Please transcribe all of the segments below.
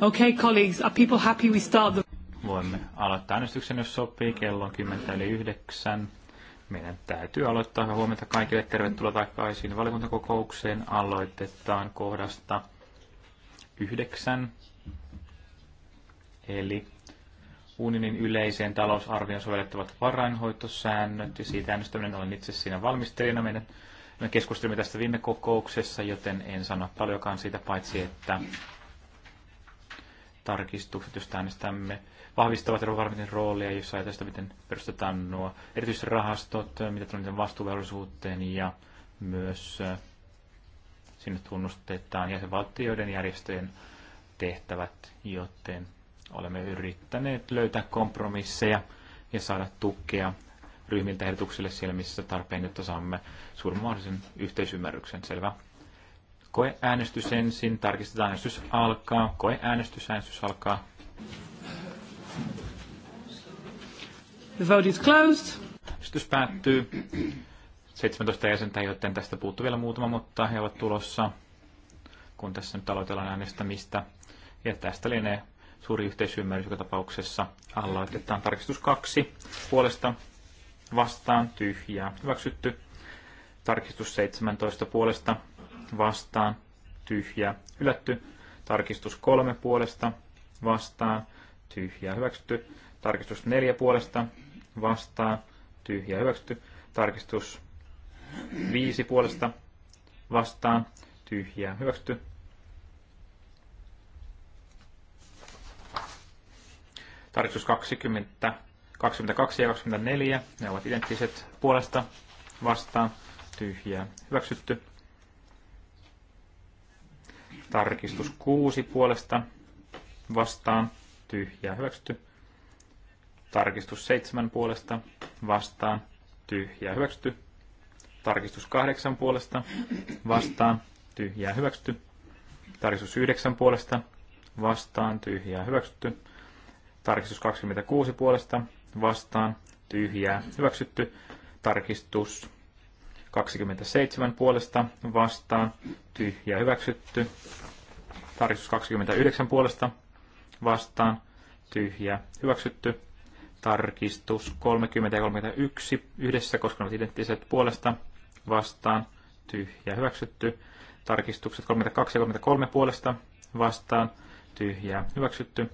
Okay, colleagues, are people happy we start the... Voimme aloittaa äänestyksen, jos sopii, kello on 10 yli 9. Meidän täytyy aloittaa huomenta kaikille. Tervetuloa takaisin valiokuntakokoukseen. Aloitetaan kohdasta 9, eli unionin yleiseen talousarvioon sovellettavat varainhoitosäännöt, ja siitä äänestäminen olen itse siinä valmistelijana. Meidän me keskustelimme tästä viime kokouksessa, joten en sano paljonkaan siitä, paitsi että tarkistukset, jos äänestämme, vahvistavat ruokavalmiiden roolia, jos ajatellaan sitä, miten perustetaan nuo erityisrahastot, mitä tulee niiden vastuuvelvollisuuteen ja myös äh, sinne tunnustetaan jäsenvaltioiden järjestöjen tehtävät, joten olemme yrittäneet löytää kompromisseja ja saada tukea ryhmiltä ehdotuksille siellä, missä tarpeen, jotta saamme suurin mahdollisen yhteisymmärryksen. Selvä. Koeäänestys ensin. Tarkistetaan äänestys alkaa. Koeäänestys äänestys alkaa. The vote is closed. Äänestys päättyy. 17 jäsentä, joten tästä puuttuu vielä muutama, mutta he ovat tulossa, kun tässä nyt aloitellaan äänestämistä. Ja tästä lienee suuri yhteisymmärrys joka tapauksessa. Aloitetaan tarkistus kaksi puolesta vastaan tyhjää. Hyväksytty. Tarkistus 17 puolesta vastaan, tyhjä, hylätty. Tarkistus kolme puolesta, vastaan, tyhjä, hyväksytty. Tarkistus neljä puolesta, vastaan, tyhjä, hyväksytty. Tarkistus viisi puolesta, vastaan, tyhjä, hyväksytty. Tarkistus 20, 22 ja 24, ne ovat identtiset puolesta, vastaan, tyhjää, hyväksytty. Tarkistus 6 puolesta vastaan tyhjää hyväksytty. Tarkistus 7 puolesta vastaan tyhjää hyväksytty. Tarkistus 8 puolesta vastaan tyhjää hyväksytty. Tarkistus 9 puolesta vastaan tyhjää hyväksytty. Tarkistus 26 puolesta vastaan tyhjää hyväksytty. Tarkistus 27 puolesta vastaan, tyhjä hyväksytty. Tarkistus 29 puolesta vastaan, tyhjä hyväksytty. Tarkistus 30 ja 31 yhdessä, koska ne ovat identtiset puolesta vastaan, tyhjä hyväksytty. Tarkistukset 32 ja 33 puolesta vastaan, tyhjä hyväksytty.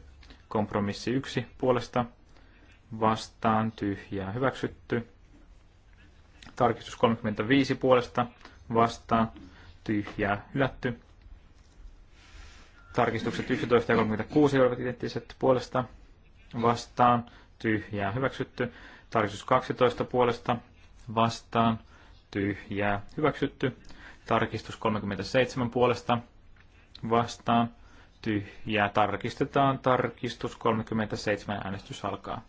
Kompromissi 1 puolesta vastaan, tyhjä hyväksytty Tarkistus 35 puolesta vastaan tyhjää hylätty. Tarkistukset 11 ja 36 olivat identtiset puolesta vastaan tyhjää hyväksytty. Tarkistus 12 puolesta vastaan tyhjää hyväksytty. Tarkistus 37 puolesta vastaan tyhjää tarkistetaan. Tarkistus 37 äänestys alkaa.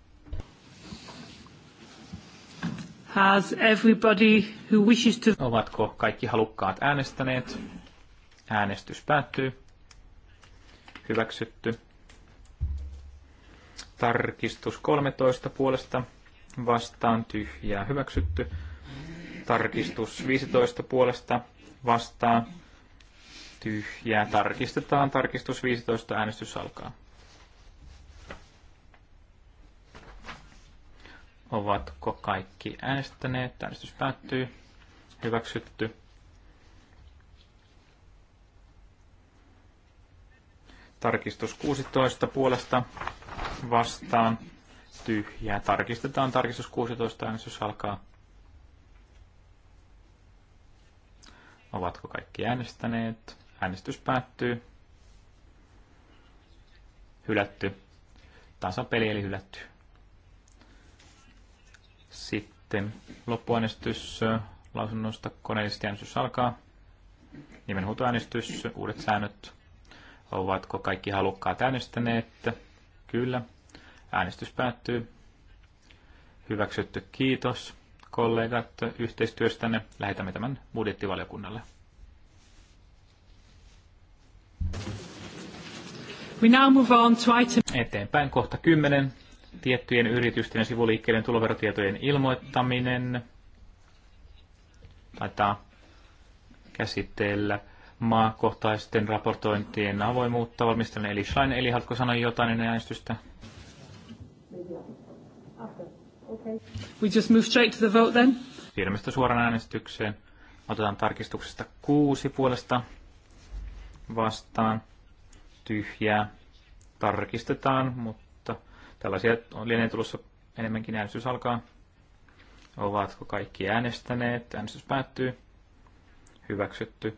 Has everybody who wishes to... Ovatko kaikki halukkaat äänestäneet? Äänestys päättyy. Hyväksytty. Tarkistus 13 puolesta vastaan tyhjää hyväksytty. Tarkistus 15 puolesta vastaan tyhjää tarkistetaan. Tarkistus 15 äänestys alkaa. Ovatko kaikki äänestäneet? Äänestys päättyy. Hyväksytty. Tarkistus 16 puolesta vastaan. Tyhjää. Tarkistetaan. Tarkistus 16. Äänestys alkaa. Ovatko kaikki äänestäneet? Äänestys päättyy. Hylätty. Tasapeli eli hylätty. Sitten loppuäänestys lausunnosta koneellisesti äänestys alkaa. Nimenhuutoäänestys, uudet säännöt. Ovatko kaikki halukkaat äänestäneet? Kyllä. Äänestys päättyy. Hyväksytty. Kiitos kollegat yhteistyöstänne. Lähetämme tämän budjettivaliokunnalle. We now move on to item... Eteenpäin kohta 10 tiettyjen yritysten ja sivuliikkeiden tuloverotietojen ilmoittaminen. Taitaa käsitellä maakohtaisten raportointien avoimuutta valmistelun. Eli Schlein, eli haluatko sanoa jotain ennen äänestystä? We just move straight to the vote then. Siirrymme sitten suoraan äänestykseen. Otetaan tarkistuksesta kuusi puolesta vastaan. Tyhjää. Tarkistetaan, mutta Tällaisia on lienee tulossa enemmänkin äänestys alkaa. Ovatko kaikki äänestäneet? Äänestys päättyy. Hyväksytty.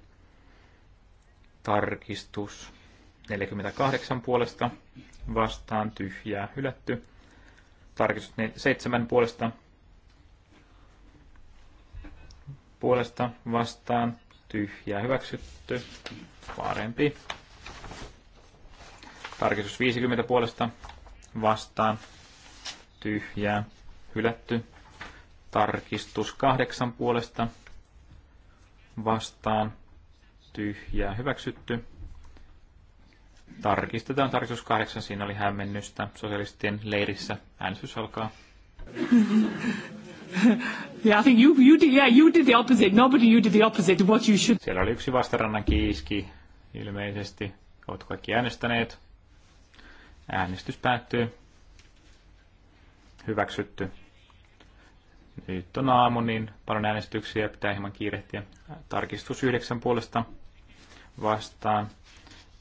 Tarkistus. 48 puolesta vastaan tyhjää hylätty. Tarkistus 7 puolesta puolesta vastaan tyhjää hyväksytty. Parempi. Tarkistus 50 puolesta vastaan tyhjää hylätty. Tarkistus kahdeksan puolesta vastaan tyhjää hyväksytty. Tarkistetaan tarkistus kahdeksan, siinä oli hämmennystä sosialistien leirissä. Äänestys alkaa. Yeah, I think you, you, did, yeah, you did the opposite. Nobody you did the opposite what you should. Siellä oli yksi vastarannan kiiski ilmeisesti. Oletko kaikki äänestäneet? Äänestys päättyy. Hyväksytty. Nyt on aamu, niin paljon äänestyksiä pitää hieman kiirehtiä. Tarkistus yhdeksän puolesta vastaan.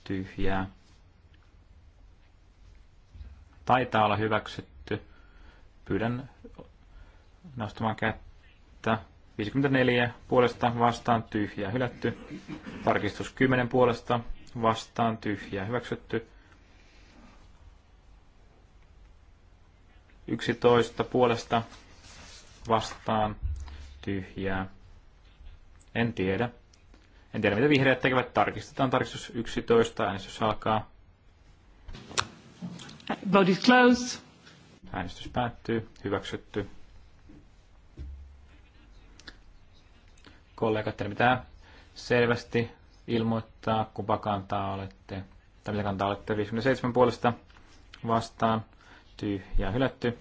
Tyhjää. Taitaa olla hyväksytty. Pyydän nostamaan kättä. 54 puolesta vastaan tyhjää hylätty. Tarkistus 10 puolesta vastaan tyhjää hyväksytty. 11 puolesta vastaan tyhjää. En tiedä. En tiedä, mitä vihreät tekevät. Tarkistetaan tarkistus 11. Äänestys alkaa. Vote is closed. Äänestys päättyy. Hyväksytty. Kollegat, teillä pitää selvästi ilmoittaa, kupa kantaa olette, tai mitä kantaa olette 57 puolesta vastaan tyhjää hylätty.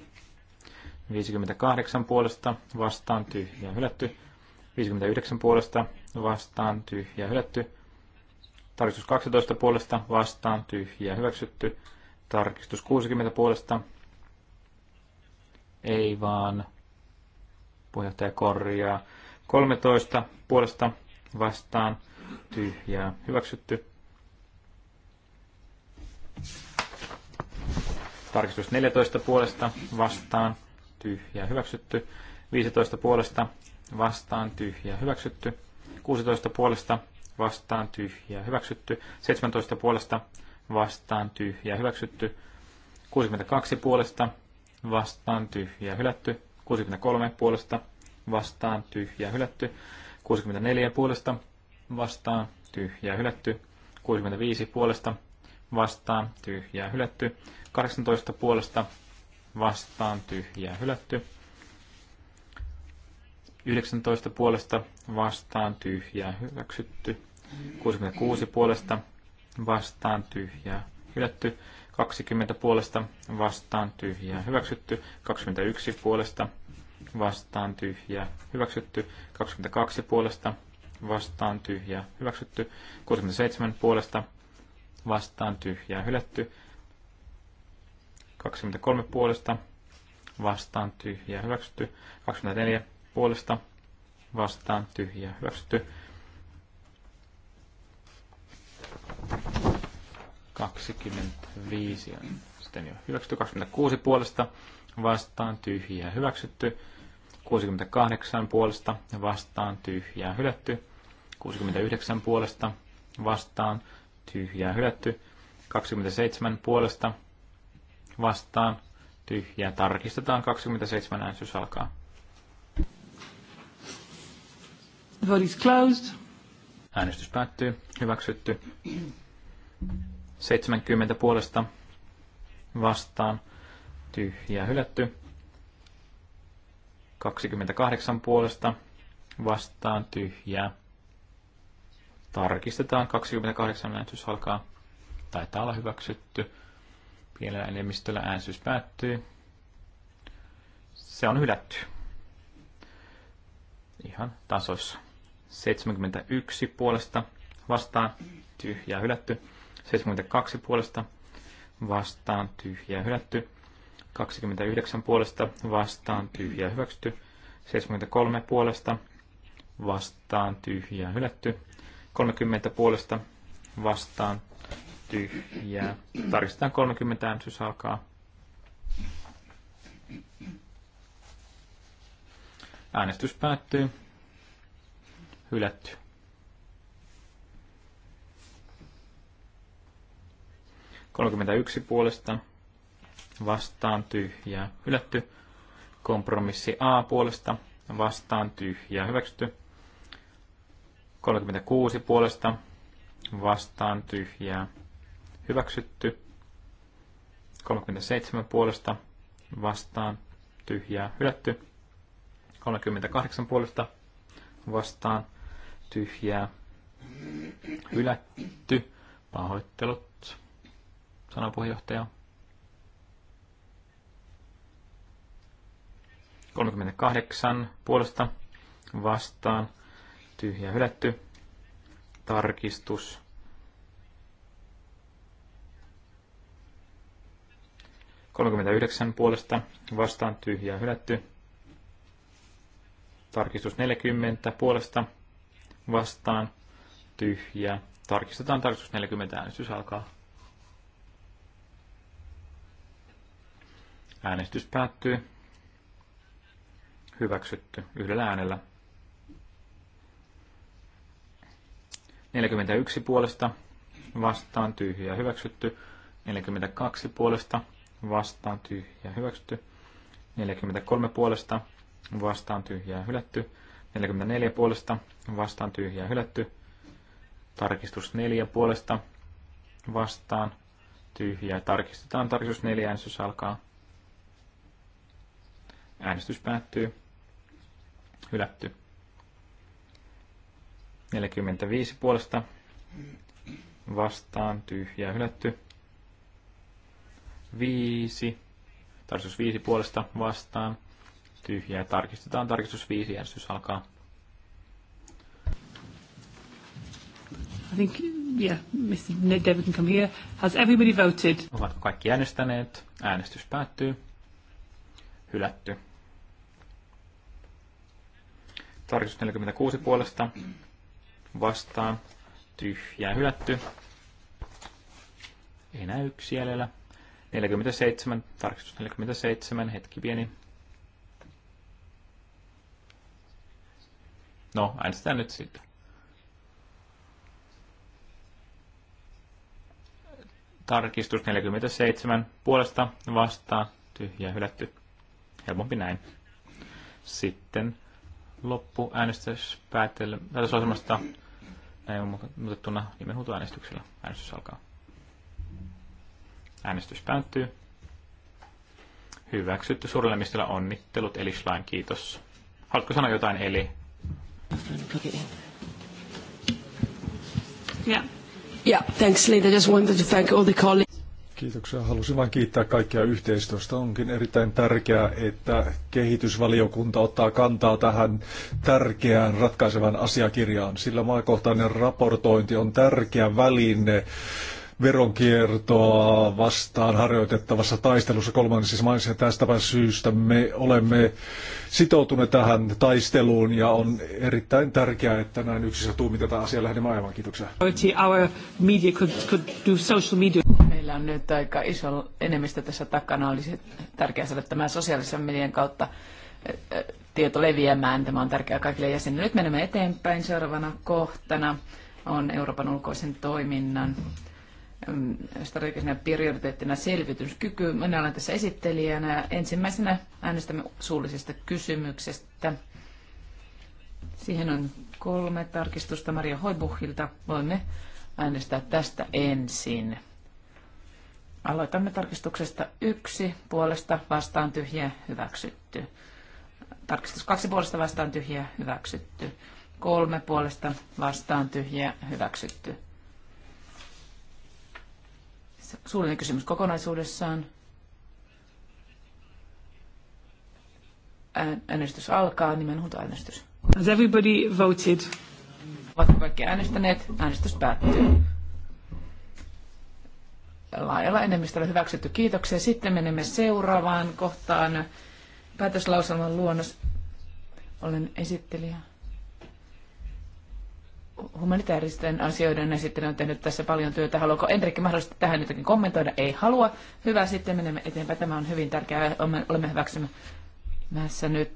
58 puolesta vastaan ja hylätty. 59 puolesta vastaan ja hylätty. Tarkistus 12 puolesta vastaan ja hyväksytty. Tarkistus 60 puolesta ei vaan puheenjohtaja korjaa. 13 puolesta vastaan ja hyväksytty. Tarkistus 14 puolesta vastaan tyhjä hyväksytty. 15 puolesta vastaan tyhjä hyväksytty. 16 puolesta vastaan tyhjä hyväksytty. 17 puolesta vastaan tyhjä hyväksytty. 62 puolesta vastaan tyhjä hylätty. 63 puolesta vastaan tyhjä hylätty. 64 puolesta vastaan tyhjä hylätty. 65 puolesta vastaan tyhjää hylätty. 18 puolesta vastaan tyhjää hylätty. 19 puolesta vastaan tyhjää hyväksytty. 66 puolesta vastaan tyhjää hylätty. 20 puolesta vastaan tyhjää hyväksytty. 21 puolesta vastaan tyhjää hyväksytty. 22 puolesta vastaan tyhjää hyväksytty. 67 puolesta vastaan tyhjää hylätty. 23 puolesta vastaan tyhjää hyväksytty. 24 puolesta vastaan tyhjää hyväksytty. 25 on sitten jo hyväksytty. 26 puolesta vastaan tyhjää hyväksytty. 68 puolesta vastaan tyhjää hylätty. 69 puolesta vastaan tyhjää hylätty. 27 puolesta vastaan tyhjää. Tarkistetaan 27 äänestys alkaa. Vote is closed. Äänestys päättyy. Hyväksytty. 70 puolesta vastaan tyhjää hylätty. 28 puolesta vastaan tyhjää Tarkistetaan. 28 äänestys alkaa. Taitaa olla hyväksytty. Pienellä enemmistöllä äänestys päättyy. Se on hylätty. Ihan tasoissa. 71 puolesta vastaan tyhjää hylätty. 72 puolesta vastaan tyhjää hylätty. 29 puolesta vastaan tyhjää hyväksytty. 73 puolesta vastaan tyhjää hylätty. 30 puolesta vastaan tyhjää. Tarkistetaan 30 äänsys alkaa. Äänestys päättyy. Hylätty. yksi puolesta vastaan tyhjää hylätty. Kompromissi A puolesta vastaan tyhjää hyväksytty. 36 puolesta vastaan tyhjää hyväksytty. 37 puolesta vastaan tyhjää hylätty. 38 puolesta vastaan tyhjää hylätty. Pahoittelut, sanapuheenjohtaja. 38 puolesta vastaan tyhjä hylätty. Tarkistus. Kolmekymmentäyhdeksän puolesta vastaan tyhjä hylätty. Tarkistus 40 puolesta vastaan tyhjä. Tarkistetaan tarkistus 40 äänestys alkaa. Äänestys päättyy. Hyväksytty yhdellä äänellä. 41 puolesta vastaan tyhjä hyväksytty. 42 puolesta vastaan tyhjä hyväksytty. 43 puolesta vastaan tyhjää hylätty. 44 puolesta vastaan tyhjää hylätty. Tarkistus 4 puolesta vastaan tyhjää. Tarkistetaan tarkistus 4 äänestys alkaa. Äänestys päättyy. Hylätty. 45 puolesta vastaan tyhjä hylätty. 5, tarkistus 5 puolesta vastaan tyhjää tarkistetaan. Tarkistus 5 Järjestys alkaa. I think, yeah, Mr. Ned David can come here. Has everybody voted? Ovatko kaikki äänestäneet? Äänestys päättyy. Hylätty. Tarkistus 46 puolesta vastaan, tyhjää hylätty. Enää yksi jäljellä. 47, tarkistus 47, hetki pieni. No, äänestetään nyt sitten. Tarkistus 47, puolesta vastaan, tyhjää hylätty. Helpompi näin. Sitten loppu Tässä on semmoista näin on muutettuna nimenhuutoäänestyksellä. Äänestys alkaa. Äänestys päättyy. Hyväksytty suurella onnittelut eli Schlein, kiitos. Haluatko sanoa jotain Eli? Yeah. Yeah, thanks Linda. Just wanted to thank all the colleagues. Kiitoksia. Halusin vain kiittää kaikkia yhteistyöstä. Onkin erittäin tärkeää, että kehitysvaliokunta ottaa kantaa tähän tärkeään ratkaisevan asiakirjaan, sillä maakohtainen raportointi on tärkeä väline veronkiertoa vastaan harjoitettavassa taistelussa kolmannessa maissa. Tästä syystä me olemme sitoutuneet tähän taisteluun ja on erittäin tärkeää, että näin yksissä tuumi tätä asiaa lähdemme ajamaan. Kiitoksia meillä on nyt aika iso enemmistö tässä takana. Olisi tärkeää saada tämä sosiaalisen median kautta tieto leviämään. Tämä on tärkeää kaikille jäsenille. Nyt menemme eteenpäin. Seuraavana kohtana on Euroopan ulkoisen toiminnan mm, strategisena prioriteettina selvityskyky. Minä olen tässä esittelijänä. Ensimmäisenä äänestämme suullisesta kysymyksestä. Siihen on kolme tarkistusta Maria Hoibuhilta. Voimme äänestää tästä ensin. Aloitamme tarkistuksesta yksi puolesta vastaan tyhjä hyväksytty. Tarkistus kaksi puolesta vastaan tyhjä hyväksytty. Kolme puolesta vastaan tyhjä hyväksytty. Suullinen kysymys kokonaisuudessaan. Äänestys alkaa, nimenhuutoäänestys. Has everybody voted? Ovatko kaikki äänestäneet? Äänestys päättyy laajalla enemmistöllä hyväksytty. Kiitoksia. Sitten menemme seuraavaan kohtaan. Päätöslauselman luonnos. Olen esittelijä. Humanitaaristen asioiden esittelijä on tehnyt tässä paljon työtä. Haluaako Enrikki mahdollisesti tähän jotakin kommentoida? Ei halua. Hyvä, sitten menemme eteenpäin. Tämä on hyvin tärkeää. Olemme hyväksymässä nyt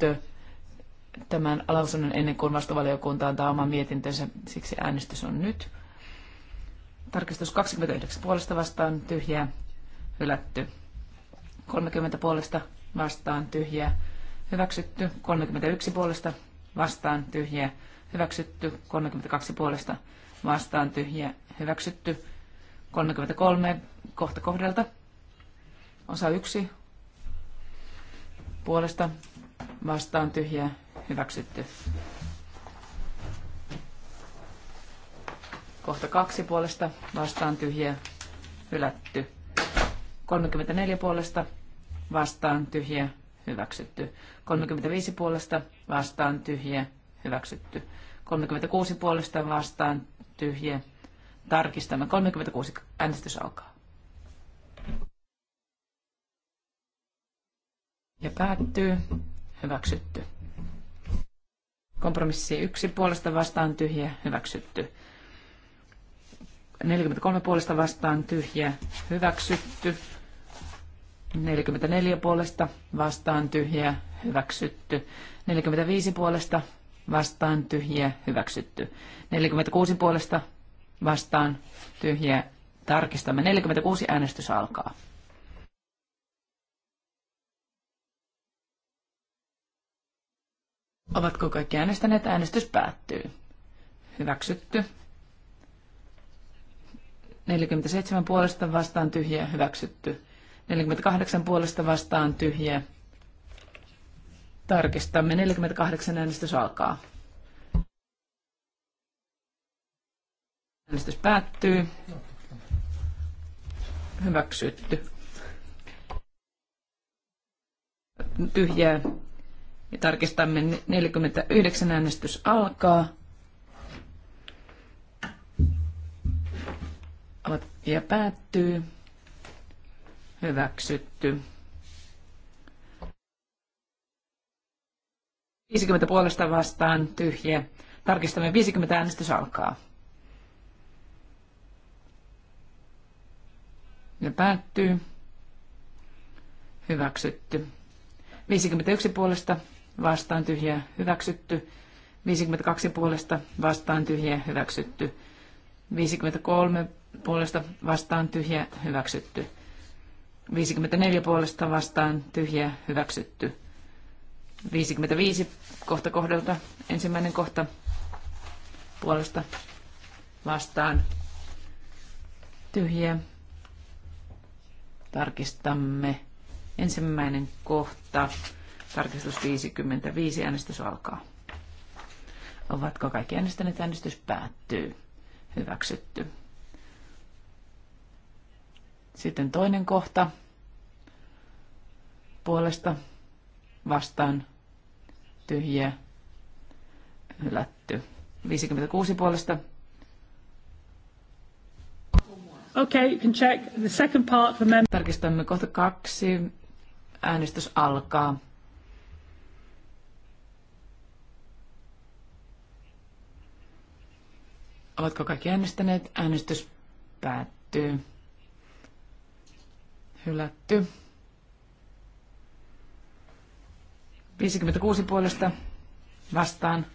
tämän lausunnon ennen kuin vastuvaliokunta antaa oman mietintönsä. Siksi äänestys on nyt. Tarkistus 29 puolesta vastaan tyhjää hylätty. 30 puolesta vastaan tyhjää hyväksytty. 31 puolesta vastaan tyhjää hyväksytty. 32 puolesta vastaan tyhjää hyväksytty. 33 kohta kohdalta. Osa 1 puolesta vastaan tyhjää hyväksytty. Kohta kaksi puolesta vastaan tyhjä hylätty. 34 puolesta vastaan tyhjä hyväksytty. 35 puolesta vastaan tyhjä hyväksytty. 36 puolesta vastaan tyhjä. Tarkistamme. 36 äänestys alkaa. Ja päättyy. Hyväksytty. Kompromissi yksi puolesta vastaan tyhjä, hyväksytty. 43 puolesta vastaan tyhjä hyväksytty. 44 puolesta vastaan tyhjä hyväksytty. 45 puolesta vastaan tyhjä hyväksytty. 46 puolesta vastaan tyhjä tarkistamme. 46 äänestys alkaa. Ovatko kaikki äänestäneet? Äänestys päättyy. Hyväksytty. 47 puolesta vastaan tyhjä hyväksytty. 48 puolesta vastaan tyhjä. Tarkistamme. 48 äänestys alkaa. Äänestys päättyy. Hyväksytty. Tyhjää. Ja tarkistamme 49 äänestys alkaa. ja päättyy. Hyväksytty. 50 puolesta vastaan tyhjä. Tarkistamme 50 äänestys alkaa. Ja päättyy. Hyväksytty. 51 puolesta vastaan tyhjä hyväksytty. 52 puolesta vastaan tyhjä hyväksytty. 53 puolesta vastaan tyhjä hyväksytty. 54 puolesta vastaan tyhjä hyväksytty. 55 kohta kohdalta ensimmäinen kohta puolesta vastaan tyhjä. Tarkistamme ensimmäinen kohta. Tarkistus 55. Äänestys alkaa. Ovatko kaikki äänestäneet? Äänestys päättyy. Hyväksytty. Sitten toinen kohta puolesta vastaan tyhjiä hylätty. 56 puolesta. Okay, you can check the second part for mem- Tarkistamme kohta kaksi. Äänestys alkaa. Ovatko kaikki äänestäneet? Äänestys päättyy hylätty. 56 puolesta vastaan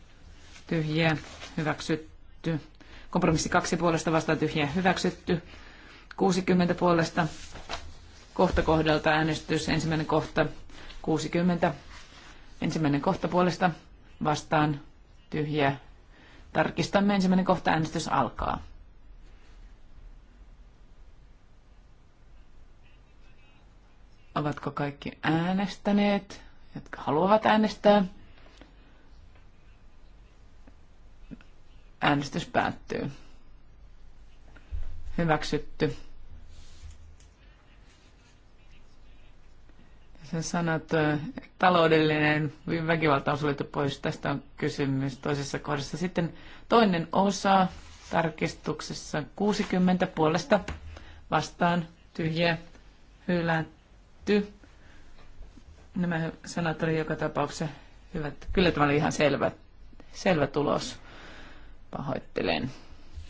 tyhjiä hyväksytty. Kompromissi 2 puolesta vastaan tyhjiä hyväksytty. 60 puolesta kohta kohdalta äänestys. Ensimmäinen kohta 60. Ensimmäinen kohta puolesta vastaan tyhjiä. Tarkistamme ensimmäinen kohta äänestys alkaa. Ovatko kaikki äänestäneet, jotka haluavat äänestää? Äänestys päättyy. Hyväksytty. Sen sanat, taloudellinen väkivalta on suljettu pois. Tästä on kysymys toisessa kohdassa. Sitten toinen osa tarkistuksessa 60 puolesta vastaan tyhjä hylät tehty. Nämä sanat olivat joka tapauksessa hyvät. Kyllä tämä oli ihan selvä, selvä tulos. Pahoittelen.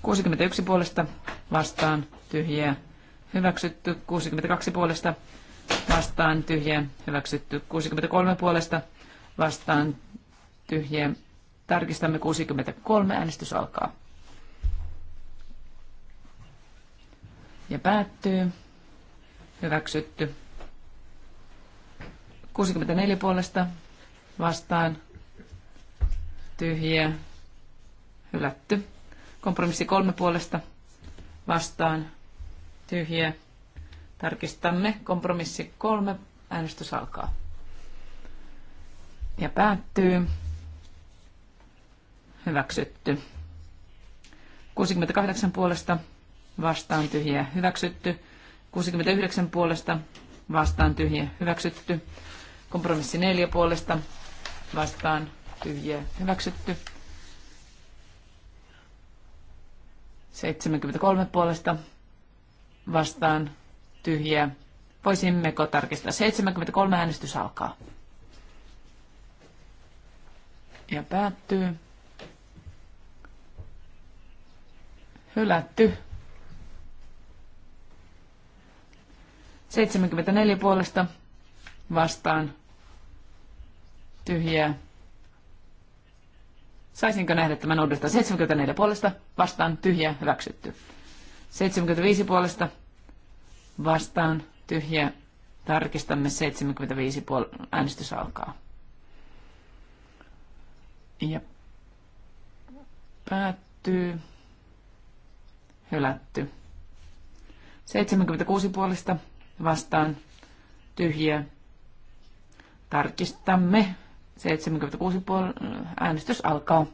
61 puolesta vastaan tyhjiä hyväksytty. 62 puolesta vastaan tyhjiä hyväksytty. 63 puolesta vastaan tyhjiä. Tarkistamme 63. Äänestys alkaa. Ja päättyy. Hyväksytty. 64 puolesta vastaan tyhjiä hylätty. Kompromissi kolme puolesta vastaan tyhjiä. Tarkistamme. Kompromissi kolme. Äänestys alkaa. Ja päättyy. Hyväksytty. 68 puolesta vastaan tyhjiä hyväksytty. 69 puolesta vastaan tyhjiä hyväksytty. Kompromissi neljä puolesta vastaan tyhjiä hyväksytty. 73 puolesta vastaan tyhjiä. Voisimmeko tarkistaa? 73 äänestys alkaa. Ja päättyy. Hylätty. 74 puolesta vastaan tyhjää. Saisinko nähdä tämän uudestaan? 74 puolesta vastaan tyhjää hyväksytty. 75 puolesta vastaan tyhjä. Tarkistamme 75 puol- äänestys alkaa. Ja päättyy. Hylätty. 76 puolesta vastaan tyhjä. Tarkistamme. 76 puol- äänestys alkaa.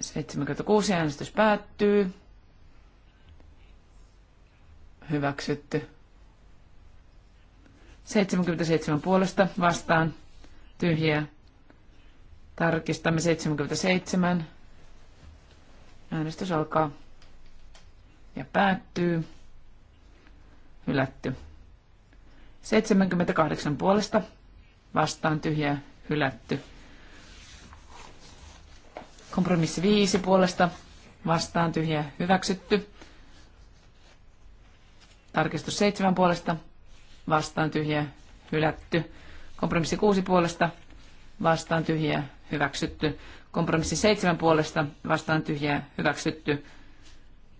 76 äänestys päättyy. Hyväksytty. 77 puolesta vastaan. Tyhjiä. Tarkistamme 77. Äänestys alkaa ja päättyy. Hylätty. 78 puolesta vastaan tyhjä hylätty. Kompromissi 5 puolesta vastaan tyhjä hyväksytty. Tarkistus 7 puolesta vastaan tyhjä hylätty. Kompromissi 6 puolesta vastaan tyhjä hyväksytty. Kompromissi 7 puolesta vastaan tyhjä hyväksytty.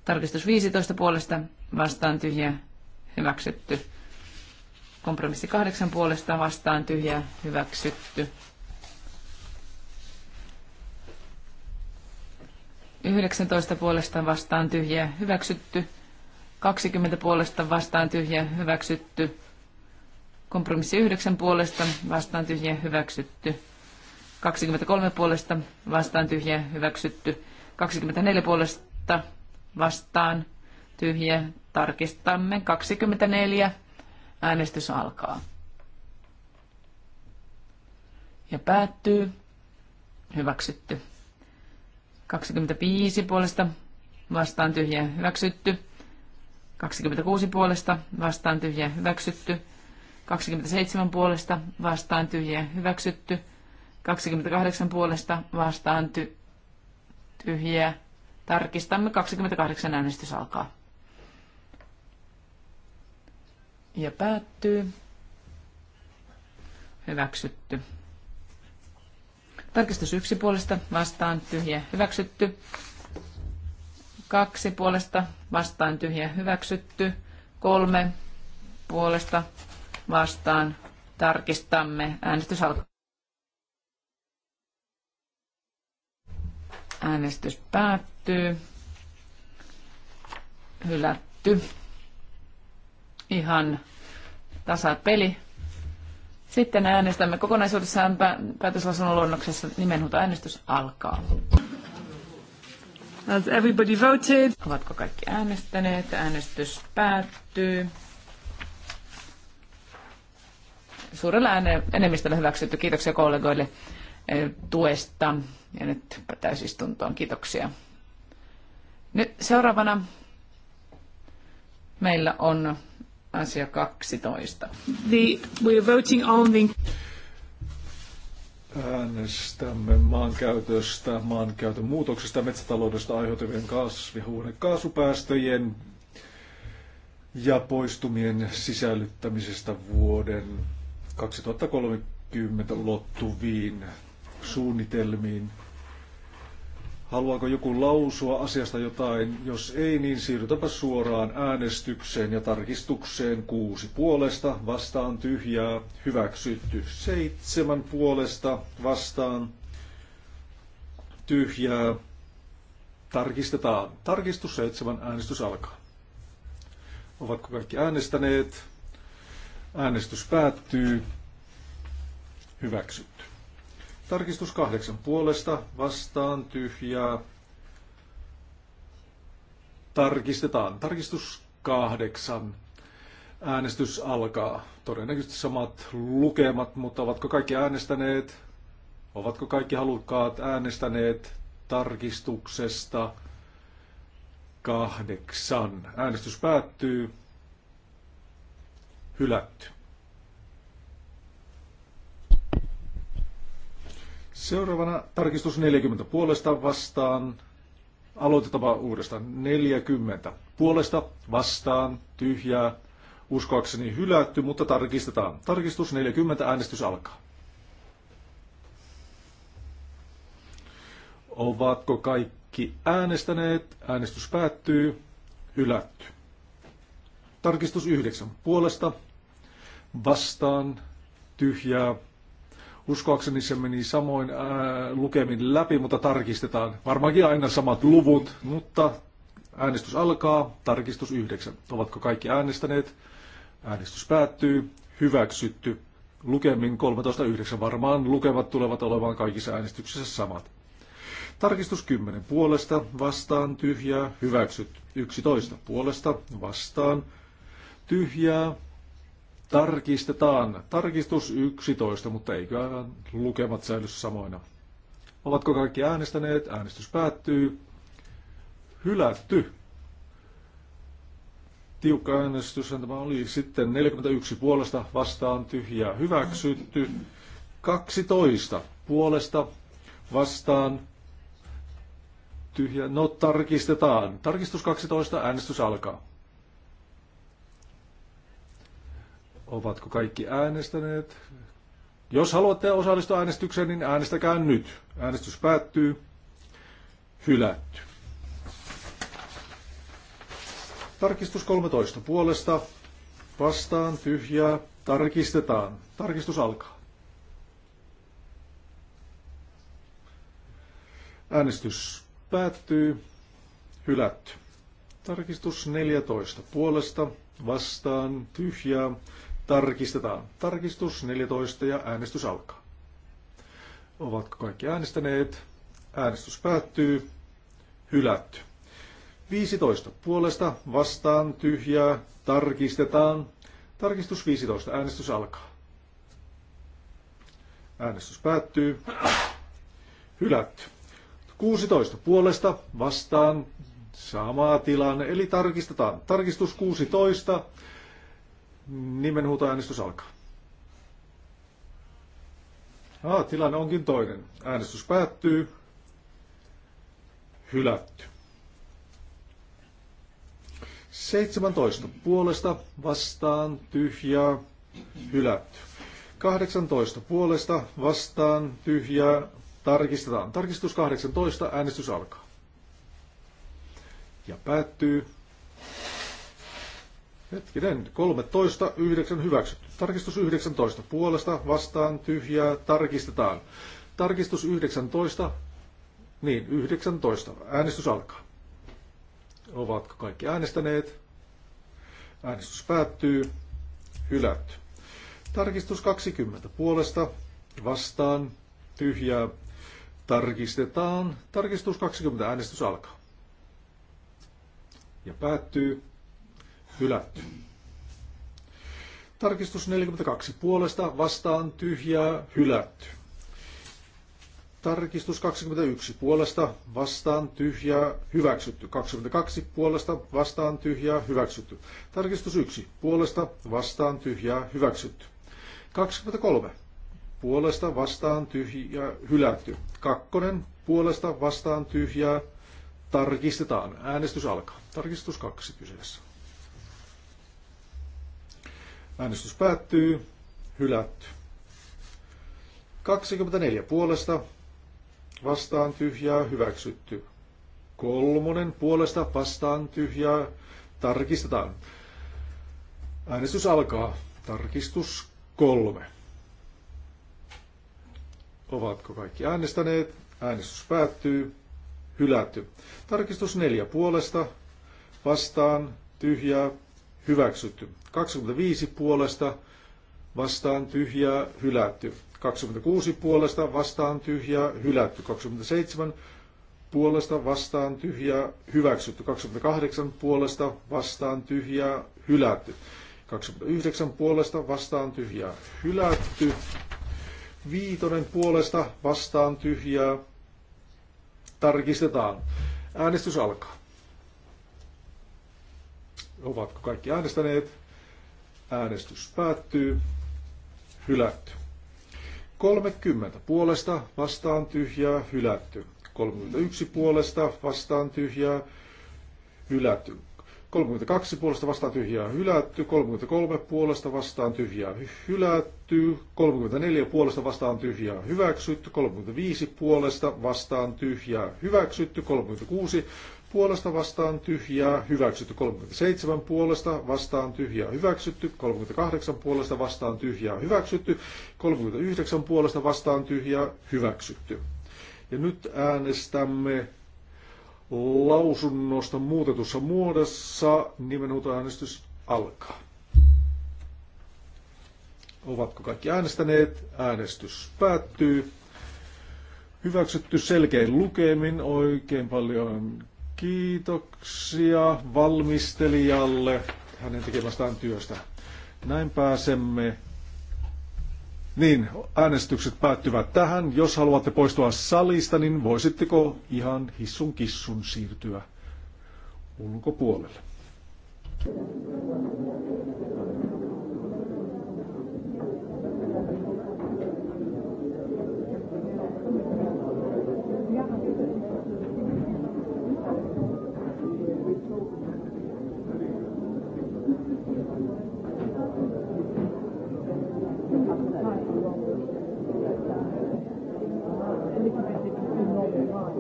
Tarkistus 15 puolesta vastaan tyhjä hyväksytty. Kompromissi kahdeksan puolesta vastaan tyhjä hyväksytty. Yhdeksäntoista puolesta vastaan tyhjä hyväksytty. Kaksikymmentä puolesta vastaan tyhjä hyväksytty. Kompromissi yhdeksän puolesta vastaan tyhjä hyväksytty. 23 puolesta vastaan tyhjä hyväksytty. 24 puolesta vastaan tyhjä tarkistamme. 24 Äänestys alkaa. Ja päättyy. Hyväksytty. 25 puolesta vastaan tyhjä hyväksytty. 26 puolesta vastaan tyhjä hyväksytty. 27 puolesta vastaan tyhjä hyväksytty. 28 puolesta vastaan ty- tyhjiä. Tarkistamme 28 äänestys alkaa. ja päättyy. Hyväksytty. Tarkistus yksi puolesta vastaan tyhjä hyväksytty. Kaksi puolesta vastaan tyhjä hyväksytty. Kolme puolesta vastaan tarkistamme. Äänestys alkaa. Äänestys päättyy. Hylätty ihan tasapeli. Sitten äänestämme kokonaisuudessaan päätöslausunnon luonnoksessa. Nimenhuuta äänestys alkaa. Has everybody voted? Ovatko kaikki äänestäneet? Äänestys päättyy. Suurella ääne- enemmistöllä hyväksytty. Kiitoksia kollegoille eh, tuesta. Ja nyt täysistuntoon. Kiitoksia. Nyt seuraavana meillä on asia 12. The, we're voting on the... Äänestämme maankäytöstä, maankäytön muutoksesta, metsätaloudesta aiheutuvien kasvihuonekaasupäästöjen ja poistumien sisällyttämisestä vuoden 2030 ulottuviin suunnitelmiin Haluaako joku lausua asiasta jotain? Jos ei, niin siirrytäpä suoraan äänestykseen ja tarkistukseen. Kuusi puolesta, vastaan tyhjää, hyväksytty. Seitsemän puolesta, vastaan tyhjää. Tarkistetaan. Tarkistus seitsemän, äänestys alkaa. Ovatko kaikki äänestäneet? Äänestys päättyy. Hyväksytty. Tarkistus kahdeksan puolesta vastaan tyhjää. Tarkistetaan. Tarkistus kahdeksan. Äänestys alkaa. Todennäköisesti samat lukemat, mutta ovatko kaikki äänestäneet? Ovatko kaikki halukkaat äänestäneet tarkistuksesta kahdeksan? Äänestys päättyy. Hylätty. Seuraavana tarkistus 40 puolesta vastaan. Aloitetaan uudestaan. 40 puolesta vastaan. Tyhjää. Uskoakseni hylätty, mutta tarkistetaan. Tarkistus 40. Äänestys alkaa. Ovatko kaikki äänestäneet? Äänestys päättyy. Hylätty. Tarkistus 9. Puolesta. Vastaan. Tyhjää Uskoakseni se meni samoin ää, äh, lukemin läpi, mutta tarkistetaan. Varmaankin aina samat luvut, mutta äänestys alkaa. Tarkistus yhdeksän. Ovatko kaikki äänestäneet? Äänestys päättyy. Hyväksytty. Lukemin 13.9. Varmaan lukevat tulevat olemaan kaikissa äänestyksissä samat. Tarkistus 10. Puolesta, vastaan, tyhjää, hyväksytty. 11. Puolesta, vastaan, tyhjää, Tarkistetaan. Tarkistus 11, mutta aivan lukemat säily samoina. Ovatko kaikki äänestäneet? Äänestys päättyy. Hylätty. Tiukka äänestys tämä oli sitten 41 puolesta vastaan tyhjää hyväksytty. 12 puolesta vastaan tyhjää. No tarkistetaan. Tarkistus 12, äänestys alkaa. Ovatko kaikki äänestäneet? Jos haluatte osallistua äänestykseen, niin äänestäkää nyt. Äänestys päättyy. Hylätty. Tarkistus 13 puolesta. Vastaan tyhjää. Tarkistetaan. Tarkistus alkaa. Äänestys päättyy. Hylätty. Tarkistus 14 puolesta. Vastaan tyhjää. Tarkistetaan. Tarkistus 14 ja äänestys alkaa. Ovatko kaikki äänestäneet? Äänestys päättyy. Hylätty. 15 puolesta vastaan tyhjää. Tarkistetaan. Tarkistus 15. Äänestys alkaa. Äänestys päättyy. Hylätty. 16 puolesta vastaan samaa tilanne, eli tarkistetaan. Tarkistus 16. Nimenhuutoäänestys alkaa. Ah, tilanne onkin toinen. Äänestys päättyy. Hylätty. 17. Puolesta vastaan tyhjää hylätty. 18. Puolesta vastaan tyhjää tarkistetaan. Tarkistus 18. Äänestys alkaa. Ja päättyy. Hetkinen, 13, 9 hyväksytty. Tarkistus 19 puolesta vastaan tyhjää tarkistetaan. Tarkistus 19, niin 19. Äänestys alkaa. Ovatko kaikki äänestäneet? Äänestys päättyy. Hylätty. Tarkistus 20 puolesta vastaan tyhjää tarkistetaan. Tarkistus 20. Äänestys alkaa. Ja päättyy hylätty. Tarkistus 42 puolesta vastaan tyhjää hylätty. Tarkistus 21 puolesta vastaan tyhjää hyväksytty. 22 puolesta vastaan tyhjää hyväksytty. Tarkistus 1 puolesta vastaan tyhjää hyväksytty. 23 puolesta vastaan tyhjää hylätty. 2 puolesta vastaan tyhjää tarkistetaan. Äänestys alkaa. Tarkistus 2 kyseessä. Äänestys päättyy. Hylätty. 24 puolesta. Vastaan tyhjää. Hyväksytty. Kolmonen puolesta. Vastaan tyhjää. Tarkistetaan. Äänestys alkaa. Tarkistus kolme. Ovatko kaikki äänestäneet? Äänestys päättyy. Hylätty. Tarkistus neljä puolesta. Vastaan. Tyhjää hyväksytty. 25 puolesta vastaan tyhjää hylätty. 26 puolesta vastaan tyhjää hylätty. 27 puolesta vastaan tyhjää hyväksytty. 28 puolesta vastaan tyhjää hylätty. 29 puolesta vastaan tyhjää hylätty. Viitonen puolesta vastaan tyhjää tarkistetaan. Äänestys alkaa. Ovatko kaikki äänestäneet? Äänestys päättyy. Hylätty. 30 puolesta vastaan tyhjää, hylätty. 31 puolesta vastaan tyhjää, hylätty. 32 puolesta vastaan tyhjää hylätty, 33 puolesta vastaan tyhjää hylätty, 34 puolesta vastaan tyhjää hyväksytty, 35 puolesta vastaan tyhjää hyväksytty, 36 puolesta vastaan tyhjää, hyväksytty 37 puolesta vastaan tyhjää, hyväksytty 38 puolesta vastaan tyhjää, hyväksytty 39 puolesta vastaan tyhjää, hyväksytty. Ja nyt äänestämme lausunnosta muutetussa muodossa nimenhuutoäänestys alkaa. Ovatko kaikki äänestäneet? Äänestys päättyy hyväksytty selkein lukemin. Oikein paljon Kiitoksia valmistelijalle hänen tekemästään työstä. Näin pääsemme. Niin, äänestykset päättyvät tähän. Jos haluatte poistua salista, niin voisitteko ihan hissun kissun siirtyä ulkopuolelle?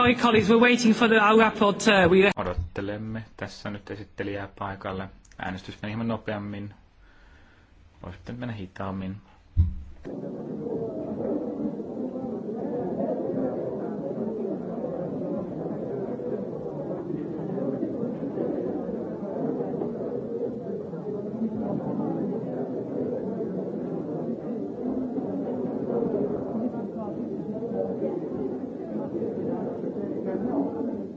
Sorry colleagues, we're waiting for the rapporteur. We... Odottelemme tässä nyt esittelijää paikalle. Äänestys meni hieman nopeammin. Voisi mennä hitaammin.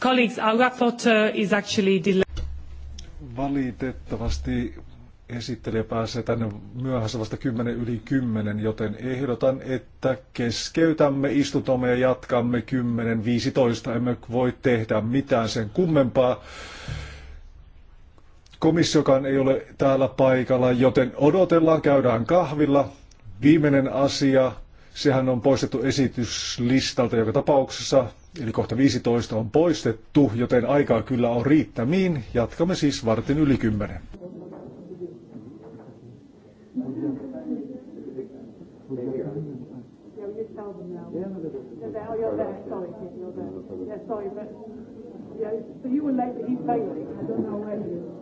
Colleagues, our rapporteur is actually delayed. Valitettavasti esittelijä pääsee tänne myöhässä vasta 10 yli 10, joten ehdotan, että keskeytämme istutomme ja jatkamme 10.15. Emme voi tehdä mitään sen kummempaa. Komissiokaan ei ole täällä paikalla, joten odotellaan, käydään kahvilla. Viimeinen asia, sehän on poistettu esityslistalta joka tapauksessa, eli kohta 15 on poistettu, joten aikaa kyllä on riittämiin. Jatkamme siis vartin yli 10. yeah, so you were late, he's late. I don't know where he is.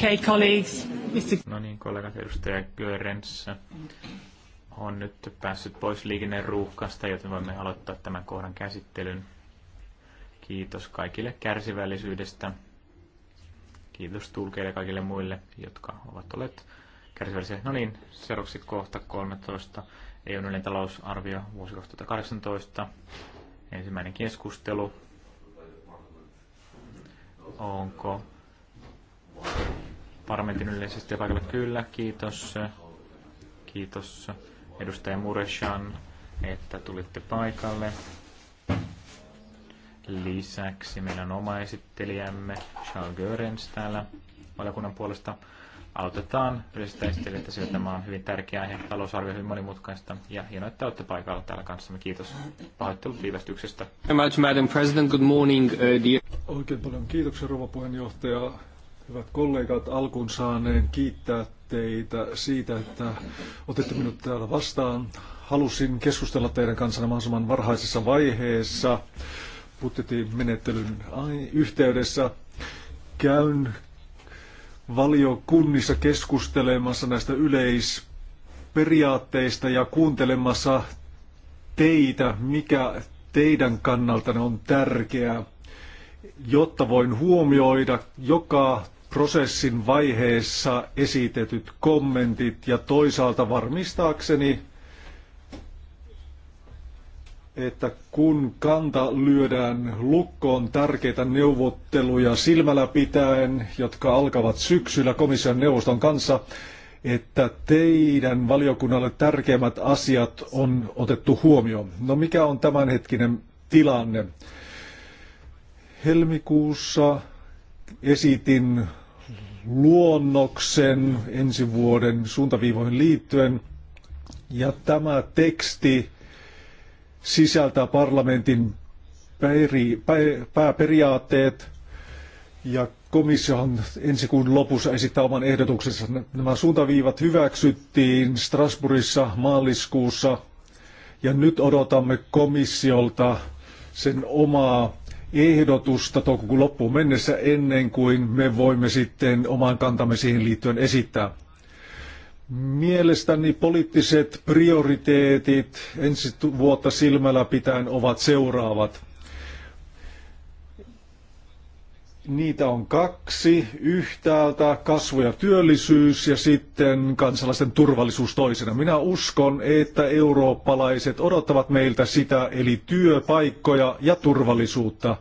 Okay, colleagues. No niin, kollegat, edustaja Görens on nyt päässyt pois liikenneruuhkasta, joten voimme aloittaa tämän kohdan käsittelyn. Kiitos kaikille kärsivällisyydestä. Kiitos tulkeille kaikille muille, jotka ovat olleet kärsivällisiä. No niin, seuraavaksi kohta 13. EUn talousarvio vuosi 2018. Ensimmäinen keskustelu. Onko parlamentin yleisesti paikalla. Kyllä, kiitos. Kiitos edustaja Mureshan, että tulitte paikalle. Lisäksi meillä on oma esittelijämme Charles Görens täällä valiokunnan puolesta. Aloitetaan yleisestä esittelijätä, sillä tämä on hyvin tärkeä aihe, talousarvio hyvin monimutkaista. Ja hienoa, että olette paikalla täällä kanssamme. Kiitos. Pahoittelut viivästyksestä. Madam President. Good morning, uh, dear. Oikein paljon kiitoksia, rouva puheenjohtaja. Hyvät kollegat, alkuun saaneen kiittää teitä siitä, että otette minut täällä vastaan. Halusin keskustella teidän kanssanne mahdollisimman varhaisessa vaiheessa budjettimenettelyn yhteydessä. Käyn valiokunnissa keskustelemassa näistä yleisperiaatteista ja kuuntelemassa teitä, mikä teidän kannaltanne on tärkeää, jotta voin huomioida joka prosessin vaiheessa esitetyt kommentit ja toisaalta varmistaakseni, että kun kanta lyödään lukkoon tärkeitä neuvotteluja silmällä pitäen, jotka alkavat syksyllä komission neuvoston kanssa, että teidän valiokunnalle tärkeimmät asiat on otettu huomioon. No mikä on tämänhetkinen tilanne? Helmikuussa esitin luonnoksen ensi vuoden suuntaviivoihin liittyen. Ja tämä teksti sisältää parlamentin peri, pä, pääperiaatteet ja komissiohan ensi kuun lopussa esittää oman ehdotuksensa. Nämä suuntaviivat hyväksyttiin Strasbourgissa maaliskuussa ja nyt odotamme komissiolta sen omaa ehdotusta toukokuun loppuun mennessä ennen kuin me voimme sitten oman kantamme siihen liittyen esittää. Mielestäni poliittiset prioriteetit ensi vuotta silmällä pitäen ovat seuraavat. Niitä on kaksi. Yhtäältä kasvu ja työllisyys ja sitten kansalaisten turvallisuus toisena. Minä uskon, että eurooppalaiset odottavat meiltä sitä, eli työpaikkoja ja turvallisuutta.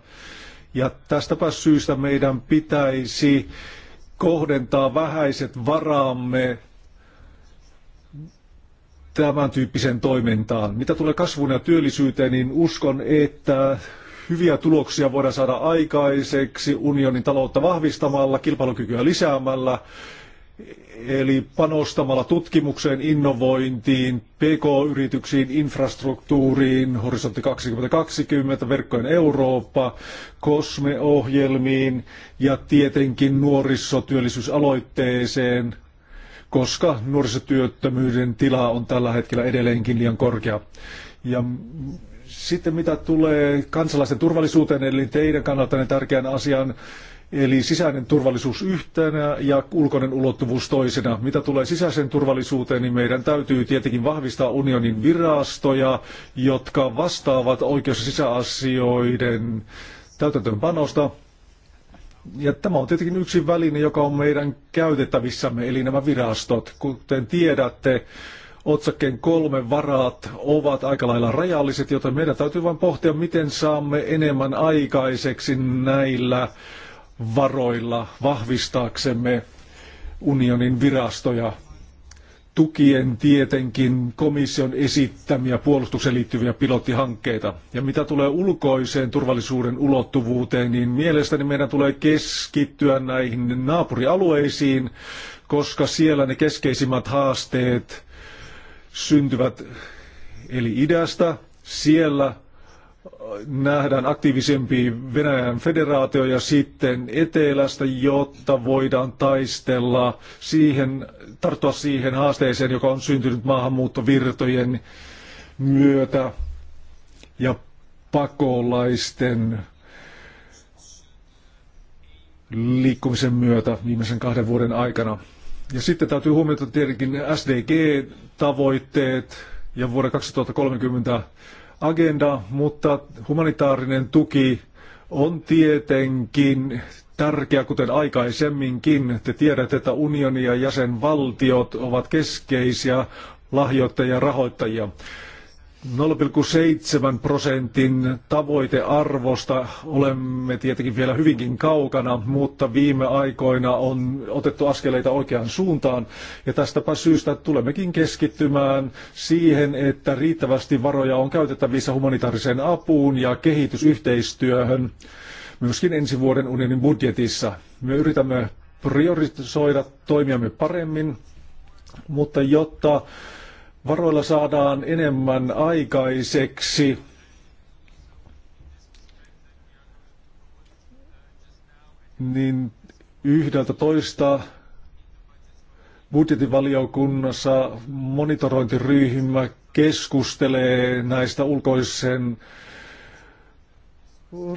Ja tästäpä syystä meidän pitäisi kohdentaa vähäiset varamme tämän tyyppiseen toimintaan. Mitä tulee kasvuun ja työllisyyteen, niin uskon, että hyviä tuloksia voidaan saada aikaiseksi unionin taloutta vahvistamalla, kilpailukykyä lisäämällä, eli panostamalla tutkimukseen, innovointiin, PK-yrityksiin, infrastruktuuriin, Horisontti 2020, Verkkojen Eurooppa, kosmeohjelmiin ohjelmiin ja tietenkin nuorisotyöllisyysaloitteeseen, koska nuorisotyöttömyyden tila on tällä hetkellä edelleenkin liian korkea. Ja sitten mitä tulee kansalaisten turvallisuuteen, eli teidän kannaltanne niin tärkeän asian, eli sisäinen turvallisuus yhtenä ja ulkoinen ulottuvuus toisena. Mitä tulee sisäiseen turvallisuuteen, niin meidän täytyy tietenkin vahvistaa unionin virastoja, jotka vastaavat oikeus- ja sisäasioiden täytäntöönpanosta. Ja tämä on tietenkin yksi väline, joka on meidän käytettävissämme, eli nämä virastot. Kuten tiedätte, otsakkeen kolme varat ovat aika lailla rajalliset, joten meidän täytyy vain pohtia, miten saamme enemmän aikaiseksi näillä varoilla vahvistaaksemme unionin virastoja tukien tietenkin komission esittämiä puolustukseen liittyviä pilottihankkeita. Ja mitä tulee ulkoiseen turvallisuuden ulottuvuuteen, niin mielestäni meidän tulee keskittyä näihin naapurialueisiin, koska siellä ne keskeisimmät haasteet syntyvät eli idästä. Siellä äh, nähdään aktiivisempi Venäjän federaatio ja sitten etelästä, jotta voidaan taistella siihen, tarttua siihen haasteeseen, joka on syntynyt maahanmuuttovirtojen myötä ja pakolaisten liikkumisen myötä viimeisen kahden vuoden aikana. Ja sitten täytyy huomioida tietenkin SDG-tavoitteet ja vuoden 2030 agenda, mutta humanitaarinen tuki on tietenkin tärkeä, kuten aikaisemminkin. Te tiedätte, että unioni ja jäsenvaltiot ovat keskeisiä lahjoittajia ja rahoittajia. 0,7 prosentin tavoitearvosta olemme tietenkin vielä hyvinkin kaukana, mutta viime aikoina on otettu askeleita oikeaan suuntaan. Ja tästäpä syystä tulemmekin keskittymään siihen, että riittävästi varoja on käytettävissä humanitaariseen apuun ja kehitysyhteistyöhön myöskin ensi vuoden unionin budjetissa. Me yritämme priorisoida toimiamme paremmin, mutta jotta Varoilla saadaan enemmän aikaiseksi. Niin yhdeltä toista budjetivaliokunnassa monitorointiryhmä keskustelee näistä ulkoisen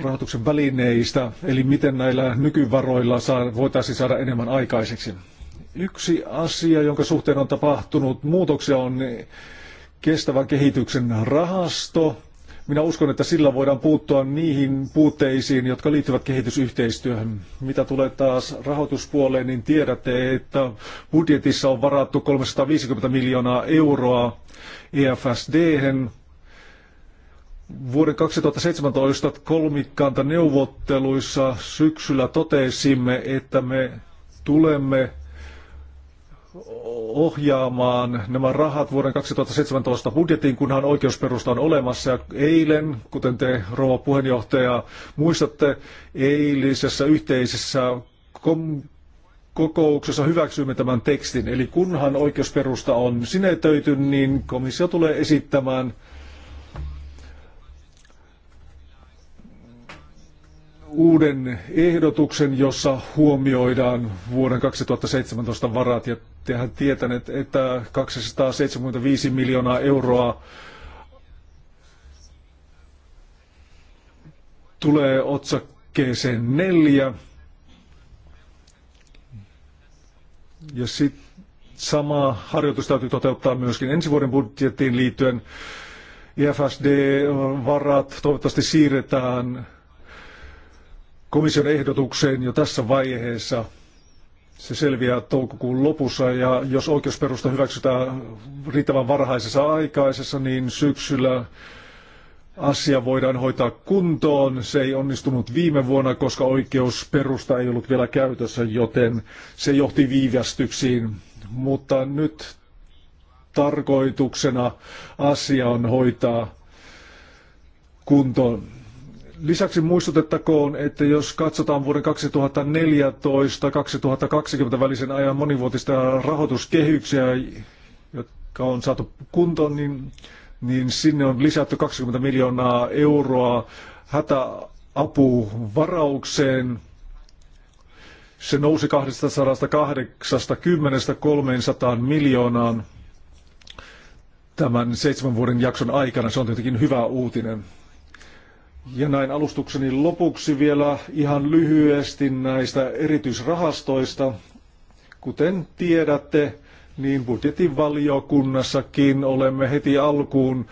rahoituksen välineistä, eli miten näillä nykyvaroilla saa, voitaisiin saada enemmän aikaiseksi. Yksi asia, jonka suhteen on tapahtunut muutoksia, on kestävän kehityksen rahasto. Minä uskon, että sillä voidaan puuttua niihin puutteisiin, jotka liittyvät kehitysyhteistyöhön. Mitä tulee taas rahoituspuoleen, niin tiedätte, että budjetissa on varattu 350 miljoonaa euroa EFSD. hen Vuoden 2017 kolmikanta neuvotteluissa syksyllä totesimme, että me tulemme ohjaamaan nämä rahat vuoden 2017 budjettiin, kunhan oikeusperusta on olemassa. Ja eilen, kuten te rouva puheenjohtaja muistatte, eilisessä yhteisessä kokouksessa hyväksyimme tämän tekstin. Eli kunhan oikeusperusta on sinetöity, niin komissio tulee esittämään uuden ehdotuksen, jossa huomioidaan vuoden 2017 varat. Ja tehän tietäneet, että 275 miljoonaa euroa tulee otsakkeeseen neljä. Ja sitten sama harjoitus täytyy toteuttaa myöskin ensi vuoden budjettiin liittyen. IFSD-varat toivottavasti siirretään komission ehdotukseen jo tässä vaiheessa. Se selviää toukokuun lopussa ja jos oikeusperusta hyväksytään riittävän varhaisessa aikaisessa, niin syksyllä asia voidaan hoitaa kuntoon. Se ei onnistunut viime vuonna, koska oikeusperusta ei ollut vielä käytössä, joten se johti viivästyksiin. Mutta nyt tarkoituksena asia on hoitaa kuntoon. Lisäksi muistutettakoon, että jos katsotaan vuoden 2014-2020 välisen ajan monivuotista rahoituskehyksiä, jotka on saatu kuntoon, niin, niin sinne on lisätty 20 miljoonaa euroa hätäapuvaraukseen. Se nousi 280-300 miljoonaan tämän seitsemän vuoden jakson aikana. Se on tietenkin hyvä uutinen. Ja näin alustukseni lopuksi vielä ihan lyhyesti näistä erityisrahastoista. Kuten tiedätte, niin budjetin valiokunnassakin olemme heti alkuun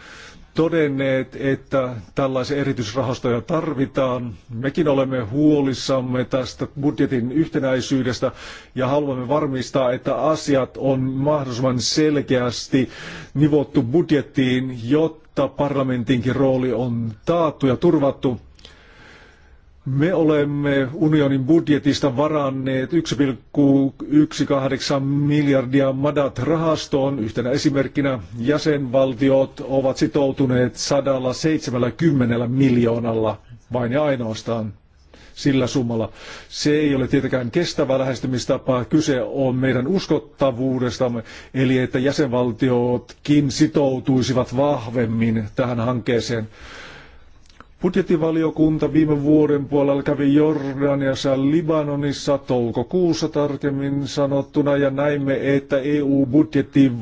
todenneet, että tällaisia erityisrahastoja tarvitaan. Mekin olemme huolissamme tästä budjetin yhtenäisyydestä ja haluamme varmistaa, että asiat on mahdollisimman selkeästi nivottu budjettiin, jotta parlamentinkin rooli on taattu ja turvattu. Me olemme unionin budjetista varanneet 1,18 miljardia Madat-rahastoon. Yhtenä esimerkkinä jäsenvaltiot ovat sitoutuneet 170 miljoonalla vain ja ainoastaan sillä summalla. Se ei ole tietenkään kestävä lähestymistapa. Kyse on meidän uskottavuudestamme, eli että jäsenvaltiotkin sitoutuisivat vahvemmin tähän hankkeeseen. Budjettivaliokunta viime vuoden puolella kävi Jordaniassa Libanonissa toukokuussa tarkemmin sanottuna ja näimme, että EU-budjettiin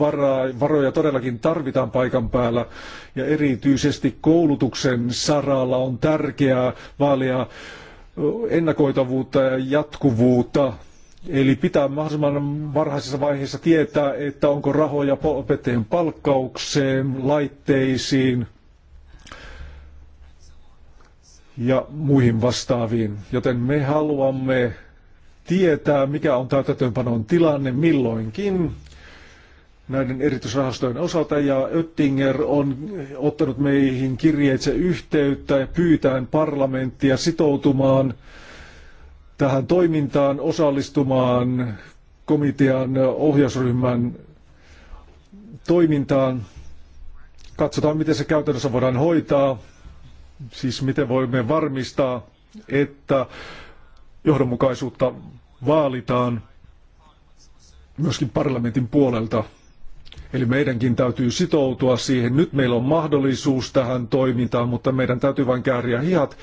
varoja todellakin tarvitaan paikan päällä ja erityisesti koulutuksen saralla on tärkeää vaalia ennakoitavuutta ja jatkuvuutta. Eli pitää mahdollisimman varhaisessa vaiheessa tietää, että onko rahoja opettajien palkkaukseen, laitteisiin, ja muihin vastaaviin. Joten me haluamme tietää, mikä on täytäntöönpanon tilanne milloinkin näiden erityisrahastojen osalta ja Öttinger on ottanut meihin kirjeitse yhteyttä ja pyytäen parlamenttia sitoutumaan tähän toimintaan, osallistumaan komitean ohjausryhmän toimintaan. Katsotaan, miten se käytännössä voidaan hoitaa. Siis miten voimme varmistaa, että johdonmukaisuutta vaalitaan myöskin parlamentin puolelta. Eli meidänkin täytyy sitoutua siihen. Nyt meillä on mahdollisuus tähän toimintaan, mutta meidän täytyy vain kääriä hihat.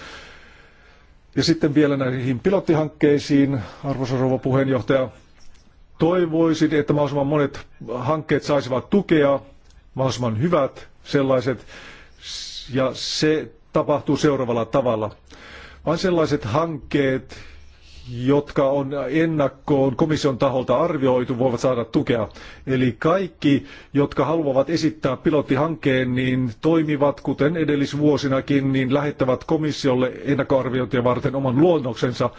Ja sitten vielä näihin pilottihankkeisiin, arvoisa rouva puheenjohtaja. Toivoisin, että mahdollisimman monet hankkeet saisivat tukea, mahdollisimman hyvät sellaiset. Ja se tapahtuu seuraavalla tavalla. Vain sellaiset hankkeet, jotka on ennakkoon komission taholta arvioitu, voivat saada tukea. Eli kaikki, jotka haluavat esittää pilottihankkeen, niin toimivat, kuten edellisvuosinakin, niin lähettävät komissiolle ennakkoarviointia varten oman luonnoksensa.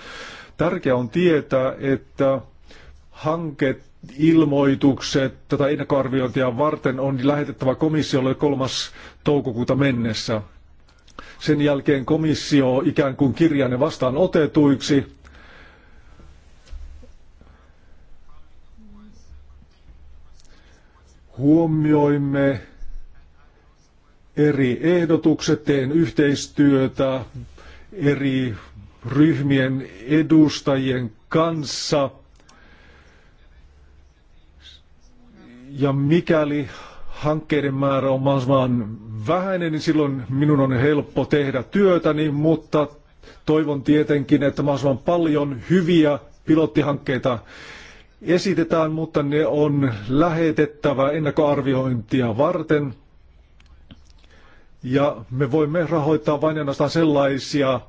Tärkeää on tietää, että hanke ilmoitukset tätä ennakkoarviointia varten on lähetettävä komissiolle 3. toukokuuta mennessä. Sen jälkeen komissio ikään kuin kirjainen vastaan otetuiksi. Huomioimme eri ehdotukset, teen yhteistyötä eri ryhmien edustajien kanssa. Ja mikäli hankkeiden määrä on mahdollisimman vähäinen, niin silloin minun on helppo tehdä työtäni, mutta toivon tietenkin, että mahdollisimman paljon hyviä pilottihankkeita esitetään, mutta ne on lähetettävä ennakkoarviointia varten. Ja me voimme rahoittaa vain ainoastaan sellaisia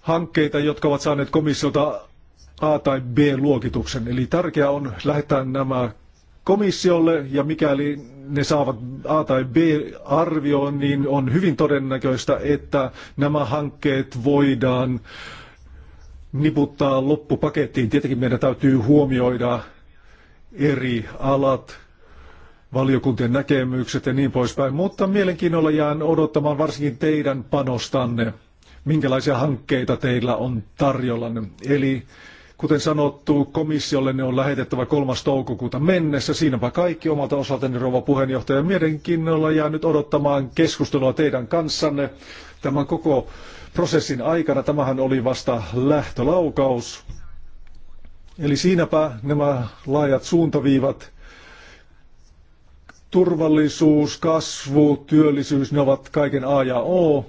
hankkeita, jotka ovat saaneet komissiolta A- tai B-luokituksen. Eli tärkeää on lähettää nämä komissiolle ja mikäli ne saavat A- tai B-arvioon, niin on hyvin todennäköistä, että nämä hankkeet voidaan niputtaa loppupakettiin. Tietenkin meidän täytyy huomioida eri alat, valiokuntien näkemykset ja niin poispäin, mutta mielenkiinnolla jään odottamaan varsinkin teidän panostanne, minkälaisia hankkeita teillä on tarjolla. Eli Kuten sanottu, komissiolle ne on lähetettävä 3. toukokuuta mennessä. Siinäpä kaikki omalta osaltani, rouva puheenjohtaja. Mielenkiinnolla jää nyt odottamaan keskustelua teidän kanssanne tämän koko prosessin aikana. Tämähän oli vasta lähtölaukaus. Eli siinäpä nämä laajat suuntaviivat, turvallisuus, kasvu, työllisyys, ne ovat kaiken A ja O.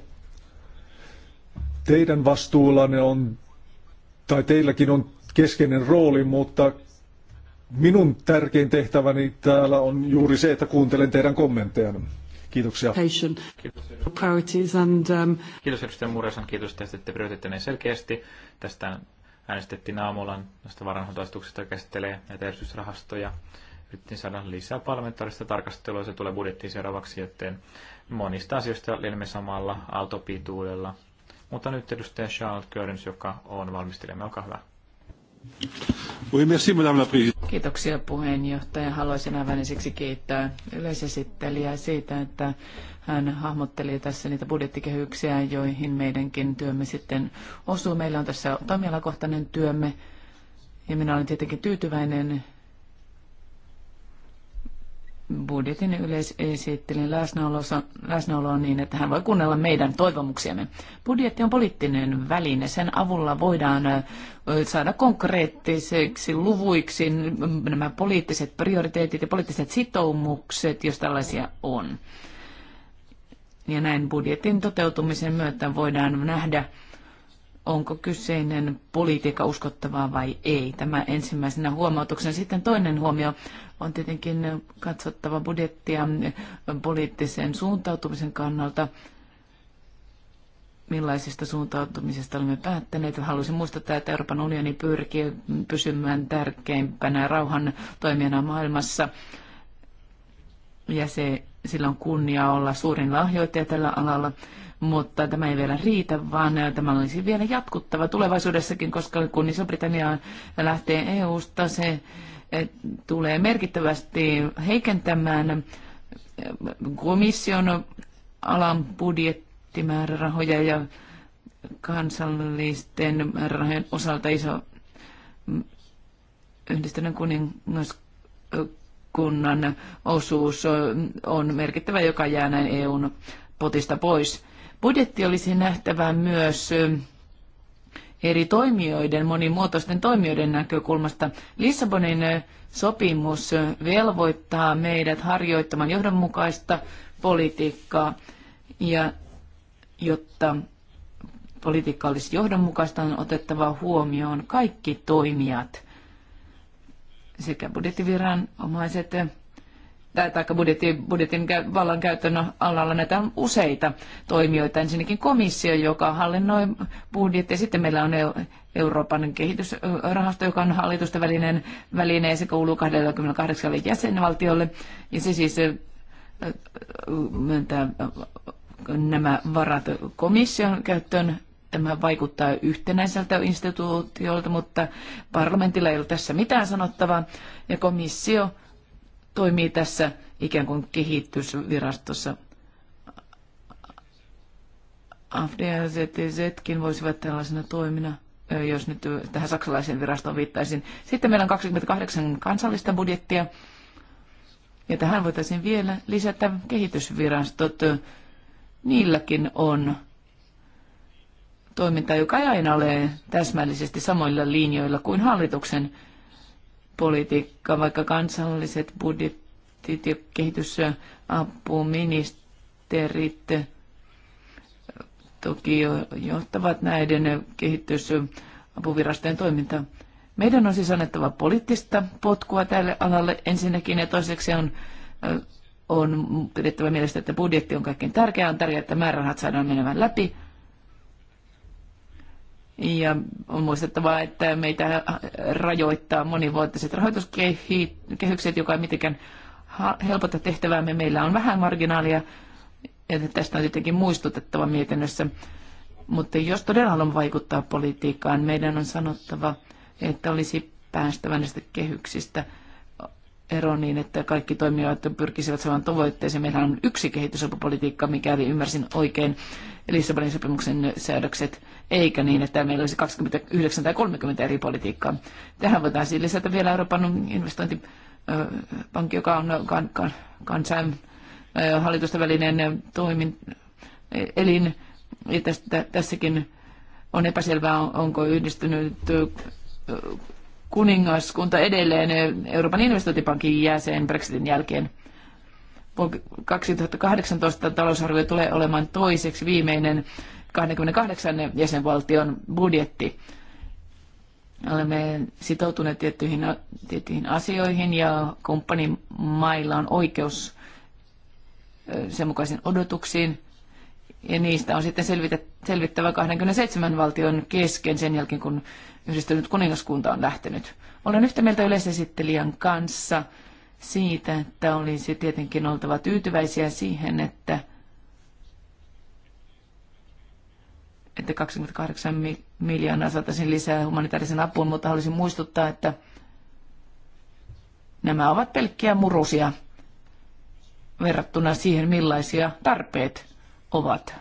Teidän vastuullanne on, tai teilläkin on keskeinen rooli, mutta minun tärkein tehtäväni täällä on juuri se, että kuuntelen teidän kommenttejanne. Kiitoksia. Kiitos, and, um... kiitos edustaja Muresan, kiitos tästä, että prioriteetteja näin selkeästi. Tästä äänestettiin aamulla näistä varanhoitoasetuksista, joka käsittelee näitä erityisrahastoja. Yritettiin saada lisää parlamentaarista tarkastelua, se tulee budjettiin seuraavaksi, joten monista asioista olemme samalla aaltopituudella. Mutta nyt edustaja Charles Görens, joka on valmistelemme, olkaa hyvä. Kiitoksia puheenjohtaja. Haluaisin aivan ensiksi kiittää yleisesittelijää siitä, että hän hahmotteli tässä niitä budjettikehyksiä, joihin meidänkin työmme sitten osuu. Meillä on tässä toimialakohtainen työmme ja minä olen tietenkin tyytyväinen budjetin yleisesittelyn läsnäoloa niin, että hän voi kuunnella meidän toivomuksiamme. Budjetti on poliittinen väline. Sen avulla voidaan saada konkreettiseksi luvuiksi nämä poliittiset prioriteetit ja poliittiset sitoumukset, jos tällaisia on. Ja näin budjetin toteutumisen myötä voidaan nähdä, onko kyseinen politiikka uskottavaa vai ei. Tämä ensimmäisenä huomautuksen. Sitten toinen huomio on tietenkin katsottava budjettia poliittisen suuntautumisen kannalta millaisista suuntautumisesta olemme päättäneet. Haluaisin muistuttaa, että Euroopan unioni pyrkii pysymään tärkeimpänä rauhan toimijana maailmassa. Ja se, sillä on kunnia olla suurin lahjoittaja tällä alalla. Mutta tämä ei vielä riitä, vaan tämä olisi vielä jatkuttava tulevaisuudessakin, koska kun Iso-Britannia lähtee EU-sta, se tulee merkittävästi heikentämään komission alan budjettimäärärahoja ja kansallisten määrärahojen osalta iso yhdistyneen kuningaskunnan osuus on merkittävä, joka jää näin EUn potista pois. Budjetti olisi nähtävä myös eri toimijoiden, monimuotoisten toimijoiden näkökulmasta. Lissabonin eh, sopimus eh, velvoittaa meidät harjoittamaan johdonmukaista politiikkaa ja jotta politiikka olisi johdonmukaista, on otettava huomioon kaikki toimijat, sekä budjettiviranomaiset, eh, tai budjetin, budjetin vallan alalla näitä on useita toimijoita. Ensinnäkin komissio, joka hallinnoi budjettia. Sitten meillä on Euroopan kehitysrahasto, joka on hallitusten välinen väline ja se kuuluu 28 jäsenvaltiolle. Ja se siis myöntää nämä varat komission käyttöön tämä vaikuttaa yhtenäiseltä instituutiolta, mutta parlamentilla ei ole tässä mitään sanottavaa. Ja komissio toimii tässä ikään kuin kehitysvirastossa. AFDZTZkin voisivat tällaisena toimina, jos nyt tähän saksalaiseen virastoon viittaisin. Sitten meillä on 28 kansallista budjettia, ja tähän voitaisiin vielä lisätä kehitysvirastot. Niilläkin on toiminta, joka ei aina ole täsmällisesti samoilla linjoilla kuin hallituksen politiikka vaikka kansalliset budjetit ja kehitysapuministerit eh, toki johtavat näiden kehitysapuvirastojen toimintaa. Meidän on siis annettava poliittista potkua tälle alalle ensinnäkin ja toiseksi on, eh, on pidettävä mielessä, että budjetti on kaikkein tärkeää. On tärkeää, että määrärahat saadaan menemään läpi ja on muistettava, että meitä rajoittaa monivuotiset rahoituskehykset, joka ei mitenkään helpota tehtäväämme. Meillä on vähän marginaalia, ja tästä on tietenkin muistutettava mietinnössä. Mutta jos todella haluamme vaikuttaa politiikkaan, meidän on sanottava, että olisi päästävä näistä kehyksistä – ero niin, että kaikki toimijat pyrkisivät saman tavoitteeseen. Meillä on yksi kehitysapupolitiikka, mikäli ymmärsin oikein Lissabonin sopimuksen säädökset, eikä niin, että meillä olisi 29 tai 30 eri politiikkaa. Tähän voitaisiin lisätä vielä Euroopan investointipankki, joka on kan, kan, kansain hallitusten välinen toimin, elin. Ja tästä, tässäkin on epäselvää, onko yhdistynyt kuningaskunta edelleen Euroopan investointipankin jäsen Brexitin jälkeen. 2018 talousarvio tulee olemaan toiseksi viimeinen 28 jäsenvaltion budjetti. Olemme sitoutuneet tiettyihin, tiettyihin asioihin ja kumppanimailla on oikeus sen mukaisiin odotuksiin. Ja niistä on sitten selvitettävä 27 valtion kesken sen jälkeen, kun yhdistynyt kuningaskunta on lähtenyt. Olen yhtä mieltä yleisesittelijän kanssa siitä, että olisi tietenkin oltava tyytyväisiä siihen, että, että 28 miljoonaa saataisiin lisää humanitaarisen apuun, mutta haluaisin muistuttaa, että nämä ovat pelkkiä murusia verrattuna siihen, millaisia tarpeet ovat.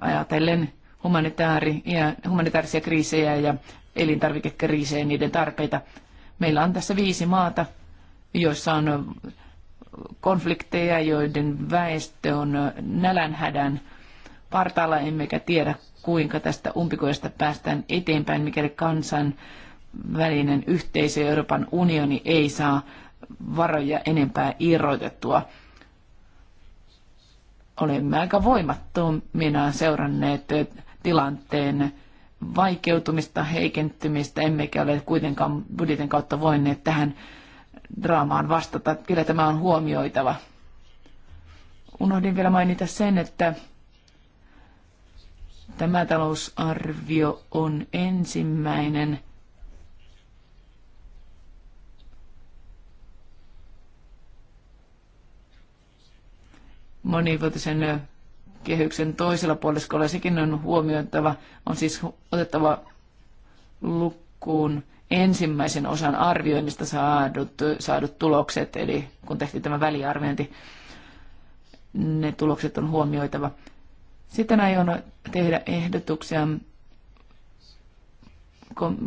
Ajatellen humanitaari ja, humanitaarisia kriisejä ja elintarvikekriisejä ja niiden tarpeita. Meillä on tässä viisi maata, joissa on konflikteja, joiden väestö on nälänhädän partaalla, emmekä tiedä kuinka tästä umpikoista päästään eteenpäin, mikäli kansan välinen yhteisö Euroopan unioni ei saa varoja enempää irrotettua. Olemme aika voimattomina seuranneet tilanteen vaikeutumista, heikentymistä, emmekä ole kuitenkaan budjetin kautta voineet tähän draamaan vastata. Kyllä tämä on huomioitava. Unohdin vielä mainita sen, että tämä talousarvio on ensimmäinen monivuotisen kehyksen toisella puoliskolla. Sekin on huomioitava, on siis otettava lukkuun ensimmäisen osan arvioinnista saadut, saadut tulokset, eli kun tehtiin tämä väliarviointi, ne tulokset on huomioitava. Sitten aion tehdä ehdotuksia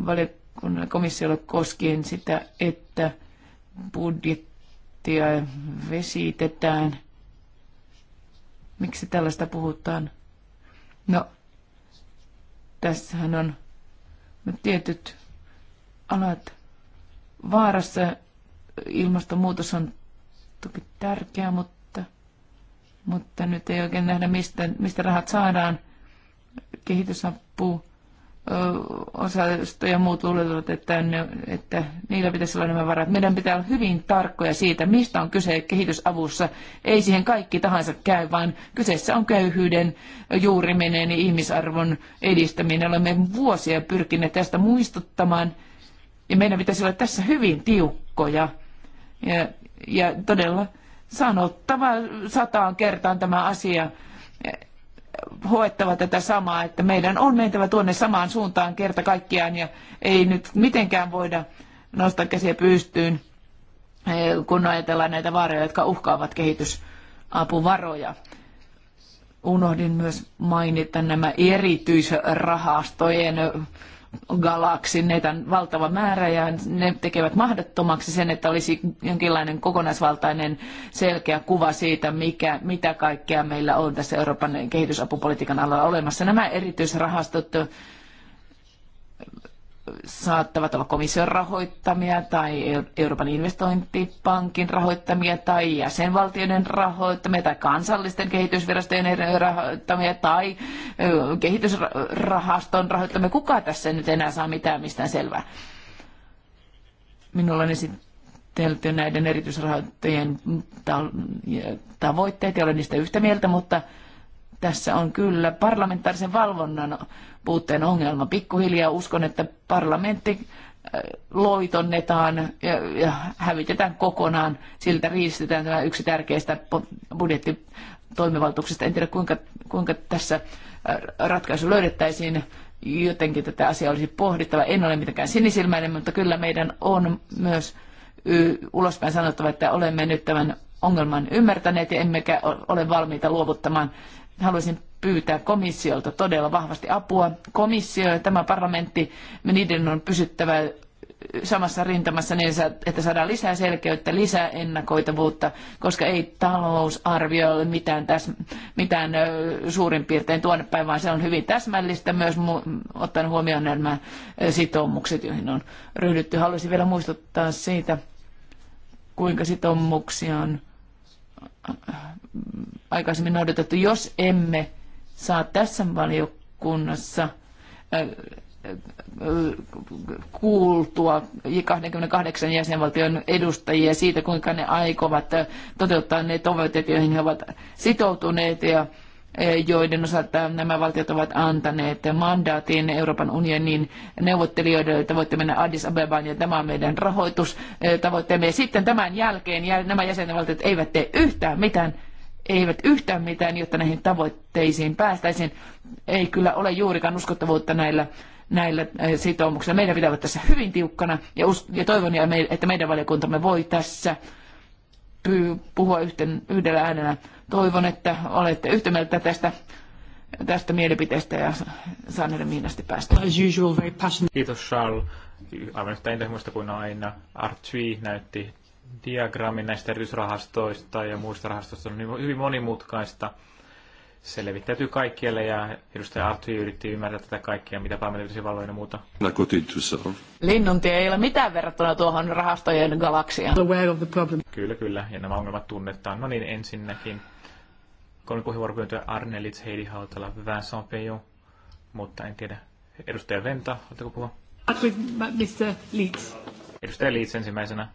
valiokunnalle komissiolle koskien sitä, että budjettia vesitetään Miksi tällaista puhutaan? No, tässähän on tietyt alat vaarassa. Ilmastonmuutos on toki tärkeä, mutta, mutta nyt ei oikein nähdä, mistä, mistä rahat saadaan. Kehitysapu osasto ja muut luulevat, että, ne, että niillä pitäisi olla nämä varat. Meidän pitää olla hyvin tarkkoja siitä, mistä on kyse kehitysavussa. Ei siihen kaikki tahansa käy, vaan kyseessä on köyhyyden juuriminen ja ihmisarvon edistäminen. Olemme vuosia pyrkineet tästä muistuttamaan ja meidän pitäisi olla tässä hyvin tiukkoja ja, ja todella sanottava sataan kertaan tämä asia hoettava tätä samaa, että meidän on mentävä tuonne samaan suuntaan kerta kaikkiaan ja ei nyt mitenkään voida nostaa käsiä pystyyn, eh, kun ajatellaan näitä vaaroja, jotka uhkaavat kehitysapuvaroja. Unohdin myös mainita nämä erityisrahastojen galaksin, on valtava määrä ja ne tekevät mahdottomaksi sen, että olisi jonkinlainen kokonaisvaltainen selkeä kuva siitä, mikä, mitä kaikkea meillä on tässä Euroopan kehitysapupolitiikan alalla olemassa. Nämä erityisrahastot saattavat olla komission rahoittamia tai Euroopan investointipankin rahoittamia tai jäsenvaltioiden rahoittamia tai kansallisten kehitysvirastojen rahoittamia tai kehitysrahaston rahoittamia. Kuka tässä nyt enää saa mitään mistään selvää? Minulla on esitelty näiden erityisrahoittajien tavoitteet ja olen niistä yhtä mieltä, mutta tässä on kyllä parlamentaarisen valvonnan puutteen ongelma. Pikkuhiljaa uskon, että parlamentti äh, loitonnetaan ja, ja hävitetään kokonaan. Siltä riistetään tämä yksi tärkeistä budjettitoimivaltuuksista. En tiedä, kuinka, kuinka tässä äh, ratkaisu löydettäisiin. Jotenkin tätä asiaa olisi pohdittava. En ole mitenkään sinisilmäinen, mutta kyllä meidän on myös ulospäin sanottava, että olemme nyt tämän ongelman ymmärtäneet ja emmekä ole valmiita luovuttamaan Haluaisin pyytää komissiolta todella vahvasti apua. Komissio ja tämä parlamentti, niiden on pysyttävä samassa rintamassa niin, että saadaan lisää selkeyttä, lisää ennakoitavuutta, koska ei talousarvio ole mitään, täs, mitään suurin piirtein tuonne päin, vaan se on hyvin täsmällistä myös ottaen huomioon nämä sitoumukset, joihin on ryhdytty. Haluaisin vielä muistuttaa siitä, kuinka sitoumuksia on aikaisemmin noudatettu. Jos emme saa tässä valiokunnassa kuultua 28 jäsenvaltion edustajia siitä, kuinka ne aikovat toteuttaa ne tavoitteet, joihin he ovat sitoutuneet ja Eh, joiden osalta nämä valtiot ovat antaneet mandaatin Euroopan unionin neuvottelijoille, että voitte mennä Addis Abebaan ja tämä on meidän rahoitustavoitteemme. Ja sitten tämän jälkeen nämä jäsenvaltiot eivät tee yhtään mitään eivät yhtään mitään, jotta näihin tavoitteisiin päästäisiin. Ei kyllä ole juurikaan uskottavuutta näillä, näillä eh, sitoumuksilla. Meidän pitää olla tässä hyvin tiukkana ja, us- ja toivon, että meidän valiokuntamme voi tässä puhua yhten, yhdellä äänellä. Toivon, että olette yhtä mieltä tästä, tästä mielipiteestä ja Sanelle Miinasti päästä. Kiitos Charles. Aivan yhtä intohimoista kuin aina. Artsui näytti diagrammin näistä erityisrahastoista ja muista rahastoista. On hyvin monimutkaista se levittäytyy kaikkialle ja edustaja Arthur yritti ymmärtää tätä kaikkea, mitä päämääritelisi valoja ja muuta. Linnuntie ei ole mitään verrattuna tuohon rahastojen galaksiaan. Kyllä, kyllä. Ja nämä ongelmat tunnetaan. No niin, ensinnäkin kolme puheenvuoropyyntöä Arne Litz, Heidi Hautala, Vincent Pejo, mutta en tiedä. Edustaja Venta, oletteko puhua? Mr. Leeds. Edustaja Leeds ensimmäisenä.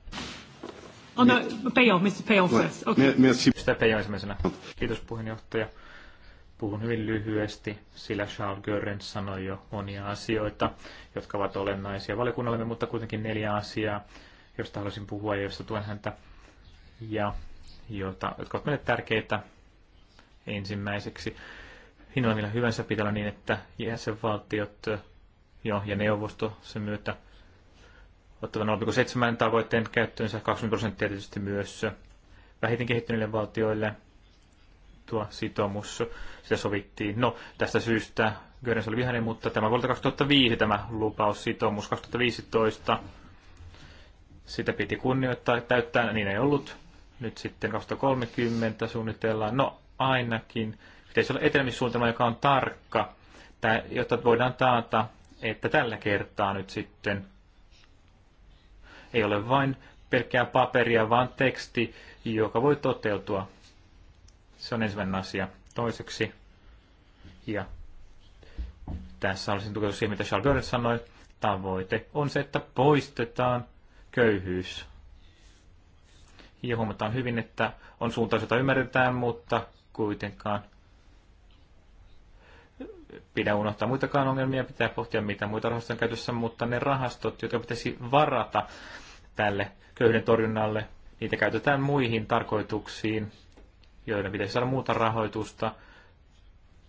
Oh no, Pejo, Mr. Pejo first. Okay. Edustaja Pejo ensimmäisenä. Kiitos puheenjohtaja Puhun hyvin lyhyesti, sillä Charles Görens sanoi jo monia asioita, jotka ovat olennaisia valiokunnallemme, mutta kuitenkin neljä asiaa, josta haluaisin puhua ja joista tuen häntä, ja jota, jotka ovat meille tärkeitä ensimmäiseksi. Hinnalla millä hyvänsä pitää olla niin, että jäsenvaltiot eh, jo, ja neuvosto sen myötä ottavan 0,7 tavoitteen käyttöönsä 20 prosenttia tietysti myös vähiten kehittyneille valtioille – sovittua sitomus, sitä sovittiin. No, tästä syystä Görens oli vihainen, mutta tämä vuodelta 2005 tämä lupaus, sitomus 2015, sitä piti kunnioittaa täyttää, niin ei ollut. Nyt sitten 2030 suunnitellaan, no ainakin, pitäisi olla etenemissuunnitelma, joka on tarkka, jotta voidaan taata, että tällä kertaa nyt sitten ei ole vain pelkkää paperia, vaan teksti, joka voi toteutua. Se on ensimmäinen asia. Toiseksi, ja tässä olisin tukenut siihen, mitä Charles Gordon sanoi, tavoite on se, että poistetaan köyhyys. Ja huomataan hyvin, että on suuntaus, jota ymmärretään, mutta kuitenkaan pidä unohtaa muitakaan ongelmia, pitää pohtia mitä muita rahastoja on käytössä, mutta ne rahastot, jotka pitäisi varata tälle köyhyyden torjunnalle, niitä käytetään muihin tarkoituksiin, joiden pitäisi saada muuta rahoitusta.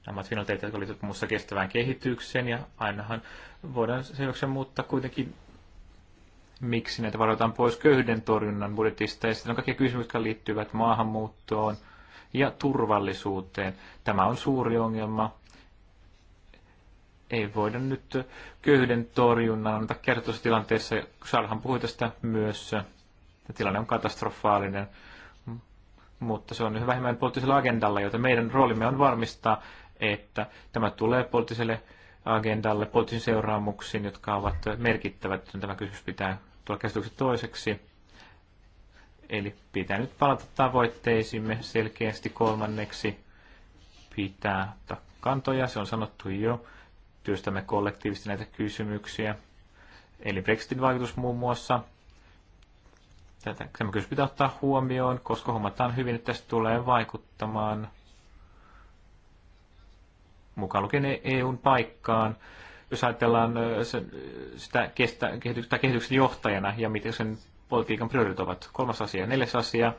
Nämä ovat finaliteetit, jotka liittyvät muussa kestävään kehitykseen, ja ainahan voidaan selvyksen muuttaa kuitenkin, miksi näitä varoitaan pois köyhyyden torjunnan budjetista, ja sitten on kaikki kysymykset, jotka liittyvät maahanmuuttoon ja turvallisuuteen. Tämä on suuri ongelma, ei voida nyt köyhyyden torjunnan antaa kertoa tilanteessa. Salhan puhui tästä myös. Tilanne on katastrofaalinen mutta se on yhä vähemmän poliittisella agendalla, joten meidän roolimme on varmistaa, että tämä tulee poliittiselle agendalle poliittisiin seuraamuksiin, jotka ovat merkittävät, joten tämä kysymys pitää tulla käsitykset toiseksi. Eli pitää nyt palata tavoitteisimme selkeästi kolmanneksi. Pitää ottaa kantoja, se on sanottu jo. Työstämme kollektiivisesti näitä kysymyksiä. Eli Brexitin vaikutus muun muassa, Tätä, tämä kysymys pitää ottaa huomioon, koska huomataan hyvin, että tästä tulee vaikuttamaan mukaan lukien e- EUn paikkaan. Jos ajatellaan sen, sitä kestä, kehitystä, kehityksen johtajana ja miten sen politiikan prioriteetit ovat. Kolmas asia, neljäs asia.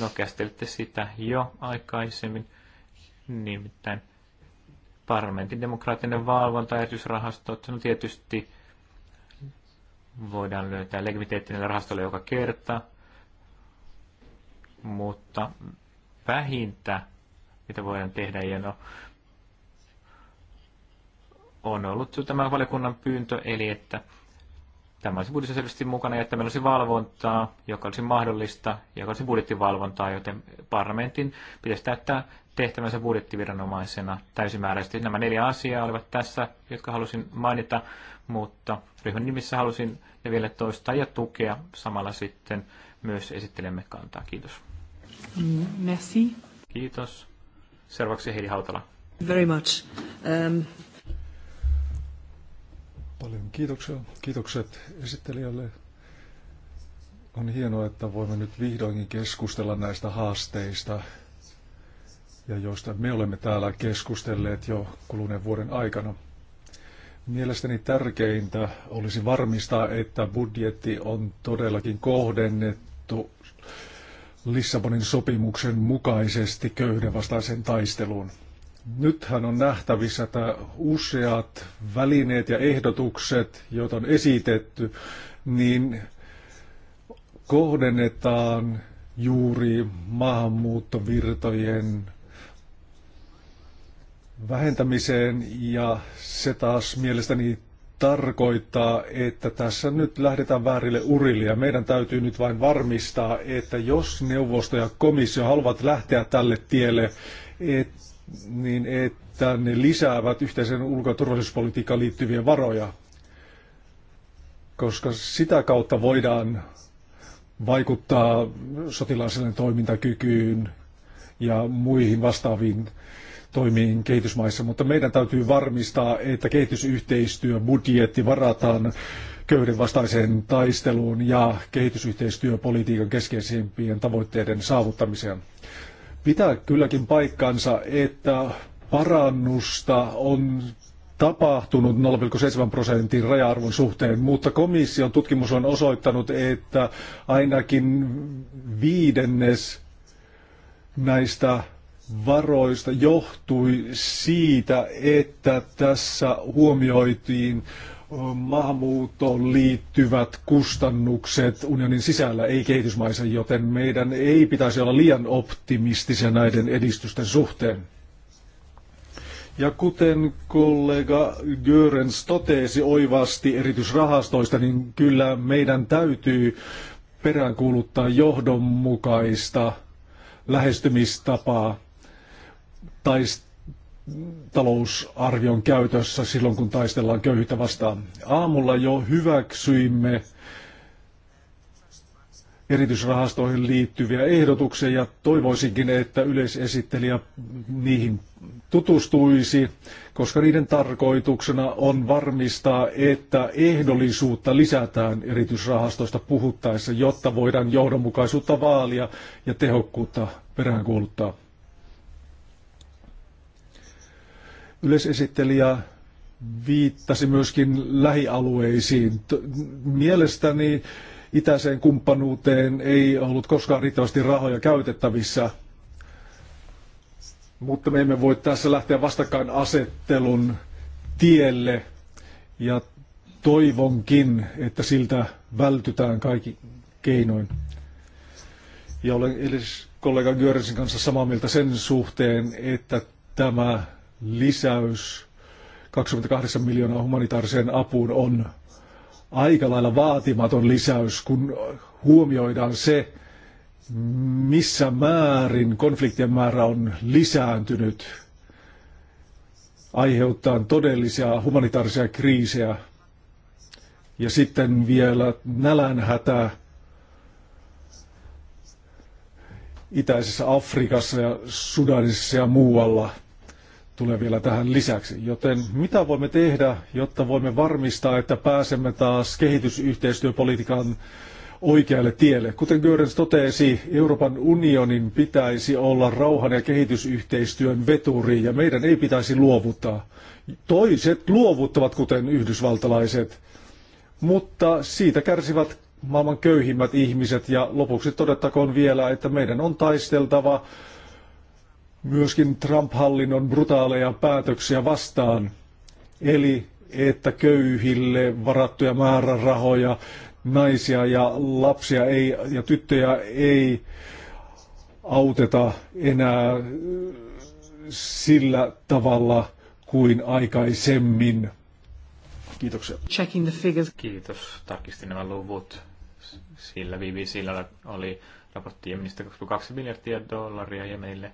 No käsittelitte sitä jo aikaisemmin, nimittäin parlamentin demokraattinen valvonta, erityisrahastot, no tietysti voidaan löytää legitimiteetti näille rahastolle joka kerta, mutta vähintä, mitä voidaan tehdä, ja no, on ollut tämä valiokunnan pyyntö, eli että tämä olisi selvästi mukana ja että meillä olisi valvontaa, joka olisi mahdollista, joka olisi budjettivalvontaa, joten parlamentin pitäisi täyttää tehtävänsä budjettiviranomaisena täysimääräisesti. Nämä neljä asiaa olivat tässä, jotka halusin mainita, mutta ryhmän nimissä halusin ne vielä toistaa ja tukea samalla sitten myös esittelemme kantaa. Kiitos. Merci. Kiitos. Seuraavaksi Heidi Hautala. Very much. Um... Paljon kiitoksia. Kiitokset esittelijälle. On hienoa, että voimme nyt vihdoinkin keskustella näistä haasteista, ja joista me olemme täällä keskustelleet jo kuluneen vuoden aikana. Mielestäni tärkeintä olisi varmistaa, että budjetti on todellakin kohdennettu Lissabonin sopimuksen mukaisesti köyhdenvastaiseen taisteluun. Nythän on nähtävissä, että useat välineet ja ehdotukset, joita on esitetty, niin kohdennetaan juuri maahanmuuttovirtojen vähentämiseen ja se taas mielestäni tarkoittaa, että tässä nyt lähdetään väärille urille ja meidän täytyy nyt vain varmistaa, että jos neuvosto ja komissio haluavat lähteä tälle tielle, et, niin että ne lisäävät yhteisen ulko- ja turvallisuuspolitiikkaan liittyviä varoja, koska sitä kautta voidaan vaikuttaa sotilaalliseen toimintakykyyn ja muihin vastaaviin toimiin kehitysmaissa, mutta meidän täytyy varmistaa, että kehitysyhteistyöbudjetti varataan köyden vastaiseen taisteluun ja kehitysyhteistyöpolitiikan keskeisimpien tavoitteiden saavuttamiseen. Pitää kylläkin paikkansa, että parannusta on tapahtunut 0,7 prosentin raja-arvon suhteen, mutta komission tutkimus on osoittanut, että ainakin viidennes näistä varoista johtui siitä, että tässä huomioitiin maahanmuuttoon liittyvät kustannukset unionin sisällä, ei kehitysmaissa, joten meidän ei pitäisi olla liian optimistisia näiden edistysten suhteen. Ja kuten kollega Görens totesi oivasti erityisrahastoista, niin kyllä meidän täytyy peräänkuuluttaa johdonmukaista lähestymistapaa taist, talousarvion käytössä silloin, kun taistellaan köyhyyttä vastaan. Aamulla jo hyväksyimme erityisrahastoihin liittyviä ehdotuksia ja toivoisinkin, että yleisesittelijä niihin tutustuisi, koska niiden tarkoituksena on varmistaa, että ehdollisuutta lisätään erityisrahastoista puhuttaessa, jotta voidaan johdonmukaisuutta vaalia ja tehokkuutta peräänkuuluttaa. Yleisesittelijä viittasi myöskin lähialueisiin. Mielestäni itäiseen kumppanuuteen ei ollut koskaan riittävästi rahoja käytettävissä, mutta me emme voi tässä lähteä vastakkainasettelun tielle ja toivonkin, että siltä vältytään kaikki keinoin. Ja olen edes kollega Györisen kanssa samaa mieltä sen suhteen, että tämä lisäys 28 miljoonaa humanitaariseen apuun on aika lailla vaatimaton lisäys, kun huomioidaan se, missä määrin konfliktien määrä on lisääntynyt, aiheuttaa todellisia humanitaarisia kriisejä. Ja sitten vielä nälänhätä itäisessä Afrikassa ja Sudanissa ja muualla – tulee vielä tähän lisäksi. Joten mitä voimme tehdä, jotta voimme varmistaa, että pääsemme taas kehitysyhteistyöpolitiikan oikealle tielle. Kuten Görens totesi, Euroopan unionin pitäisi olla rauhan ja kehitysyhteistyön veturi ja meidän ei pitäisi luovuttaa. Toiset luovuttavat, kuten yhdysvaltalaiset, mutta siitä kärsivät maailman köyhimmät ihmiset ja lopuksi todettakoon vielä, että meidän on taisteltava myöskin Trump-hallinnon brutaaleja päätöksiä vastaan. Eli että köyhille varattuja määrärahoja, naisia ja lapsia ei, ja tyttöjä ei auteta enää sillä tavalla kuin aikaisemmin. Kiitoksia. Checking the figures. Kiitos. Tarkistin nämä luvut. Sillä BBCllä oli raportti Jemenistä 2,2 miljardia dollaria ja meille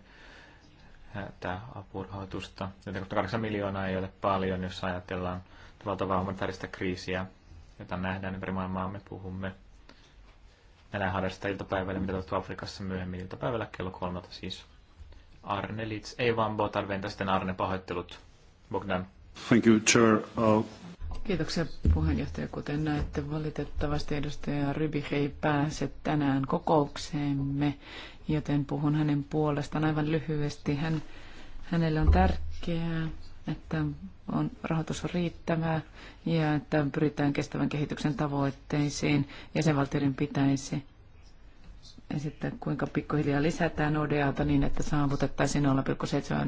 apurahoitusta, Joten 8 miljoonaa ei ole paljon, jos ajatellaan valtavaa humanitaarista kriisiä, jota nähdään ympäri maailmaa. Me puhumme näillä harrastaa iltapäivällä, mitä tapahtuu Afrikassa myöhemmin iltapäivällä kello kolmelta siis. Arne Litz, ei vaan Botar, ventä sitten Arne pahoittelut. Bogdan. Thank you, Chair. Uh, Kiitoksia puheenjohtaja. Kuten näette, valitettavasti edustaja Rybih ei pääse tänään kokoukseemme, joten puhun hänen puolestaan aivan lyhyesti. Hän, hänelle on tärkeää, että on, rahoitus on riittävää ja että pyritään kestävän kehityksen tavoitteisiin. Jäsenvaltioiden pitäisi ja sitten kuinka pikkuhiljaa lisätään ODAta niin, että saavutettaisiin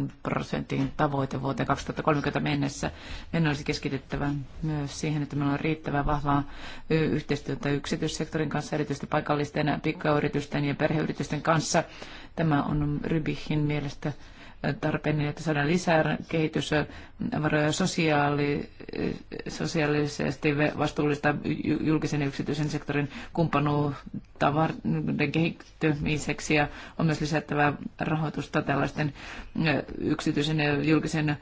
0,7 prosentin tavoite vuoteen 2030 mennessä. Meidän olisi keskityttävä myös siihen, että meillä on riittävän vahvaa yhteistyötä yksityissektorin kanssa, erityisesti paikallisten pikkuyritysten ja perheyritysten kanssa. Tämä on Rybihin mielestä tarpeen niin, että saada lisää kehitysvaroja sosiaali, sosiaalisesti vastuullista julkisen ja yksityisen sektorin kumppanuutta kehittymiseksi ja on myös lisättävää rahoitusta tällaisten yksityisen ja julkisen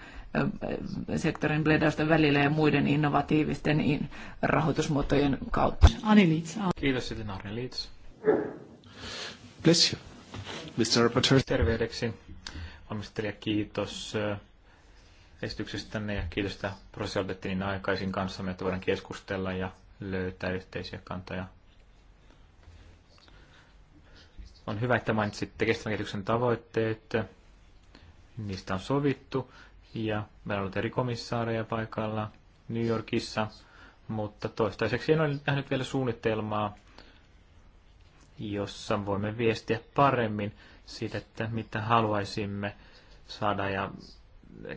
sektorin bledausten välillä ja muiden innovatiivisten rahoitusmuotojen kautta. Ani Liits. Kiitos sitten Arne Liits. Bless you. Mr. Rapporteur. Terveydeksi valmistelija, kiitos äh, esityksestänne ja kiitos, että prosessi niin aikaisin kanssamme, että voidaan keskustella ja löytää yhteisiä kantoja. On hyvä, että mainitsitte kestävän kehityksen tavoitteet. Niistä on sovittu ja meillä on ollut eri komissaareja paikalla New Yorkissa, mutta toistaiseksi en ole nähnyt vielä suunnitelmaa, jossa voimme viestiä paremmin siitä, että mitä haluaisimme saada ja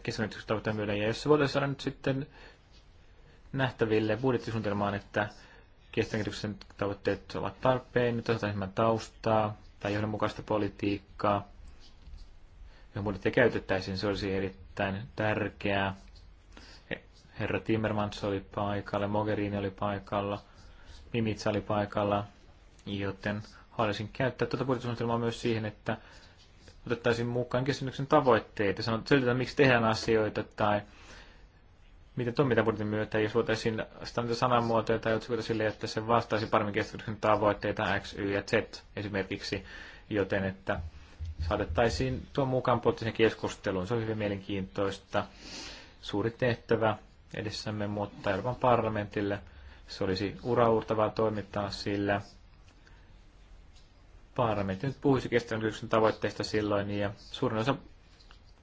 kesäyritykset tavoittaa myydä. Ja jos se voitaisiin saada nyt sitten nähtäville budjettisuunnitelmaan, että kestäkehityksen tavoitteet ovat tarpeen, nyt osataan enemmän taustaa tai johdonmukaista politiikkaa, johon budjettia käytettäisiin, se olisi erittäin tärkeää. Herra Timmermans oli paikalla, Mogherini oli paikalla, Mimitsa oli paikalla, joten Haluaisin käyttää tätä tuota budjettisuunnitelmaa myös siihen, että otettaisiin mukaan tavoitteet ja selitetään miksi tehdään asioita tai miten toimitaan budjetin myötä, jos voitaisiin sitä niitä sanamuotoja tai otsikoita sille, että se vastaisi paremmin keskinnyksen tavoitteita X, Y ja Z esimerkiksi, joten että saatettaisiin tuo mukaan poliittisen keskusteluun. Se on hyvin mielenkiintoista. Suuri tehtävä edessämme, mutta Euroopan parlamentille se olisi uraurtavaa toimittaa sillä parlamentti nyt puhuisi kestävän tavoitteista silloin, ja suurin osa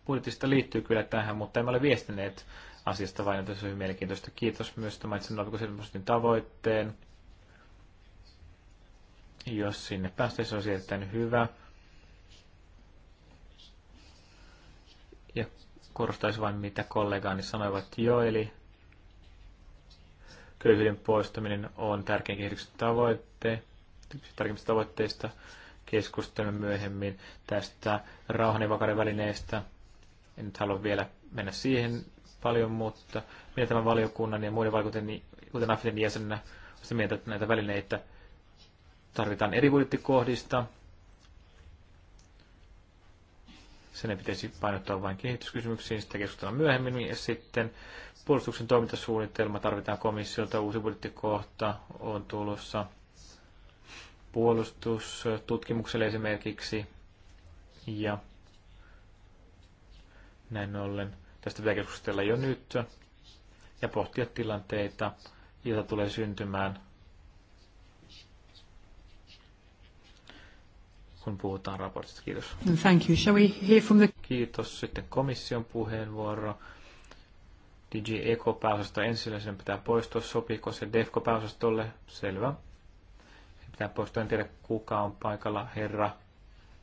budjetista liittyy kyllä tähän, mutta emme ole viestineet asiasta vain, että se on mielenkiintoista. Kiitos myös, että mainitsin 0,7 tavoitteen. Jos sinne päästäisiin, se olisi erittäin hyvä. Ja korostaisi vain, mitä kollegaani sanoivat jo, eli köyhyyden poistaminen on tärkein kehityksen tavoitteen tarkemmista tavoitteista. Keskustelemme myöhemmin tästä rauhan ja vakauden välineestä. En nyt halua vielä mennä siihen paljon, mutta minä tämän valiokunnan ja muiden vaikutteen, kuten Afrikan jäsenenä, olen mieltä, että näitä välineitä tarvitaan eri budjettikohdista. Sen ei pitäisi painottaa vain kehityskysymyksiin, sitä keskustellaan myöhemmin. Ja sitten puolustuksen toimintasuunnitelma tarvitaan komissiolta, uusi budjettikohta on tulossa – puolustustutkimukselle esimerkiksi. Ja näin ollen tästä pitää keskustella jo nyt ja pohtia tilanteita, joita tulee syntymään, kun puhutaan raportista. Kiitos. Thank you. Shall we hear from the... Kiitos. Sitten komission puheenvuoro. DG Eco pääosasto ensimmäisenä pitää poistua. Sopiiko se DEFCO pääosastolle? Selvä pitää poistua. En tiedä, kuka on paikalla, herra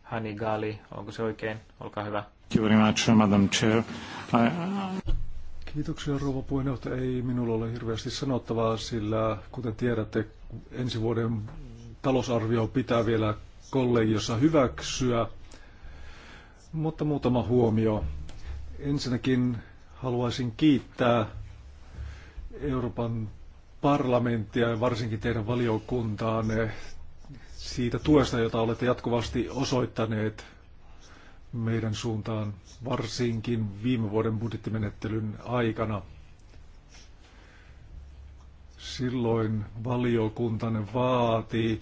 Hanigali. Onko se oikein? Olkaa hyvä. Uh, Kiitoksia rouva puheenjohtaja. Ei minulla ole hirveästi sanottavaa, sillä kuten tiedätte, ensi vuoden talousarvio pitää vielä kollegiossa hyväksyä. Mutta muutama huomio. Ensinnäkin haluaisin kiittää Euroopan parlamenttia ja varsinkin teidän valiokuntaanne siitä tuesta, jota olette jatkuvasti osoittaneet meidän suuntaan, varsinkin viime vuoden budjettimenettelyn aikana. Silloin valiokuntanne vaati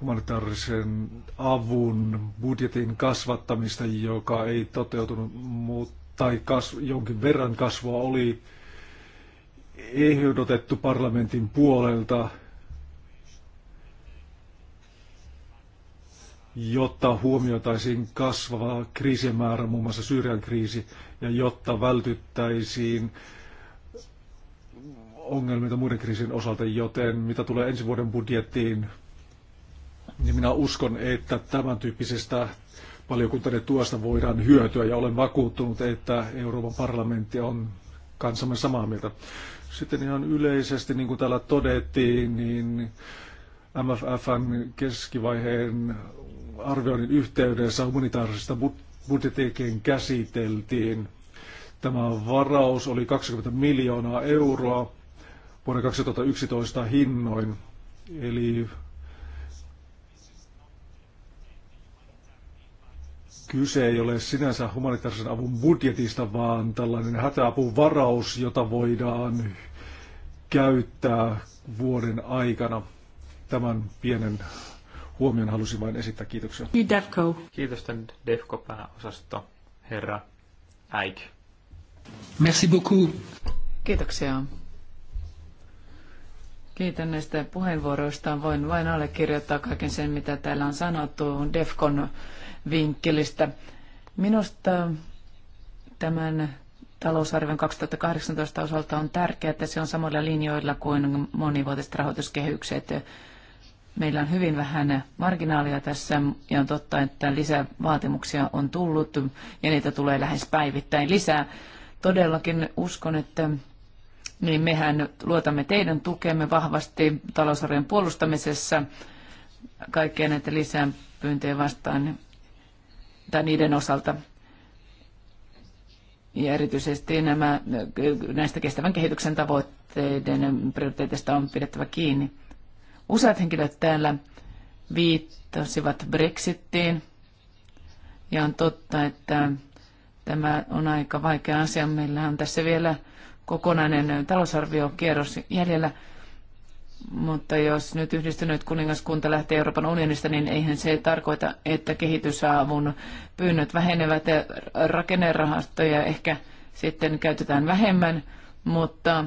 humanitaarisen avun budjetin kasvattamista, joka ei toteutunut, mutta tai kas, jonkin verran kasvua oli ehdotettu parlamentin puolelta, jotta huomioitaisiin kasvava kriisien määrä, muun muassa Syyrian kriisi, ja jotta vältyttäisiin ongelmia muiden kriisin osalta, joten mitä tulee ensi vuoden budjettiin, niin minä uskon, että tämän tyyppisestä valiokuntainen tuosta voidaan hyötyä ja olen vakuuttunut, että Euroopan parlamentti on kanssamme samaa mieltä. Sitten ihan yleisesti, niin kuin täällä todettiin, niin MFFn keskivaiheen arvioinnin yhteydessä humanitaarisesta budjetikin käsiteltiin. Tämä varaus oli 20 miljoonaa euroa vuoden 2011 hinnoin, eli Kyse ei ole sinänsä humanitaarisen avun budjetista, vaan tällainen hätäapuvaraus, jota voidaan käyttää vuoden aikana. Tämän pienen huomion halusin vain esittää. Kiitoksia. Defco. Kiitos tämän defco osasto herra Äik. Merci beaucoup. Kiitoksia. Kiitän näistä puheenvuoroista. Voin vain allekirjoittaa kaiken sen, mitä täällä on sanottu. Defcon vinkkelistä. Minusta tämän talousarvion 2018 osalta on tärkeää, että se on samoilla linjoilla kuin monivuotiset rahoituskehykset. Meillä on hyvin vähän marginaalia tässä ja on totta, että lisävaatimuksia on tullut ja niitä tulee lähes päivittäin lisää. Todellakin uskon, että niin mehän luotamme teidän tukemme vahvasti talousarvion puolustamisessa kaikkien näitä lisäpyyntöjä vastaan tai niiden osalta. Ja erityisesti nämä, näistä kestävän kehityksen tavoitteiden prioriteeteista on pidettävä kiinni. Useat henkilöt täällä viittasivat Brexittiin. Ja on totta, että tämä on aika vaikea asia. Meillä on tässä vielä kokonainen talousarviokierros jäljellä. Mutta jos nyt yhdistynyt kuningaskunta lähtee Euroopan unionista, niin eihän se tarkoita, että kehitysavun pyynnöt vähenevät ja rakennerahastoja ehkä sitten käytetään vähemmän, mutta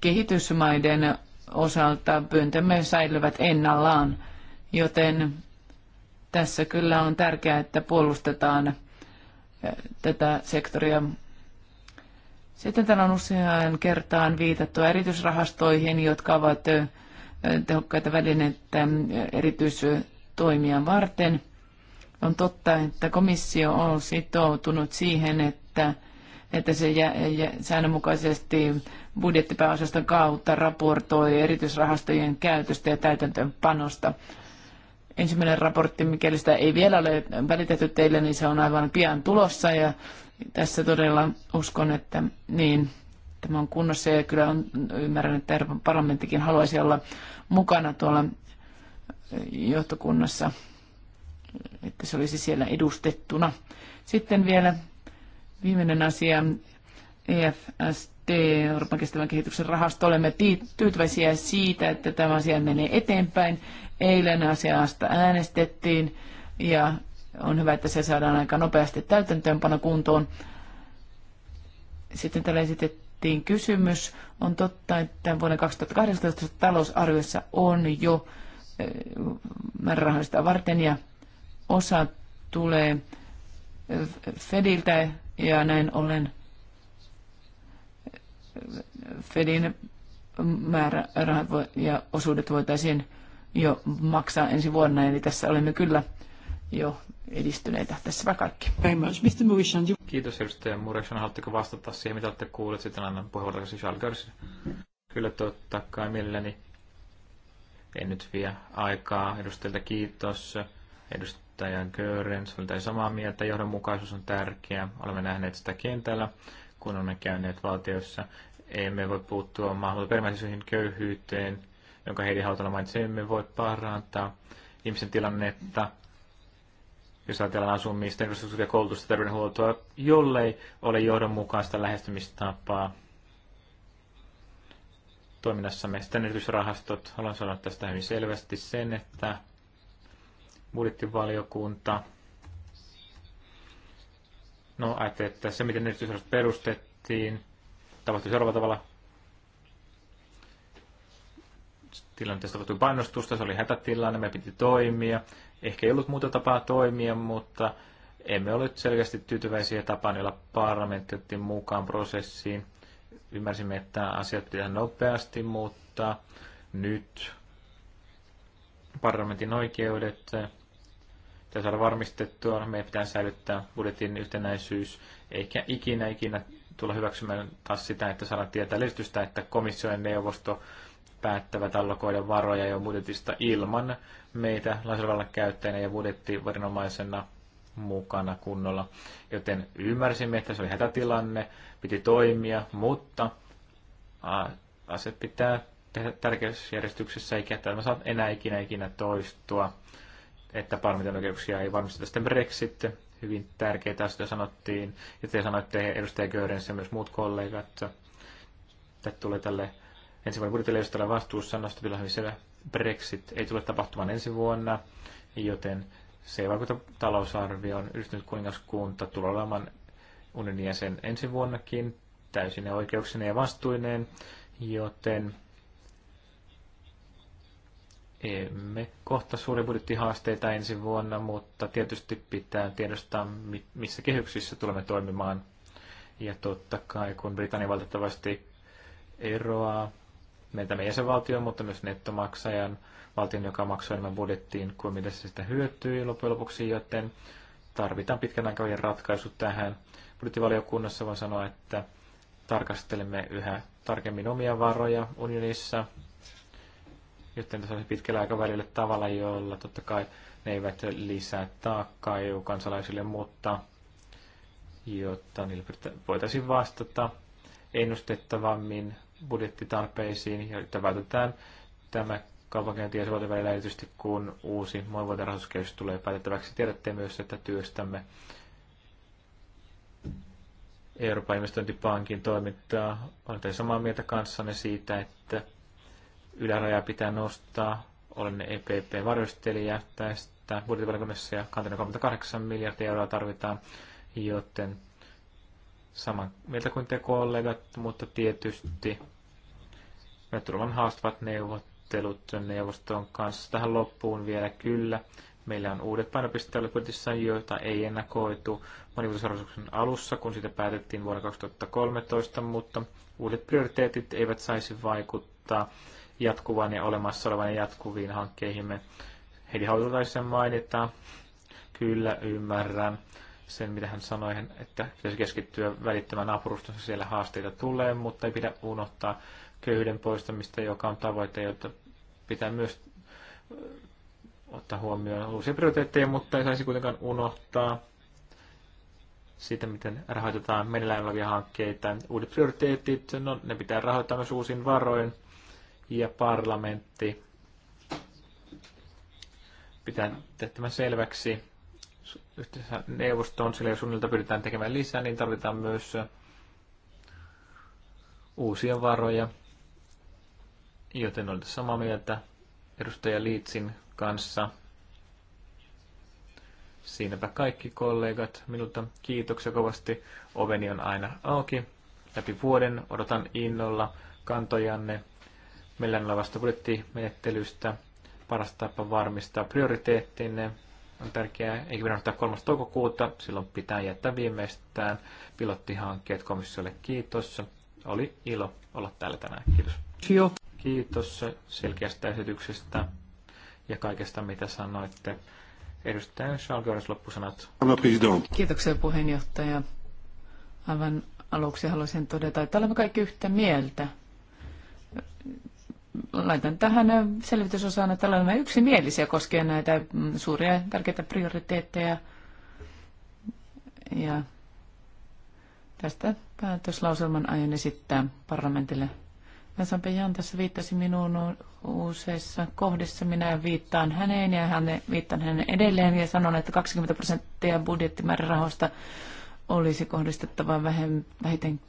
kehitysmaiden osalta pyyntömme säilyvät ennallaan, joten tässä kyllä on tärkeää, että puolustetaan tätä sektoria sitten täällä on usein kertaan viitattu erityisrahastoihin, jotka ovat tehokkaita välineitä erityistoimia varten. On totta, että komissio on sitoutunut siihen, että, että se jä, jä, säännönmukaisesti budjettipääosaston kautta raportoi erityisrahastojen käytöstä ja täytäntöönpanosta. Ensimmäinen raportti, mikäli sitä ei vielä ole välitetty teille, niin se on aivan pian tulossa ja tässä todella uskon, että niin, tämä on kunnossa ja kyllä on, ymmärrän, että Euroopan parlamenttikin haluaisi olla mukana tuolla johtokunnassa, että se olisi siellä edustettuna. Sitten vielä viimeinen asia, EFST, Euroopan kestävän kehityksen rahasto. Olemme tyytyväisiä siitä, että tämä asia menee eteenpäin. Eilen asiasta äänestettiin ja on hyvä, että se saadaan aika nopeasti täytäntöönpano kuntoon. Sitten täällä esitettiin kysymys. On totta, että vuoden 2018 talousarviossa on jo eh, määrärahoista varten ja osa tulee eh, Fediltä ja näin ollen eh, Fedin määrärahat ja osuudet voitaisiin jo maksaa ensi vuonna. Eli tässä olemme kyllä jo edistyneitä. tässä Tässäpä kaikki. Kiitos edustaja Mureksson. Haluatteko vastata siihen, mitä olette kuulleet? Sitten annan puheenvuoron takaisin Schalgersille. Kyllä totta kai mielelläni. En nyt vie aikaa. Edustajilta kiitos. Edustaja Görens oli samaa mieltä. Johdonmukaisuus on tärkeä. Olemme nähneet sitä kentällä, kun olemme käyneet valtioissa. Emme voi puuttua maahanmuuttoperimmäisiin köyhyyteen, jonka Heidi Hautala mainitsi. Emme voi parantaa ihmisen tilannetta jos ajatellaan asumista, infrastruktuuria, koulutusta, terveydenhuoltoa, jollei ole johdonmukaista lähestymistapaa toiminnassamme. Sitten erityisrahastot, haluan sanoa tästä hyvin selvästi sen, että budjettivaliokunta, no ajatteli, että se miten erityisrahastot perustettiin, tapahtui seuraavalla tavalla. tilanteesta tapahtui painostusta, se oli hätätilanne, me piti toimia. Ehkä ei ollut muuta tapaa toimia, mutta emme ole selkeästi tyytyväisiä tapaan, jolla parlamentti otti mukaan prosessiin. Ymmärsimme, että asiat pitää nopeasti mutta Nyt parlamentin oikeudet pitää saada varmistettua. Meidän pitää säilyttää budjetin yhtenäisyys, eikä ikinä, ikinä tulla hyväksymään taas sitä, että saadaan tietää listystä, että komissio ja neuvosto päättävät allokoida varoja jo budjetista ilman meitä lainsäädännöllä käyttäjänä ja budjettivarinomaisena mukana kunnolla. Joten ymmärsimme, että se oli hätätilanne, piti toimia, mutta ase pitää tehdä tärkeysjärjestyksessä, eikä tämä saa enää ikinä ikinä toistua, että parlamentin oikeuksia ei varmisteta sitten Brexit. Hyvin tärkeitä asioita sanottiin, ja te sanoitte edustaja Görens ja myös muut kollegat, että tulee tälle ensi vuoden budjetille, jos tällä vastuussa nosta hyvin Brexit ei tule tapahtumaan ensi vuonna, joten se ei vaikuta talousarvioon. Yhdistynyt kuningaskunta tulee olemaan unionin jäsen ensi vuonnakin täysin oikeuksineen ja vastuineen, joten emme kohta suuri budjettihaasteita ensi vuonna, mutta tietysti pitää tiedostaa, missä kehyksissä tulemme toimimaan. Ja totta kai, kun Britannia valitettavasti eroaa meiltä meidän jäsenvaltion, mutta myös nettomaksajan valtion, joka maksoi enemmän budjettiin kuin mitä se sitä hyötyy loppujen lopuksi, joten tarvitaan pitkän aikavälin ratkaisu tähän. Budjettivaliokunnassa voin sanoa, että tarkastelemme yhä tarkemmin omia varoja unionissa, joten tässä olisi pitkällä aikavälillä tavalla, jolla totta kai ne eivät lisää taakkaa EU-kansalaisille, mutta jotta niillä voitaisiin vastata ennustettavammin budjettitarpeisiin, joita vältetään tämä kaupankäynti ja välillä erityisesti, kun uusi monivuotinen rahoituskehys tulee päätettäväksi. Tiedätte myös, että työstämme Euroopan investointipankin toimintaa. Olen samaa mieltä kanssanne siitä, että ylärajaa pitää nostaa. Olen EPP-varjostelija tästä budjettivalikunnassa ja kantana 38 miljardia euroa tarvitaan, joten Sama, mieltä kuin te kollegat, mutta tietysti me tullaan haastavat neuvottelut neuvoston kanssa tähän loppuun vielä kyllä. Meillä on uudet painopisteet joita ei ennakoitu monivuotisarvoituksen alussa, kun sitä päätettiin vuonna 2013, mutta uudet prioriteetit eivät saisi vaikuttaa jatkuvaan ja olemassa olevan ja jatkuviin hankkeihimme. Heidi Hautalaisen mainita. Kyllä, ymmärrän sen, mitä hän sanoi, että pitäisi keskittyä välittämään naapurustonsa, siellä haasteita tulee, mutta ei pidä unohtaa köyhyyden poistamista, joka on tavoite, jota pitää myös äh, ottaa huomioon uusia prioriteetteja, mutta ei saisi kuitenkaan unohtaa siitä, miten rahoitetaan meneillään olevia hankkeita. Uudet prioriteetit, no, ne pitää rahoittaa myös uusin varoin, ja parlamentti pitää tehdä selväksi yhteensä neuvostoon, sillä jos suunnilta pyritään tekemään lisää, niin tarvitaan myös uusia varoja. Joten olette samaa mieltä edustaja Liitsin kanssa. Siinäpä kaikki kollegat minulta. Kiitoksia kovasti. Oveni on aina auki. Läpi vuoden odotan innolla kantojanne meillä vasta budjettimenettelystä. Paras tapa varmistaa prioriteettinne on tärkeää, eikä pidä ottaa 3. toukokuuta, silloin pitää jättää viimeistään pilottihankkeet komissiolle. Kiitos, oli ilo olla täällä tänään, kiitos. Joo. Kiitos selkeästä esityksestä ja kaikesta, mitä sanoitte. Edustaja Schalgeris loppusanat. Kiitoksia puheenjohtaja. Aivan aluksi haluaisin todeta, että olemme kaikki yhtä mieltä laitan tähän selvitysosaan, että olemme yksimielisiä koskien näitä suuria ja tärkeitä prioriteetteja. Ja tästä päätöslauselman aion esittää parlamentille. Vesampe Jan tässä viittasi minuun useissa kohdissa. Minä viittaan häneen ja hän viittaan hänen edelleen ja sanon, että 20 prosenttia budjettimäärärahoista olisi kohdistettava vähiten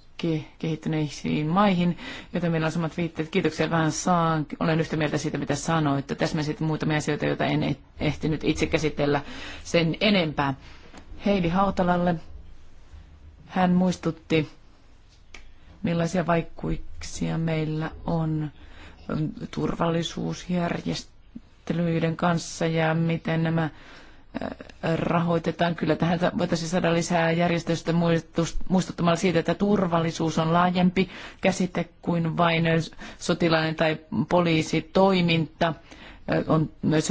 kehittyneisiin maihin, joten meillä on samat viitteet. Kiitoksia vähän saan. Olen yhtä mieltä siitä, mitä sanoit. Täsmäsit muutamia asioita, joita en ehtinyt itse käsitellä sen enempää. Heidi Hautalalle. Hän muistutti, millaisia vaikutuksia meillä on mm, turvallisuusjärjestelyiden kanssa ja miten nämä rahoitetaan. Kyllä tähän voitaisiin saada lisää järjestöistä muistuttamalla siitä, että turvallisuus on laajempi käsite kuin vain sotilainen tai poliisitoiminta. On myös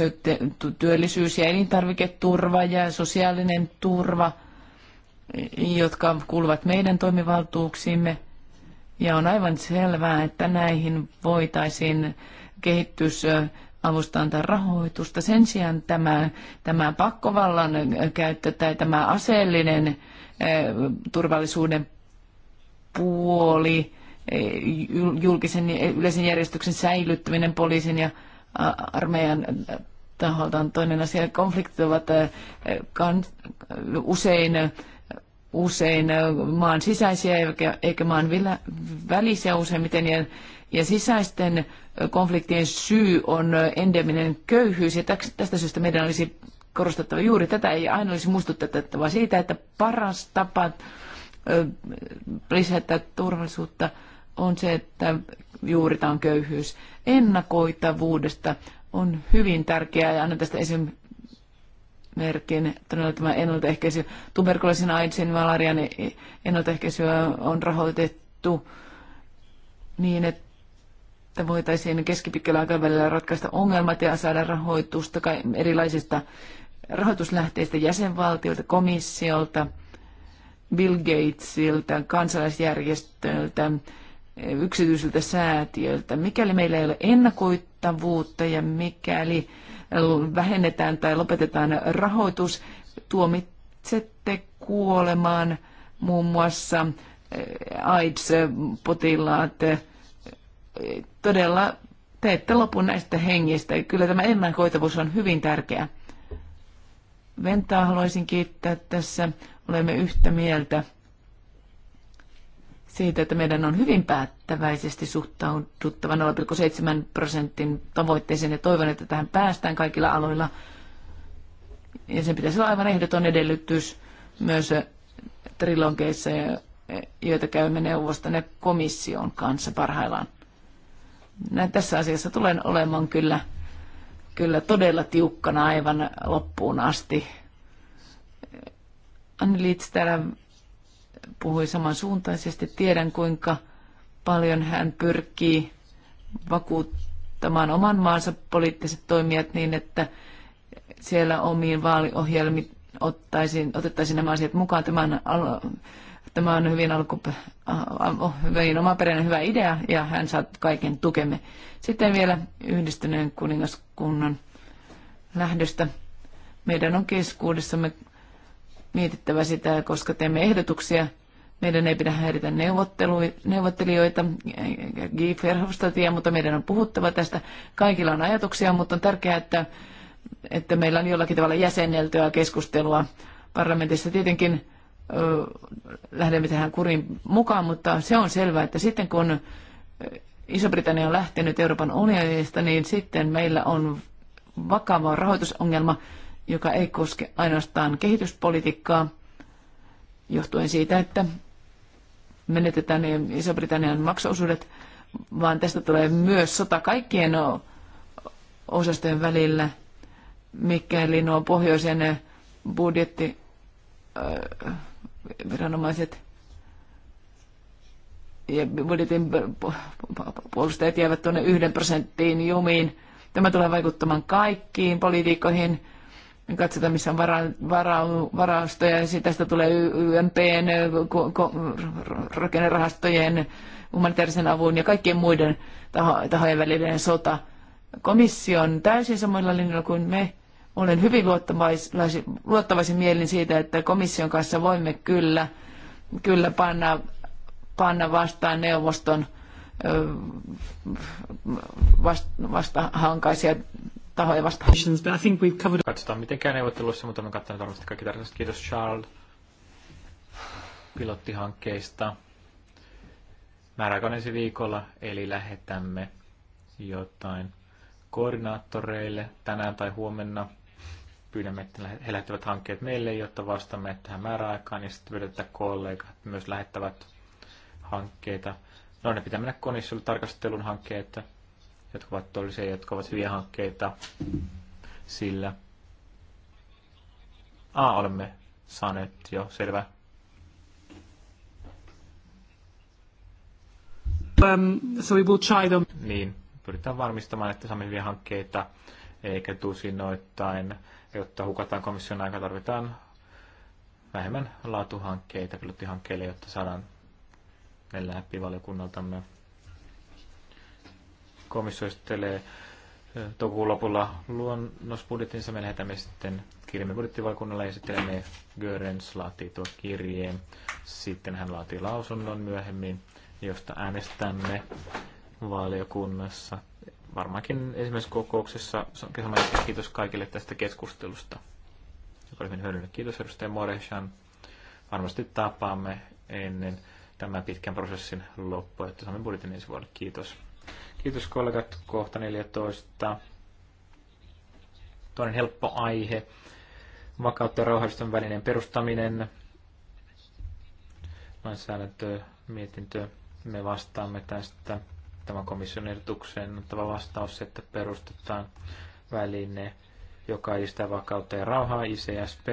työllisyys- ja elintarviketurva ja sosiaalinen turva, jotka kuuluvat meidän toimivaltuuksiimme. Ja on aivan selvää, että näihin voitaisiin kehitys- avusta antaa rahoitusta. Sen sijaan tämä, tämä pakkovallan käyttö tai tämä aseellinen eh, turvallisuuden puoli, eh, julkisen yleisen järjestyksen säilyttäminen poliisin ja armeijan taholta on toinen asia. Konfliktit ovat eh, usein, usein maan sisäisiä eikä maan välisiä useimmiten ja, ja sisäisten konfliktien syy on endeminen köyhyys ja tästä syystä meidän olisi korostettava juuri tätä, ei aina olisi muistutettava siitä, että paras tapa lisätä turvallisuutta on se, että juuritaan köyhyys. Ennakoitavuudesta on hyvin tärkeää ja annan tästä esimerkin, todella tämä ennaltaehkäisy, tuberkuloosin, AIDSin, malarian e- ennaltaehkäisyä on rahoitettu niin, että että voitaisiin keskipitkällä aikavälillä ratkaista ongelmat ja saada rahoitusta erilaisista rahoituslähteistä jäsenvaltioilta, komissiolta, Bill Gatesilta, kansalaisjärjestöiltä, yksityisiltä säätiöiltä. Mikäli meillä ei ole ennakoittavuutta ja mikäli vähennetään tai lopetetaan rahoitus, tuomitsette kuolemaan muun muassa eh, AIDS-potilaat, todella teette lopun näistä hengistä. Kyllä tämä ennakoitavuus on hyvin tärkeä. Ventaa haluaisin kiittää tässä. Olemme yhtä mieltä siitä, että meidän on hyvin päättäväisesti suhtauduttava 0,7 prosentin tavoitteeseen ja toivon, että tähän päästään kaikilla aloilla. Ja sen pitäisi olla aivan ehdoton edellytys myös trilonkeissa, joita käymme neuvoston komission kanssa parhaillaan. Näin tässä asiassa tulen olemaan kyllä, kyllä todella tiukkana aivan loppuun asti. Anni Liits täällä puhui samansuuntaisesti. Tiedän, kuinka paljon hän pyrkii vakuuttamaan oman maansa poliittiset toimijat niin, että siellä omiin vaaliohjelmiin ottaisiin, otettaisiin nämä asiat mukaan. Tämän Tämä on hyvin, alkupe, hyvin omaperäinen hyvä idea ja hän saa kaiken tukemme. Sitten vielä yhdistyneen kuningaskunnan lähdöstä. Meidän on keskuudessamme mietittävä sitä, koska teemme ehdotuksia. Meidän ei pidä häiritä neuvottelijoita, G. Verhofstadtia, mutta meidän on puhuttava tästä. Kaikilla on ajatuksia, mutta on tärkeää, että, että meillä on jollakin tavalla jäsenneltyä keskustelua parlamentissa. Tietenkin lähdemme tähän kurin mukaan, mutta se on selvää, että sitten kun Iso-Britannia on lähtenyt Euroopan unionista, niin sitten meillä on vakava rahoitusongelma, joka ei koske ainoastaan kehityspolitiikkaa, johtuen siitä, että menetetään niin Iso-Britannian maksuosuudet, vaan tästä tulee myös sota kaikkien osastojen välillä, mikäli nuo pohjoisen budjetti viranomaiset ja budjetin puolustajat jäävät tuonne yhden prosenttiin jumiin. Tämä tulee vaikuttamaan kaikkiin poliitikkoihin. Katsotaan, missä on vara, vara, varaustoja. Ja tästä tulee YMPn, rakennerahastojen, humanitaarisen avun ja kaikkien muiden taho, tahojen välinen sota. Komissio on täysin samoilla linjoilla kuin me. Olen hyvin luottavaisin, luottavaisin mielin siitä, että komission kanssa voimme kyllä, kyllä panna, panna vastaan neuvoston vasta, hankaisia tahoja vastaan. Katsotaan Miten käy neuvotteluissa, mutta olen katsonut varmasti kaikki tarkoitus. Kiitos Charles pilottihankkeista. Määräaikaan ensi viikolla, eli lähetämme jotain koordinaattoreille tänään tai huomenna pyydämme, että he lähettävät hankkeet meille, jotta vastaamme tähän määräaikaan ja sitten pyydämme, että kollegat myös lähettävät hankkeita. No ne pitää mennä konissa tarkastelun hankkeita, jotka ovat todellisia, jotka ovat hyviä hankkeita sillä. A, olemme saaneet jo, selvä. Um, so we will try them. Niin, pyritään varmistamaan, että saamme hyviä hankkeita, eikä tusinoittain jotta hukataan komission aika, tarvitaan vähemmän laatuhankkeita, pilottihankkeille, jotta saadaan ne läpi valiokunnaltamme. Komissio esittelee toukokuun lopulla luonnosbudjettinsa. Me lähetämme sitten kirjamme budjettivaliokunnalle ja sitten me Görens laatii tuo kirjeen. Sitten hän laatii lausunnon myöhemmin, josta äänestämme valiokunnassa varmaankin ensimmäisessä kokouksessa sanomaisesti kiitos kaikille tästä keskustelusta, joka oli hyödyllinen. Kiitos edustaja Moreshan. Varmasti tapaamme ennen tämän pitkän prosessin loppua, että saamme budjetin ensi vuodelle. Kiitos. Kiitos kollegat. Kohta 14. Toinen helppo aihe. Vakautta ja rauhallisten välinen perustaminen. Lainsäädäntö, mietintö. Me vastaamme tästä tämän komission ehdotukseen antava vastaus, että perustetaan väline, joka edistää vakautta ja rauhaa, ICSP.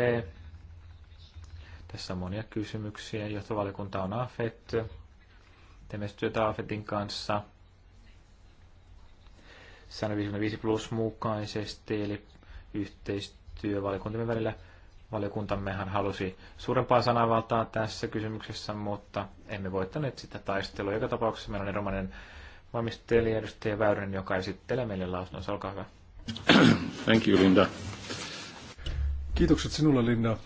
Tässä on monia kysymyksiä. Johtovaliokunta on AFET. Teemme työtä AFETin kanssa. 155 plus mukaisesti, eli yhteistyö valiokuntamme välillä. Valiokuntammehan halusi suurempaa sananvaltaa tässä kysymyksessä, mutta emme voittaneet sitä taistelua. Joka tapauksessa meillä on eromainen valmistelija edustaja Väyrynen, joka esittelee meille lausunnon. Olkaa hyvä. Thank you, Linda. Kiitokset sinulle, Linda.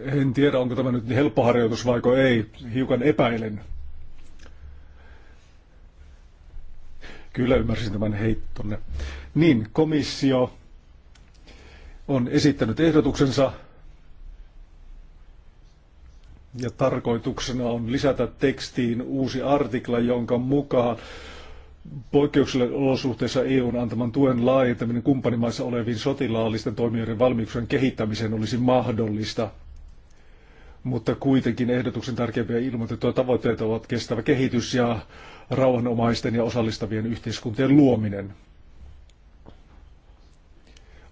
En tiedä, onko tämä nyt helppo harjoitus vai ei. Hiukan epäilen. Kyllä ymmärsin tämän heittonne. Niin, komissio on esittänyt ehdotuksensa ja tarkoituksena on lisätä tekstiin uusi artikla, jonka mukaan poikkeuksellisen olosuhteissa EUn antaman tuen laajentaminen kumppanimaissa oleviin sotilaallisten toimijoiden valmiuksien kehittämiseen olisi mahdollista. Mutta kuitenkin ehdotuksen tärkeimpiä ilmoitettuja tavoitteita ovat kestävä kehitys ja rauhanomaisten ja osallistavien yhteiskuntien luominen.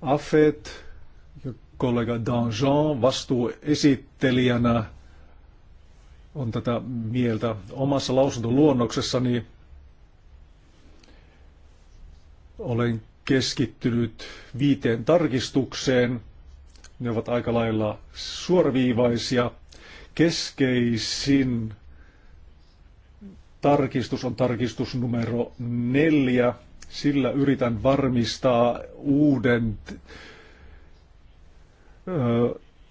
Affet ja kollega Danjean vastuuesittelijänä on tätä mieltä. Omassa lausuntoluonnoksessani olen keskittynyt viiteen tarkistukseen. Ne ovat aika lailla suoraviivaisia. Keskeisin tarkistus on tarkistus numero neljä. Sillä yritän varmistaa uuden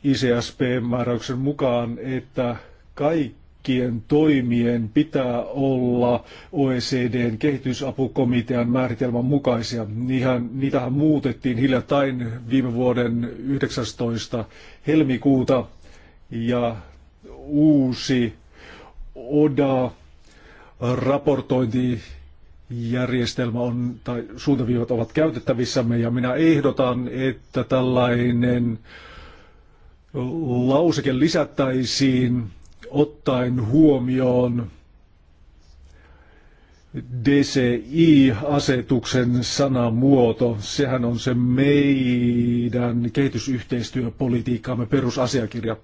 ICSP-määräyksen mukaan, että kaikkien toimien pitää olla OECDn kehitysapukomitean määritelmän mukaisia. Niihän, niitähän muutettiin hiljattain viime vuoden 19. helmikuuta ja uusi ODA raportointijärjestelmä on, tai suuntaviivat ovat käytettävissämme, ja minä ehdotan, että tällainen lauseke lisättäisiin ottaen huomioon DCI-asetuksen sanamuoto, sehän on se meidän kehitysyhteistyöpolitiikkaamme perusasiakirja.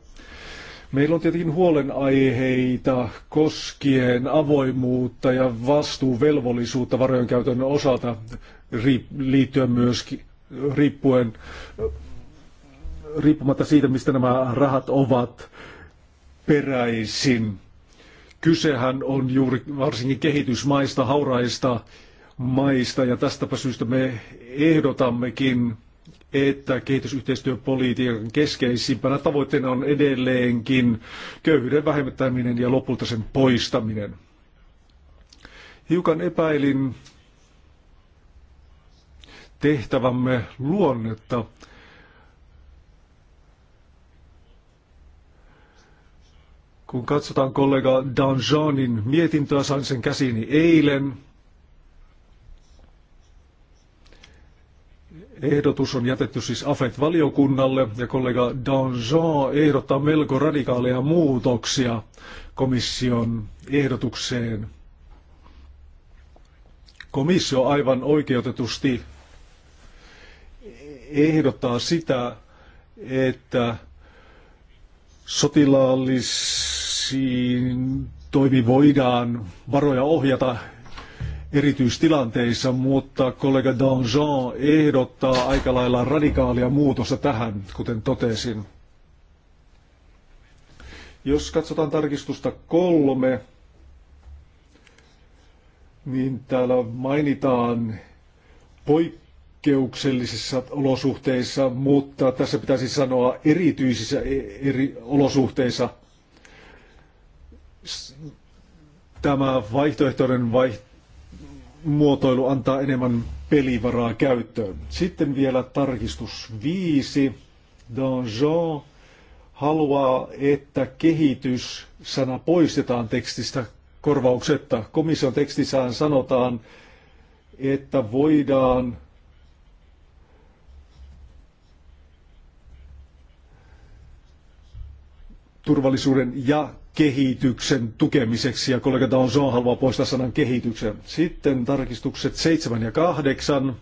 Meillä on tietenkin huolenaiheita koskien avoimuutta ja vastuuvelvollisuutta varojen käytön osalta liittyen myöskin riippuen, riippumatta siitä, mistä nämä rahat ovat peräisin. Kysehän on juuri varsinkin kehitysmaista, hauraista maista ja tästäpä syystä me ehdotammekin, että kehitysyhteistyöpolitiikan keskeisimpänä tavoitteena on edelleenkin köyhyyden vähentäminen ja lopulta sen poistaminen. Hiukan epäilin tehtävämme luonnetta, Kun katsotaan kollega Danjanin mietintöä, sain sen käsiini eilen. Ehdotus on jätetty siis AFET-valiokunnalle ja kollega Danjean ehdottaa melko radikaaleja muutoksia komission ehdotukseen. Komissio aivan oikeutetusti ehdottaa sitä, että Sotilaallisiin toimi voidaan varoja ohjata erityistilanteissa, mutta kollega Danjean ehdottaa aika lailla radikaalia muutosta tähän, kuten totesin. Jos katsotaan tarkistusta kolme, niin täällä mainitaan poik- poikkeuksellisissa olosuhteissa, mutta tässä pitäisi sanoa erityisissä e- eri olosuhteissa. Tämä vaihtoehtoinen vaihtoehto muotoilu antaa enemmän pelivaraa käyttöön. Sitten vielä tarkistus 5. Danjon haluaa, että kehityssana poistetaan tekstistä korvauksetta. Komission tekstissään sanotaan, että voidaan turvallisuuden ja kehityksen tukemiseksi. Ja kollega Downson haluaa poistaa sanan kehityksen. Sitten tarkistukset 7 ja 8.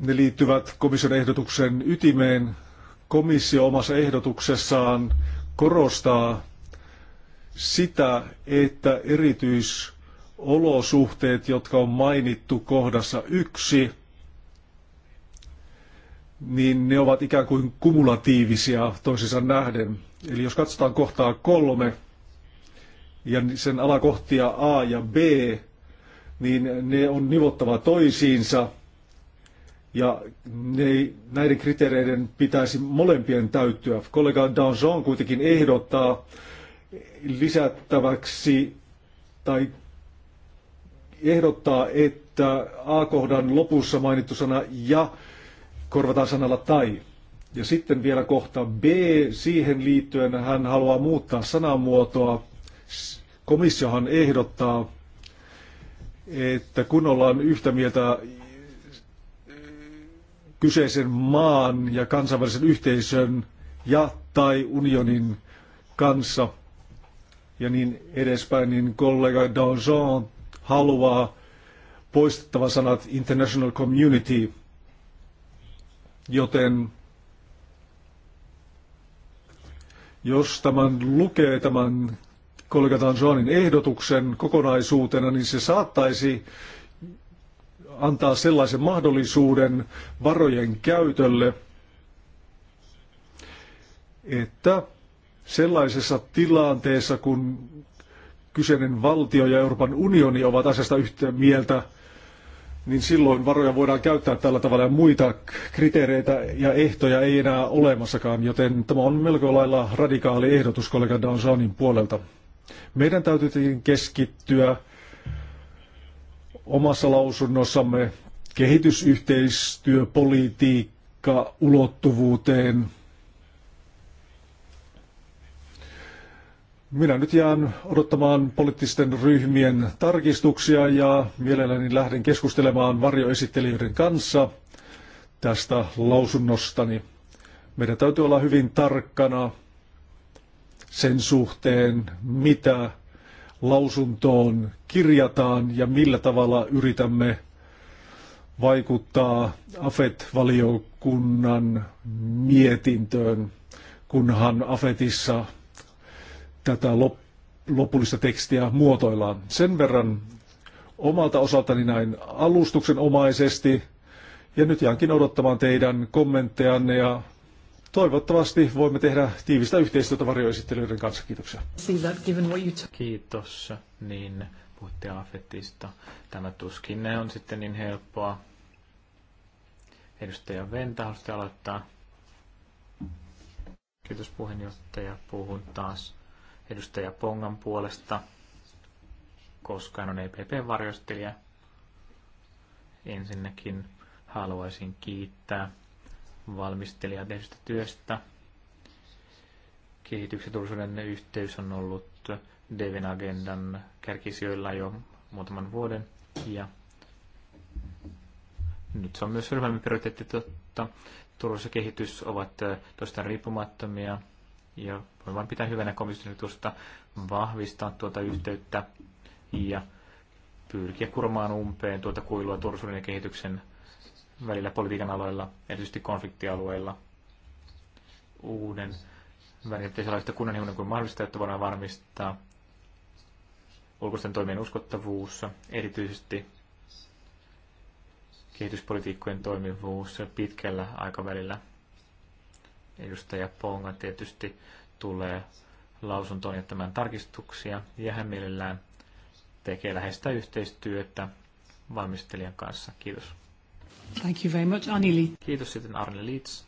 Ne liittyvät komission ehdotuksen ytimeen. Komissio omassa ehdotuksessaan korostaa sitä, että erityisolosuhteet, jotka on mainittu kohdassa yksi – niin ne ovat ikään kuin kumulatiivisia toisensa nähden. Eli jos katsotaan kohtaa kolme ja sen alakohtia A ja B, niin ne on nivottava toisiinsa ja ne, näiden kriteereiden pitäisi molempien täyttyä. Kollega Danjon kuitenkin ehdottaa lisättäväksi tai ehdottaa, että A-kohdan lopussa mainittu sana ja korvataan sanalla tai. Ja sitten vielä kohta B, siihen liittyen hän haluaa muuttaa sanamuotoa. Komissiohan ehdottaa, että kun ollaan yhtä mieltä kyseisen maan ja kansainvälisen yhteisön ja tai unionin kanssa ja niin edespäin, niin kollega Danjean haluaa poistettava sanat international community – Joten jos tämän lukee tämän kollega Tanjoanin ehdotuksen kokonaisuutena, niin se saattaisi antaa sellaisen mahdollisuuden varojen käytölle, että sellaisessa tilanteessa, kun kyseinen valtio ja Euroopan unioni ovat asiasta yhtä mieltä, niin silloin varoja voidaan käyttää tällä tavalla ja muita kriteereitä ja ehtoja ei enää olemassakaan, joten tämä on melko lailla radikaali ehdotus kollega Dansanin puolelta. Meidän täytyy keskittyä omassa lausunnossamme kehitysyhteistyöpolitiikka ulottuvuuteen, Minä nyt jään odottamaan poliittisten ryhmien tarkistuksia ja mielelläni lähden keskustelemaan varjoesittelijöiden kanssa tästä lausunnostani. Meidän täytyy olla hyvin tarkkana sen suhteen, mitä lausuntoon kirjataan ja millä tavalla yritämme vaikuttaa AFET-valiokunnan mietintöön, kunhan AFETissa tätä lop- lopullista tekstiä muotoillaan. Sen verran omalta osaltani näin alustuksenomaisesti ja nyt jäänkin odottamaan teidän kommenttejanne ja toivottavasti voimme tehdä tiivistä yhteistyötä varjoesittelyiden kanssa. Kiitoksia. Kiitos. Niin, puhuttiin Afetista. Tämä tuskin ne on sitten niin helppoa. Edustaja Venta, haluaisitte aloittaa? Kiitos puheenjohtaja. Puhun taas edustaja Pongan puolesta, koska hän on EPP-varjostelija. Ensinnäkin haluaisin kiittää valmistelijaa tehdystä työstä. Kehityksen turvallisuuden yhteys on ollut Devin agendan kärkisijoilla jo muutaman vuoden ja nyt se on myös ryhmämme prioriteetti, että turvallisuus ja kehitys ovat toistaan riippumattomia – ja voin vain pitää hyvänä komissionytusta vahvistaa tuota yhteyttä ja pyrkiä kurmaan umpeen tuota kuilua turvallisuuden ja kehityksen välillä politiikan aloilla, erityisesti konfliktialueilla. Uuden välillä pitäisi olla kunnianhimoinen kuin mahdollista, jotta voidaan varmistaa ulkoisten toimien uskottavuus, erityisesti kehityspolitiikkojen toimivuus pitkällä aikavälillä. Edustaja Ponga tietysti tulee lausuntoon jättämään tarkistuksia ja hän mielellään tekee läheistä yhteistyötä valmistelijan kanssa. Kiitos. Thank you very much, Anneli. Kiitos sitten Arne Leeds.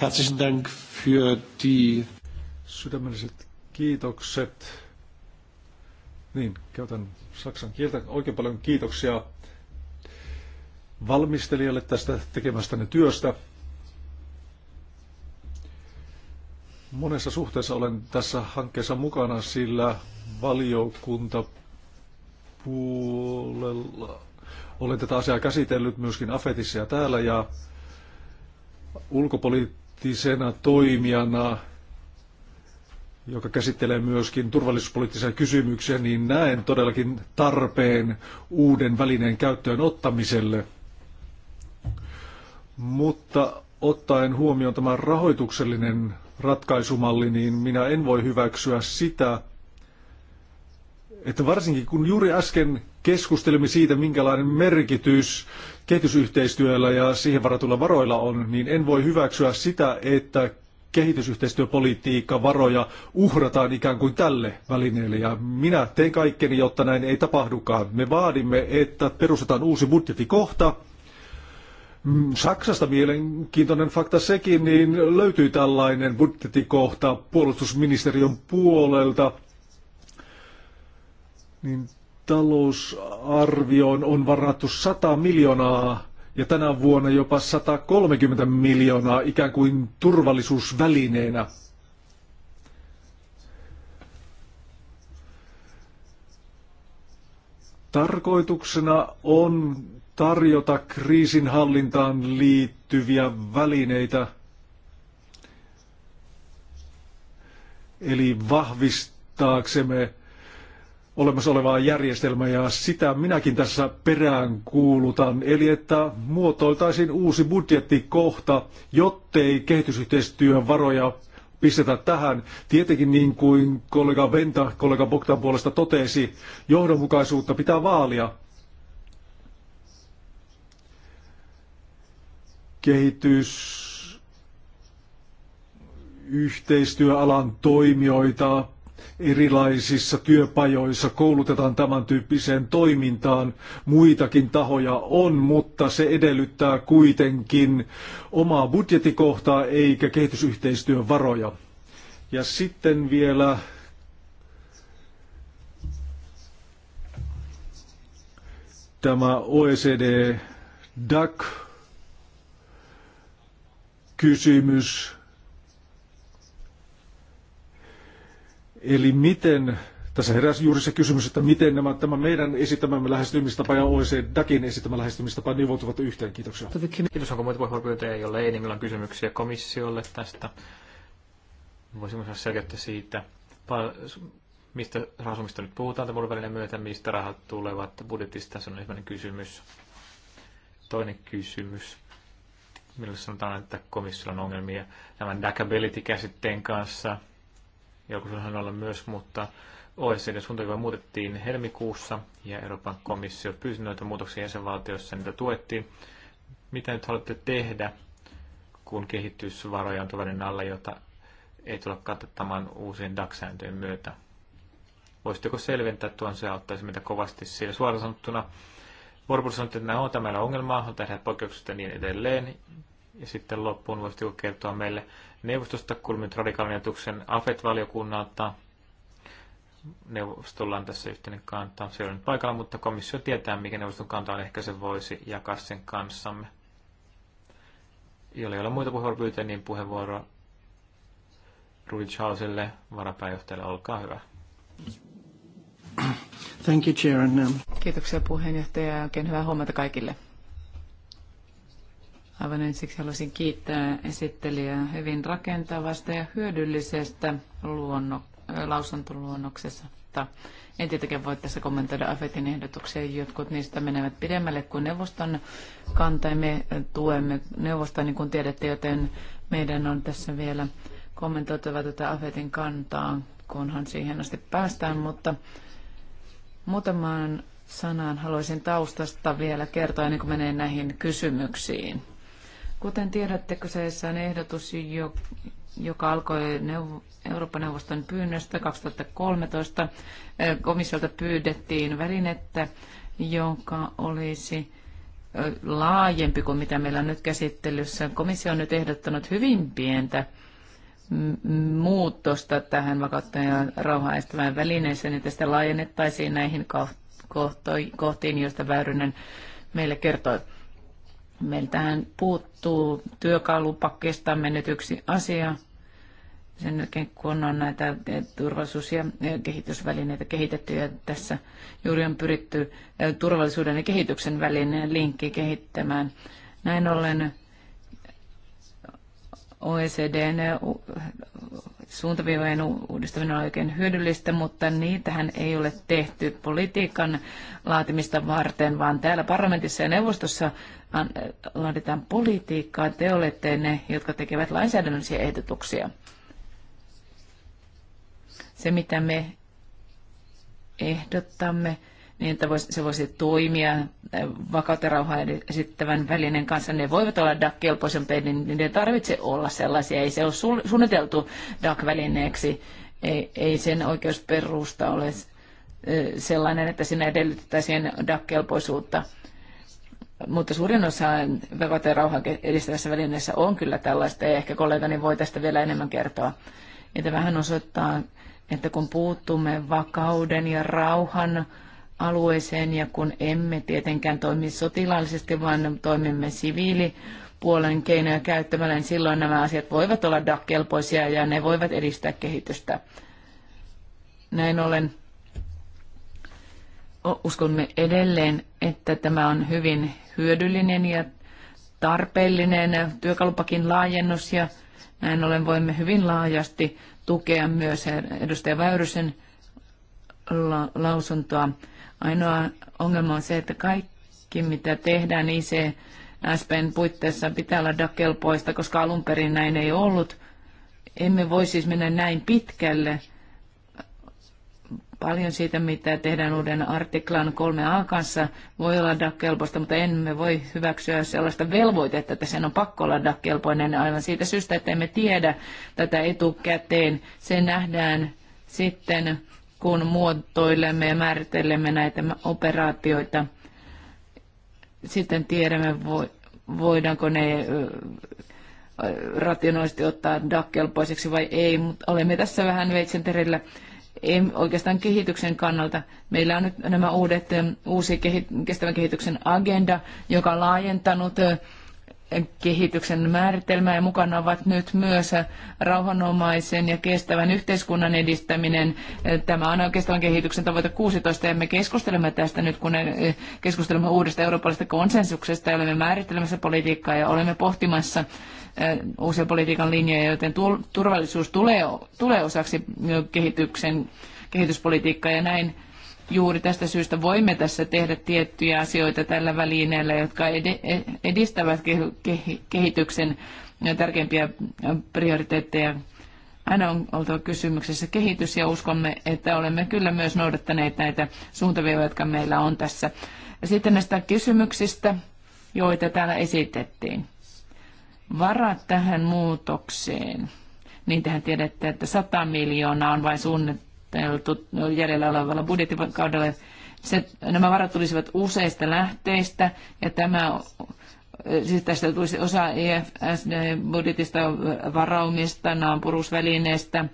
Herzlichen Dank für die... Sydämelliset kiitokset. Niin, käytän saksan kieltä. Oikein paljon kiitoksia valmistelijalle tästä tekemästäni työstä. Monessa suhteessa olen tässä hankkeessa mukana, sillä valiokunta puolella olen tätä asiaa käsitellyt myöskin Afetissa ja täällä ja ulkopoliittisena toimijana, joka käsittelee myöskin turvallisuuspoliittisia kysymyksiä, niin näen todellakin tarpeen uuden välineen käyttöön ottamiselle. Mutta ottaen huomioon tämä rahoituksellinen ratkaisumalli, niin minä en voi hyväksyä sitä, että varsinkin kun juuri äsken keskustelimme siitä, minkälainen merkitys kehitysyhteistyöllä ja siihen varatuilla varoilla on, niin en voi hyväksyä sitä, että kehitysyhteistyöpolitiikka varoja uhrataan ikään kuin tälle välineelle. Ja minä teen kaikkeni, jotta näin ei tapahdukaan. Me vaadimme, että perustetaan uusi budjettikohta, Mm, Saksasta mielenkiintoinen fakta sekin, niin löytyy tällainen budjettikohta puolustusministeriön puolelta. Niin talousarvioon on varattu 100 miljoonaa ja tänä vuonna jopa 130 miljoonaa ikään kuin turvallisuusvälineenä. Tarkoituksena on tarjota kriisinhallintaan liittyviä välineitä, eli vahvistaaksemme olemassa olevaa järjestelmää ja sitä minäkin tässä perään kuulutan. Eli että muotoiltaisiin uusi budjettikohta, jottei kehitysyhteistyön varoja pistetä tähän. Tietenkin niin kuin kollega Venta, kollega Bogdan puolesta totesi, johdonmukaisuutta pitää vaalia. kehitys yhteistyöalan toimijoita erilaisissa työpajoissa koulutetaan tämän tyyppiseen toimintaan. Muitakin tahoja on, mutta se edellyttää kuitenkin omaa budjetikohtaa eikä kehitysyhteistyön varoja. Ja sitten vielä tämä OECD DAC kysymys. Eli miten, tässä heräsi juuri se kysymys, että miten nämä, tämä meidän esittämämme lähestymistapa ja OECDAKin esittämä lähestymistapa nivoutuvat yhteen. Kiitoksia. Kiitos, onko muita puheenvuoropyyntöjä, jolle ei, niin on kysymyksiä komissiolle tästä. Voisimme saada selkeyttä siitä, mistä rahasumista nyt puhutaan tämän välinen myötä, mistä rahat tulevat budjetista, se on ensimmäinen kysymys. Toinen kysymys millä sanotaan, että komissiolla on ongelmia tämän dackability-käsitteen kanssa. Joku olla myös, mutta OECD suuntaviiva muutettiin helmikuussa ja Euroopan komissio pyysi noita muutoksia jäsenvaltioissa, niitä tuettiin. Mitä nyt haluatte tehdä, kun kehitysvaroja on tuollainen alla, jota ei tulla katsottamaan uusien DAC-sääntöjen myötä? Voisitteko selventää tuon, se auttaisi meitä kovasti, sillä suoraan sanottuna Warburg sanoi, että nämä on tämä ongelma, on tehdä poikkeukset ja niin edelleen. Ja sitten loppuun voisi kertoa meille neuvostosta kulmin radikaalinen AFET-valiokunnalta. Neuvostolla on tässä yhteinen kanta. Se on nyt paikalla, mutta komissio tietää, mikä neuvoston kanta on. Ehkä se voisi jakaa sen kanssamme. Jolle ei ole muita puheenvuoropyyntöjä, niin puheenvuoro Rudi Chauselle, varapääjohtajalle. Olkaa hyvä. Thank you. Thank you, Chair. Um, Kiitoksia puheenjohtaja. Oikein hyvää huomenta kaikille. Aivan ensiksi haluaisin kiittää esittelijää hyvin rakentavasta ja hyödyllisestä luonno, äh, lausuntoluonnoksesta. En tietenkään voi tässä kommentoida AFETin ehdotuksia. Jotkut niistä menevät pidemmälle kuin neuvoston kanta ja me tuemme neuvostoa, niin kuin tiedätte, joten meidän on tässä vielä kommentoitava tätä AFETin kantaa, kunhan siihen asti päästään, mutta Muutamaan sanaan haluaisin taustasta vielä kertoa ennen kuin menee näihin kysymyksiin. Kuten tiedätte, kyseessä on ehdotus, joka alkoi Euroopan neuvoston pyynnöstä 2013. Komissiolta pyydettiin välinettä, joka olisi laajempi kuin mitä meillä on nyt käsittelyssä. Komissio on nyt ehdottanut hyvin pientä muutosta tähän vakautta ja rauhaa estävään välineeseen, että sitä laajennettaisiin näihin kohtiin, joista Väyrynen meille kertoi. Meiltähän puuttuu työkalupakkeista mennyt yksi asia. Sen jälkeen kun on näitä eh, turvallisuus- ja eh, kehitysvälineitä kehitetty ja tässä juuri on pyritty eh, turvallisuuden ja kehityksen välinen linkki kehittämään. Näin ollen OECDn suuntaviivojen uudistaminen on oikein hyödyllistä, mutta niitähän ei ole tehty politiikan laatimista varten, vaan täällä parlamentissa ja neuvostossa laaditaan politiikkaa. Te olette ne, jotka tekevät lainsäädännöllisiä ehdotuksia. Se, mitä me ehdottamme, niin että se voisi toimia eh, vakautta rauhaa esittävän välinen kanssa. Ne voivat olla DAC-kelpoisempia, niin ne ei tarvitse olla sellaisia. Ei se ole suunniteltu DAC-välineeksi. Ei, ei sen oikeusperusta ole eh, sellainen, että siinä edellytettäisiin DAC-kelpoisuutta. Mutta suurin osa vakautta ja rauhaa edistävässä välineessä on kyllä tällaista, ja ehkä kollegani voi tästä vielä enemmän kertoa. Ja tämähän osoittaa, että kun puuttumme vakauden ja rauhan alueeseen ja kun emme tietenkään toimi sotilaallisesti, vaan toimimme siviilipuolen keinoja käyttämällä, niin silloin nämä asiat voivat olla DAC-kelpoisia ja ne voivat edistää kehitystä. Näin ollen uskomme edelleen, että tämä on hyvin hyödyllinen ja tarpeellinen työkalupakin laajennus ja näin ollen voimme hyvin laajasti tukea myös edustaja Väyrysen lausuntoa Ainoa ongelma on se, että kaikki mitä tehdään IC niin SPn puitteissa pitää olla kelpoista koska alun perin näin ei ollut. Emme voi siis mennä näin pitkälle. Paljon siitä, mitä tehdään uuden artiklan 3a kanssa, voi olla kelpoista mutta emme voi hyväksyä sellaista velvoitetta, että sen on pakko olla kelpoinen aivan siitä syystä, että emme tiedä tätä etukäteen. Se nähdään sitten kun muotoilemme ja määrittelemme näitä operaatioita, sitten tiedämme, voidaanko ne rationaalisesti ottaa dakkelpoiseksi vai ei, mutta olemme tässä vähän veitsenterillä ei oikeastaan kehityksen kannalta. Meillä on nyt nämä uudet, uusi kehi, kestävän kehityksen agenda, joka on laajentanut kehityksen määritelmää ja mukana ovat nyt myös rauhanomaisen ja kestävän yhteiskunnan edistäminen. Tämä on kestävän kehityksen tavoite 16 ja me keskustelemme tästä nyt, kun keskustelemme uudesta eurooppalaisesta konsensuksesta ja olemme määrittelemässä politiikkaa ja olemme pohtimassa uusia politiikan linjoja, joten turvallisuus tulee, tulee osaksi kehityksen, kehityspolitiikkaa ja näin juuri tästä syystä voimme tässä tehdä tiettyjä asioita tällä välineellä, jotka edistävät kehityksen tärkeimpiä prioriteetteja. Aina on oltava kysymyksessä kehitys ja uskomme, että olemme kyllä myös noudattaneet näitä suuntaviivoja, jotka meillä on tässä. Sitten näistä kysymyksistä, joita täällä esitettiin. Varat tähän muutokseen. Niin tehän tiedätte, että 100 miljoonaa on vain suunniteltu jäljellä olevalla budjettikaudella. Se, nämä varat tulisivat useista lähteistä ja tämä siis tästä tulisi osa efs budjetista varaumista, naapurusvälineestä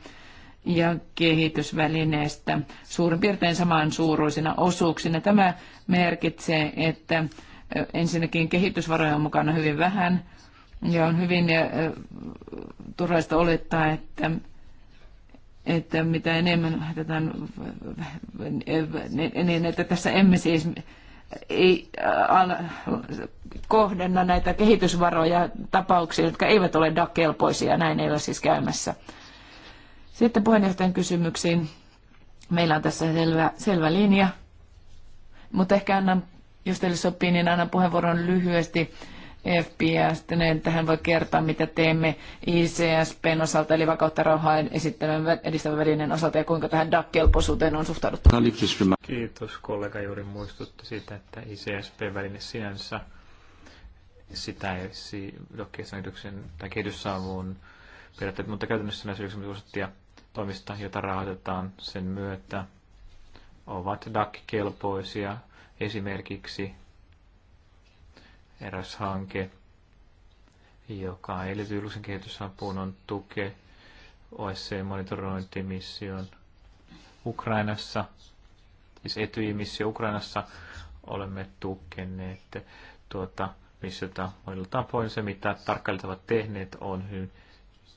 ja kehitysvälineestä suurin piirtein saman suuruisina osuuksina. Tämä merkitsee, että ensinnäkin kehitysvaroja on mukana hyvin vähän ja on hyvin äh, turvallista olettaa, että että mitä enemmän lähetetään, niin että tässä emme siis ei al, äh, kohdenna näitä kehitysvaroja tapauksia, jotka eivät ole DAC-kelpoisia. Näin ei ole siis käymässä. Sitten puheenjohtajan kysymyksiin. Meillä on tässä selvä, selvä linja, mutta ehkä annan, jos teille sopii, niin annan puheenvuoron lyhyesti FBS, niin tähän voi kertoa, mitä teemme ICSPn osalta, eli vakautta rauhaan esittävän edistävän välineen osalta, ja kuinka tähän DAC-kelpoisuuteen on suhtauduttu. Kiitos, kollega juuri muistutti siitä, että ICSP-väline sinänsä sitä ei dokkeisäänityksen tai kehityssaavuun periaatteet, mutta käytännössä näissä 90 prosenttia toimista, joita rahoitetaan sen myötä, ovat DAC-kelpoisia esimerkiksi eräs hanke, joka ei liity julkisen kehitysapuun, on tuke OSCE-monitorointimission Ukrainassa, siis Etyj-missio Ukrainassa. Olemme tukeneet tuota missiota monilla tapoin. Se, mitä tarkkailijat ovat tehneet, on hyvin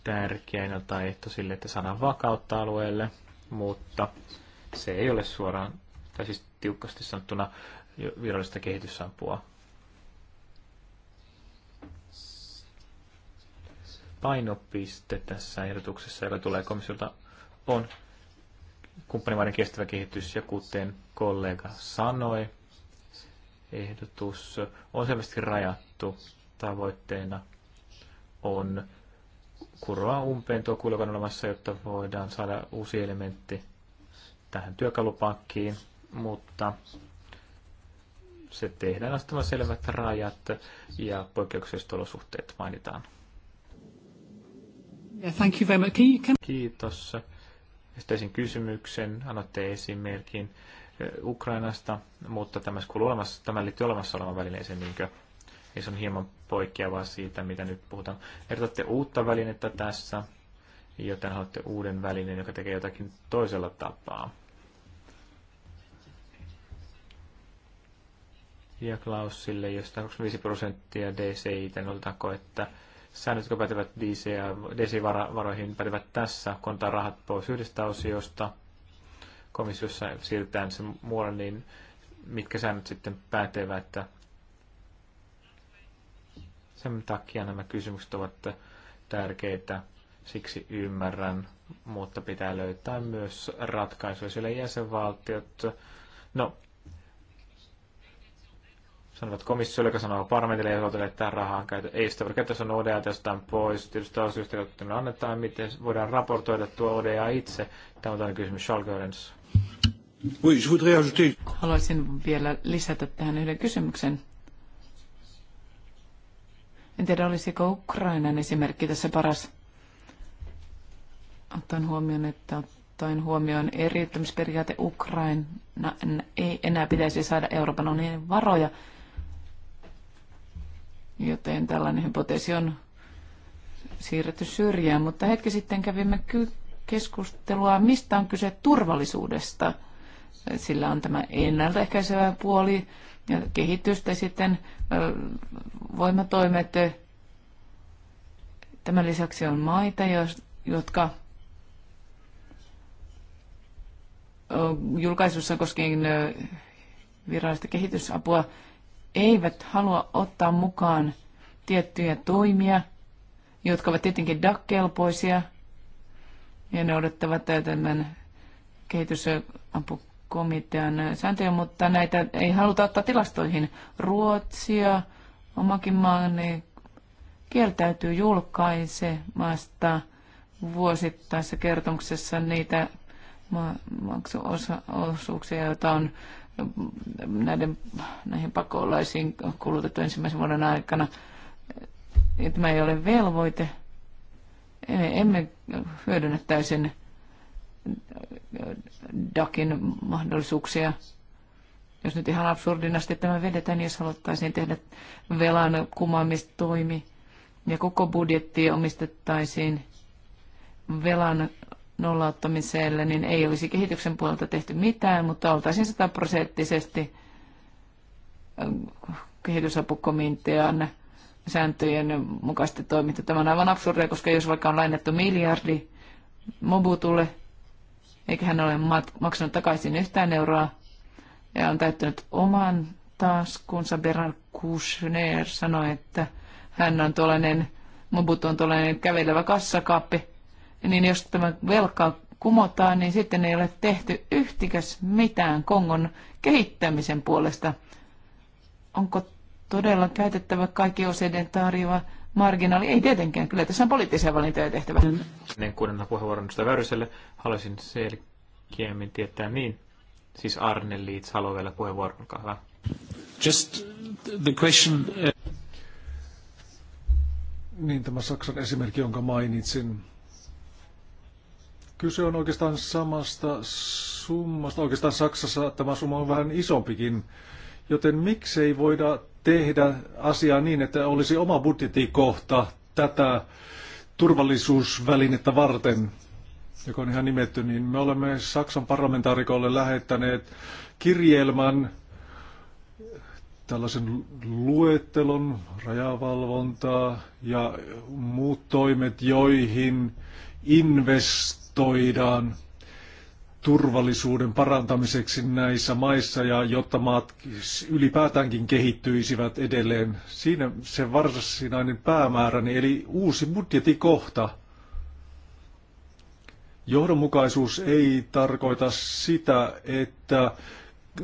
tärkeä ehto sille, että saadaan vakautta alueelle, mutta se ei ole suoraan, tai siis tiukasti sanottuna virallista kehitysapua painopiste tässä ehdotuksessa, joka tulee komissiolta, on kumppanimaiden kestävä kehitys. Ja kuten kollega sanoi, ehdotus on selvästi rajattu. Tavoitteena on kuroa umpeen tuo kuilukan olemassa, jotta voidaan saada uusi elementti tähän työkalupakkiin, mutta se tehdään astamaan selvät rajat ja poikkeukselliset olosuhteet mainitaan thank you very much. Can... Kiitos. Esittäisin kysymyksen, annatte esimerkin eh, Ukrainasta, mutta tämä, siis olemassa, tämä liittyy olemassa olevan välineeseen, niin se on hieman poikkeavaa siitä, mitä nyt puhutaan. Ehdotatte uutta välinettä tässä, joten haluatte uuden välineen, joka tekee jotakin toisella tapaa. Ja Klausille, jos 25 prosenttia DCI, niin otetaanko, että Säännöt, jotka pätevät DC- ja DC-varoihin, pätevät tässä, kun tämä rahat pois yhdestä osiosta. Komissiossa siirretään se muualle, niin mitkä säännöt sitten pätevät. Sen takia nämä kysymykset ovat tärkeitä, siksi ymmärrän, mutta pitää löytää myös ratkaisuja, sillä jäsenvaltiot, no sanovat komissiolle, joka sanoo parlamentille ja huoltelle, että rahaa käytä, Ei sitä voi käyttää, se on ODA jostain pois. Tietysti taas syystä me annetaan, miten voidaan raportoida tuo ODA itse. Tämä on toinen kysymys, Schalgerens. Oui, je voudrais ajouter... Haluaisin vielä lisätä tähän yhden kysymyksen. En tiedä, olisiko Ukrainan esimerkki tässä paras. Ottaen huomioon, että ottaen huomioon eriyttämisperiaate Ukraina ei enää pitäisi saada Euroopan unionin varoja joten tällainen hypoteesi on siirretty syrjään. Mutta hetki sitten kävimme keskustelua, mistä on kyse turvallisuudesta. Sillä on tämä ennaltaehkäisevä puoli ja kehitystä sitten voimatoimet. Tämän lisäksi on maita, jotka julkaisussa koskien virallista kehitysapua eivät halua ottaa mukaan tiettyjä toimia, jotka ovat tietenkin DAC-kelpoisia ja noudattavat tämän kehitysapukomitean sääntöjä, mutta näitä ei haluta ottaa tilastoihin. Ruotsia, omakin maani, kieltäytyy julkaisemasta vuosittaisessa kertomuksessa niitä maksuosuuksia, joita on näiden, näihin pakolaisiin kulutettu ensimmäisen vuoden aikana. Tämä ei ole velvoite. Emme hyödynnä täysin DAKin mahdollisuuksia. Jos nyt ihan absurdinasti tämä vedetään, niin jos haluttaisiin tehdä velan kumoamistoimi ja koko budjetti omistettaisiin velan nollauttamiselle, niin ei olisi kehityksen puolelta tehty mitään, mutta oltaisiin sataprosenttisesti ähm, kehitysapukomitean sääntöjen mukaisesti toimittu. Tämä on aivan absurdia, koska jos vaikka on lainattu miljardi Mobutulle, eikä hän ole maksanut takaisin yhtään euroa ja on täyttänyt oman taskunsa. Bernard Kushner sanoi, että hän on tuollainen, Mobutu on tuollainen kävelevä kassakaappi, niin jos tämä velka kumotaan, niin sitten ei ole tehty yhtikäs mitään Kongon kehittämisen puolesta. Onko todella käytettävä kaikki OCDn tarjoava marginaali? Ei tietenkään, kyllä tässä on poliittisia valintoja tehtävä. Ennen kuin annan puheenvuoron Väyryselle, haluaisin selkeämmin tietää niin. Siis Arne Liits haluaa vielä puheenvuoron, olkaa Just the question... Eh, niin tämä Saksan esimerkki, jonka mainitsin, Kyse on oikeastaan samasta summasta. Oikeastaan Saksassa tämä summa on vähän isompikin. Joten miksei voida tehdä asiaa niin, että olisi oma budjettikohta tätä turvallisuusvälinettä varten, joka on ihan nimetty, niin me olemme Saksan parlamentaarikolle lähettäneet kirjelmän tällaisen luettelon, rajavalvontaa ja muut toimet, joihin invest investoidaan turvallisuuden parantamiseksi näissä maissa ja jotta maat ylipäätäänkin kehittyisivät edelleen. Siinä se varsinainen päämääräni, niin eli uusi budjetikohta. Johdonmukaisuus ei tarkoita sitä, että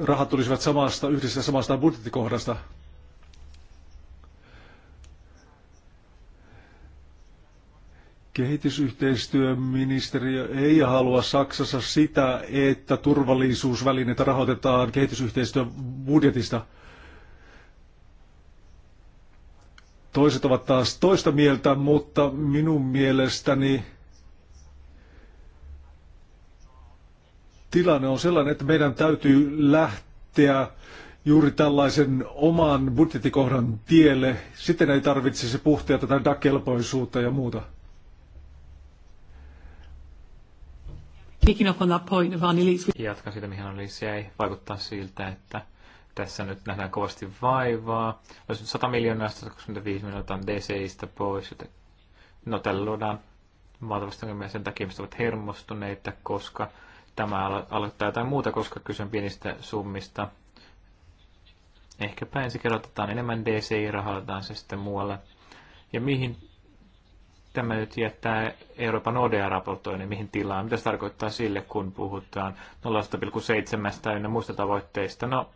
rahat tulisivat samasta, yhdestä samasta budjettikohdasta. Kehitysyhteistyöministeriö ei halua Saksassa sitä, että turvallisuusvälineitä rahoitetaan kehitysyhteistyön budjetista. Toiset ovat taas toista mieltä, mutta minun mielestäni tilanne on sellainen, että meidän täytyy lähteä juuri tällaisen oman budjettikohdan tielle. Sitten ei tarvitsisi puhtia tätä DAC-kelpoisuutta ja muuta. Jatkan siitä, mihin on jäi. Vaikuttaa siltä, että tässä nyt nähdään kovasti vaivaa. Olisi 100 miljoonaa, 125 miljoonaa DCistä pois, joten no tällä luodaan valtavasti ongelmia sen takia, mistä ovat hermostuneita, koska tämä aloittaa jotain muuta, koska kyse on pienistä summista. Ehkäpä ensi otetaan enemmän DCI-rahaa, se sitten muualle. Ja mihin tämä nyt jättää Euroopan ODA-raportoinnin, mihin tilaan? Mitä se tarkoittaa sille, kun puhutaan 0,7 ynnä muista tavoitteista? No,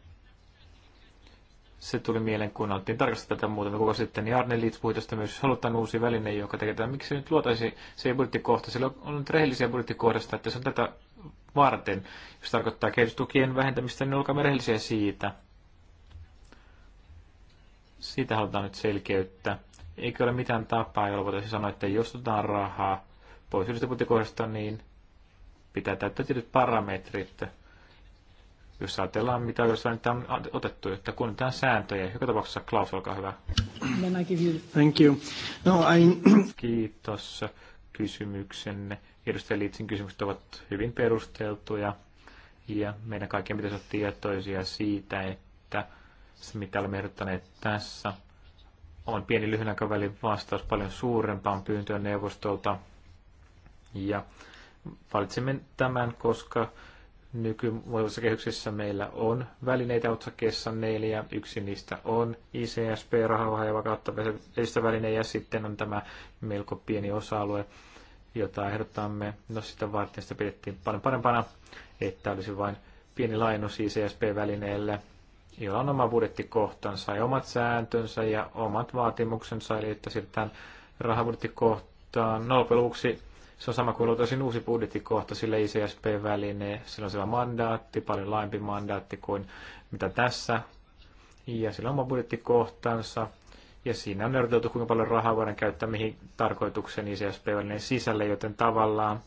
se tuli mieleen, kun oltiin tarkastaa tätä muutama kuka sitten, niin Arne Leeds puhui tästä myös, halutaan uusi väline, joka tekee Miksi se nyt luotaisi se budjettikohta? Sillä on nyt rehellisiä budjettikohdasta, että se on tätä varten. Jos tarkoittaa kehitystukien vähentämistä, niin olkaamme rehellisiä siitä. Siitä halutaan nyt selkeyttä. Eikö ole mitään tapaa, jolla voitaisiin sanoa, että jos otetaan rahaa pois yhdestä niin pitää täyttää tietyt parametrit. Jos ajatellaan, mitä jos on otettu, että tämä sääntöjä. Joka tapauksessa Klaus, olkaa hyvä. Thank you. No, I... Kiitos kysymyksenne. Edustaja Liitsin kysymykset ovat hyvin perusteltuja ja meidän kaikkien pitäisi olla tietoisia siitä, että se mitä olemme ehdottaneet tässä on pieni lyhyen aikavälin vastaus paljon suurempaan pyyntöön neuvostolta. Ja valitsimme tämän, koska nykymuodossa kehyksessä meillä on välineitä otsakkeessa neljä. Yksi niistä on ICSP, rahaa ja vakautta väline, ja sitten on tämä melko pieni osa-alue, jota ehdotamme. No sitä varten sitä pidettiin paljon parempana, että olisi vain pieni lainus ICSP-välineelle, joilla on oma budjettikohtansa ja omat sääntönsä ja omat vaatimuksensa, eli että siirrytään rahabudjettikohtaan. No, lopuksi se on sama kuin luotaisin uusi budjettikohta sille ICSP-väline. Sillä on siellä mandaatti, paljon laajempi mandaatti kuin mitä tässä. Ja sillä on oma budjettikohtansa. Ja siinä on neuvoteltu, kuinka paljon rahaa voidaan käyttää mihin tarkoitukseen ICSP-välineen sisälle, joten tavallaan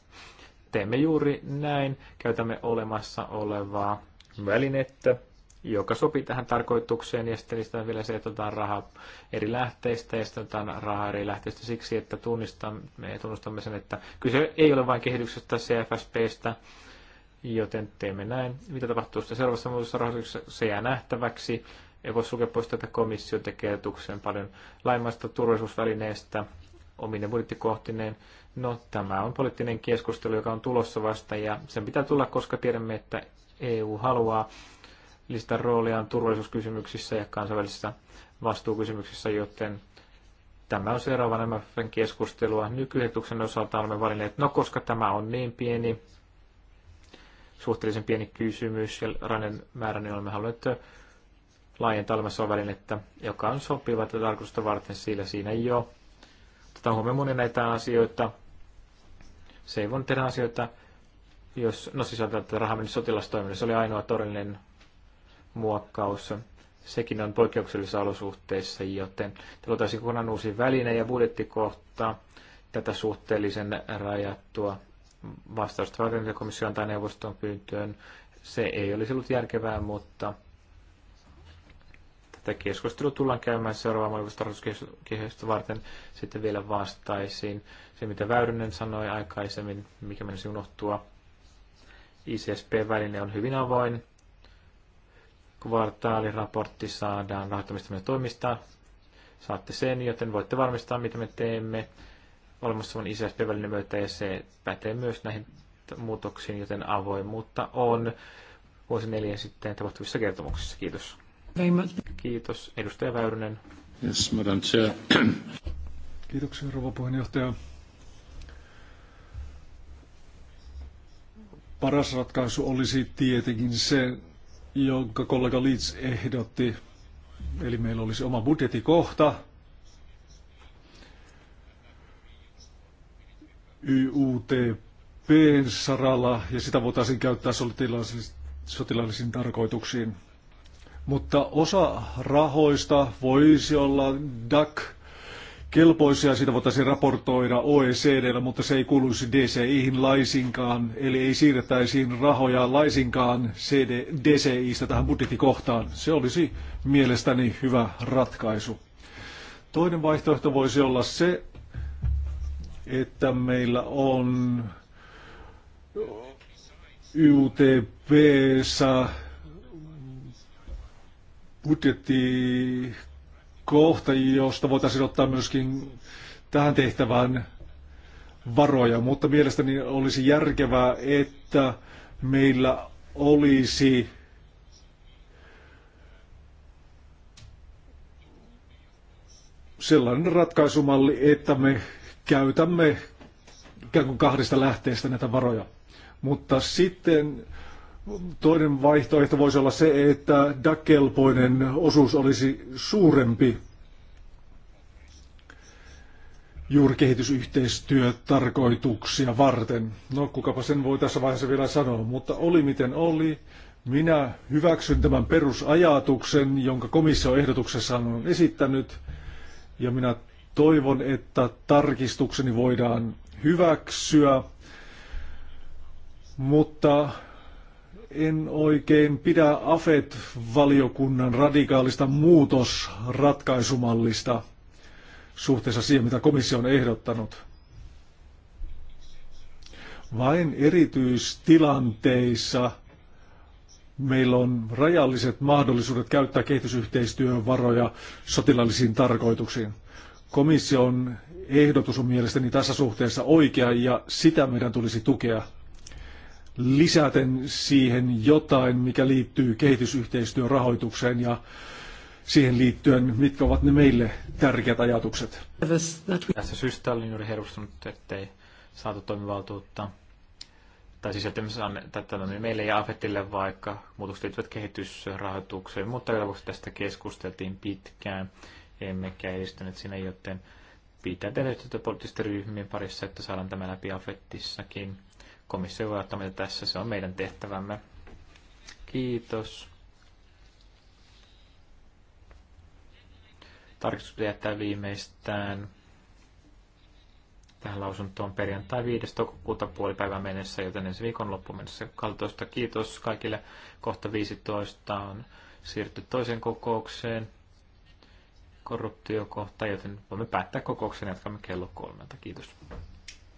teemme juuri näin. Käytämme olemassa olevaa välinettä joka sopii tähän tarkoitukseen, ja sitten niistä on vielä se, että otetaan rahaa eri lähteistä, ja sitten otetaan rahaa eri lähteistä siksi, että tunnistamme, tunnustamme sen, että kyse ei ole vain kehityksestä CFSPstä, joten teemme näin. Mitä tapahtuu sitten seuraavassa muutossa rahoituksessa, se jää nähtäväksi. Ei voi sulkea pois tätä komission tekeetuksen paljon laimaista turvallisuusvälineestä omine budjettikohtineen. No, tämä on poliittinen keskustelu, joka on tulossa vasta, ja sen pitää tulla, koska tiedämme, että EU haluaa lisätä rooliaan turvallisuuskysymyksissä ja kansainvälisissä vastuukysymyksissä, joten tämä on seuraava MFn keskustelua. nykyhetuksen osalta olemme valinneet, no koska tämä on niin pieni, suhteellisen pieni kysymys ja rainen määrä, niin olemme halunneet laajentaa olemassa välinettä, joka on sopiva tätä tarkoitusta varten, sillä siinä jo on huomioon monia näitä asioita. Se ei voinut tehdä asioita, jos, no sisältää, että raha meni se oli ainoa todellinen muokkaus. Sekin on poikkeuksellisissa olosuhteissa, joten luotaisiin kokonaan uusi väline ja budjettikohta tätä suhteellisen rajattua vastausta varten, mitä komissio antaa neuvoston pyyntöön. Se ei olisi ollut järkevää, mutta tätä keskustelua tullaan käymään seuraavaa monivuotistarkoituskehitystä varten. Sitten vielä vastaisiin se, mitä Väyrynen sanoi aikaisemmin, mikä menisi unohtua. ICSP-väline on hyvin avoin kvartaaliraportti saadaan rahoittamista toimistaan. Saatte sen, joten voitte varmistaa, mitä me teemme. Olemassa on ICSP-välinen myötä ja se pätee myös näihin muutoksiin, joten avoimuutta on vuosi neljä sitten tapahtuvissa kertomuksissa. Kiitos. Kiitos. Edustaja Väyrynen. Yes, Madam Chair. Kiitoksia, rouva puheenjohtaja. Paras ratkaisu olisi tietenkin se, jonka kollega Leeds ehdotti. Eli meillä olisi oma budjetikohta, YUTP saralla, ja sitä voitaisiin käyttää sotilaallisiin tarkoituksiin. Mutta osa rahoista voisi olla DAC kelpoisia, siitä voitaisiin raportoida OECDllä, mutta se ei kuuluisi DCIhin laisinkaan, eli ei siirrettäisiin rahoja laisinkaan CD, DCIstä tähän budjettikohtaan. Se olisi mielestäni hyvä ratkaisu. Toinen vaihtoehto voisi olla se, että meillä on YTPssä budjetti kohta, josta voitaisiin ottaa myöskin tähän tehtävään varoja, mutta mielestäni olisi järkevää, että meillä olisi sellainen ratkaisumalli, että me käytämme ikään kuin kahdesta lähteestä näitä varoja. Mutta sitten Toinen vaihtoehto voisi olla se, että dakelpoinen osuus olisi suurempi juuri kehitysyhteistyötarkoituksia varten. No kukapa sen voi tässä vaiheessa vielä sanoa, mutta oli miten oli. Minä hyväksyn tämän perusajatuksen, jonka komissio ehdotuksessaan on esittänyt, ja minä toivon, että tarkistukseni voidaan hyväksyä, mutta en oikein pidä AFET-valiokunnan radikaalista muutosratkaisumallista suhteessa siihen, mitä komissio on ehdottanut. Vain erityistilanteissa meillä on rajalliset mahdollisuudet käyttää kehitysyhteistyön varoja sotilaallisiin tarkoituksiin. Komission ehdotus on mielestäni tässä suhteessa oikea ja sitä meidän tulisi tukea lisäten siihen jotain, mikä liittyy kehitysyhteistyön rahoitukseen ja siihen liittyen, mitkä ovat ne meille tärkeät ajatukset. Tässä syystä olin juuri herustunut, ettei saatu toimivaltuutta. Tai siis, että me saamme tätä meille ja Afetille vaikka muutokset liittyvät kehitysrahoitukseen, mutta lopuksi tästä keskusteltiin pitkään, emmekä edistyneet sinne, joten pitää tehdä yhteyttä poliittisten ryhmien parissa, että saadaan tämä läpi Afettissakin komissio voi ottaa meitä tässä. Se on meidän tehtävämme. Kiitos. Tarkistus jättää viimeistään tähän lausuntoon perjantai 5. toukokuuta puolipäivän mennessä, joten ensi viikon loppu mennessä 12. Kiitos kaikille. Kohta 15 on siirty toiseen kokoukseen korruptiokohta, joten voimme päättää kokouksen jatkamme kello kolmelta. Kiitos.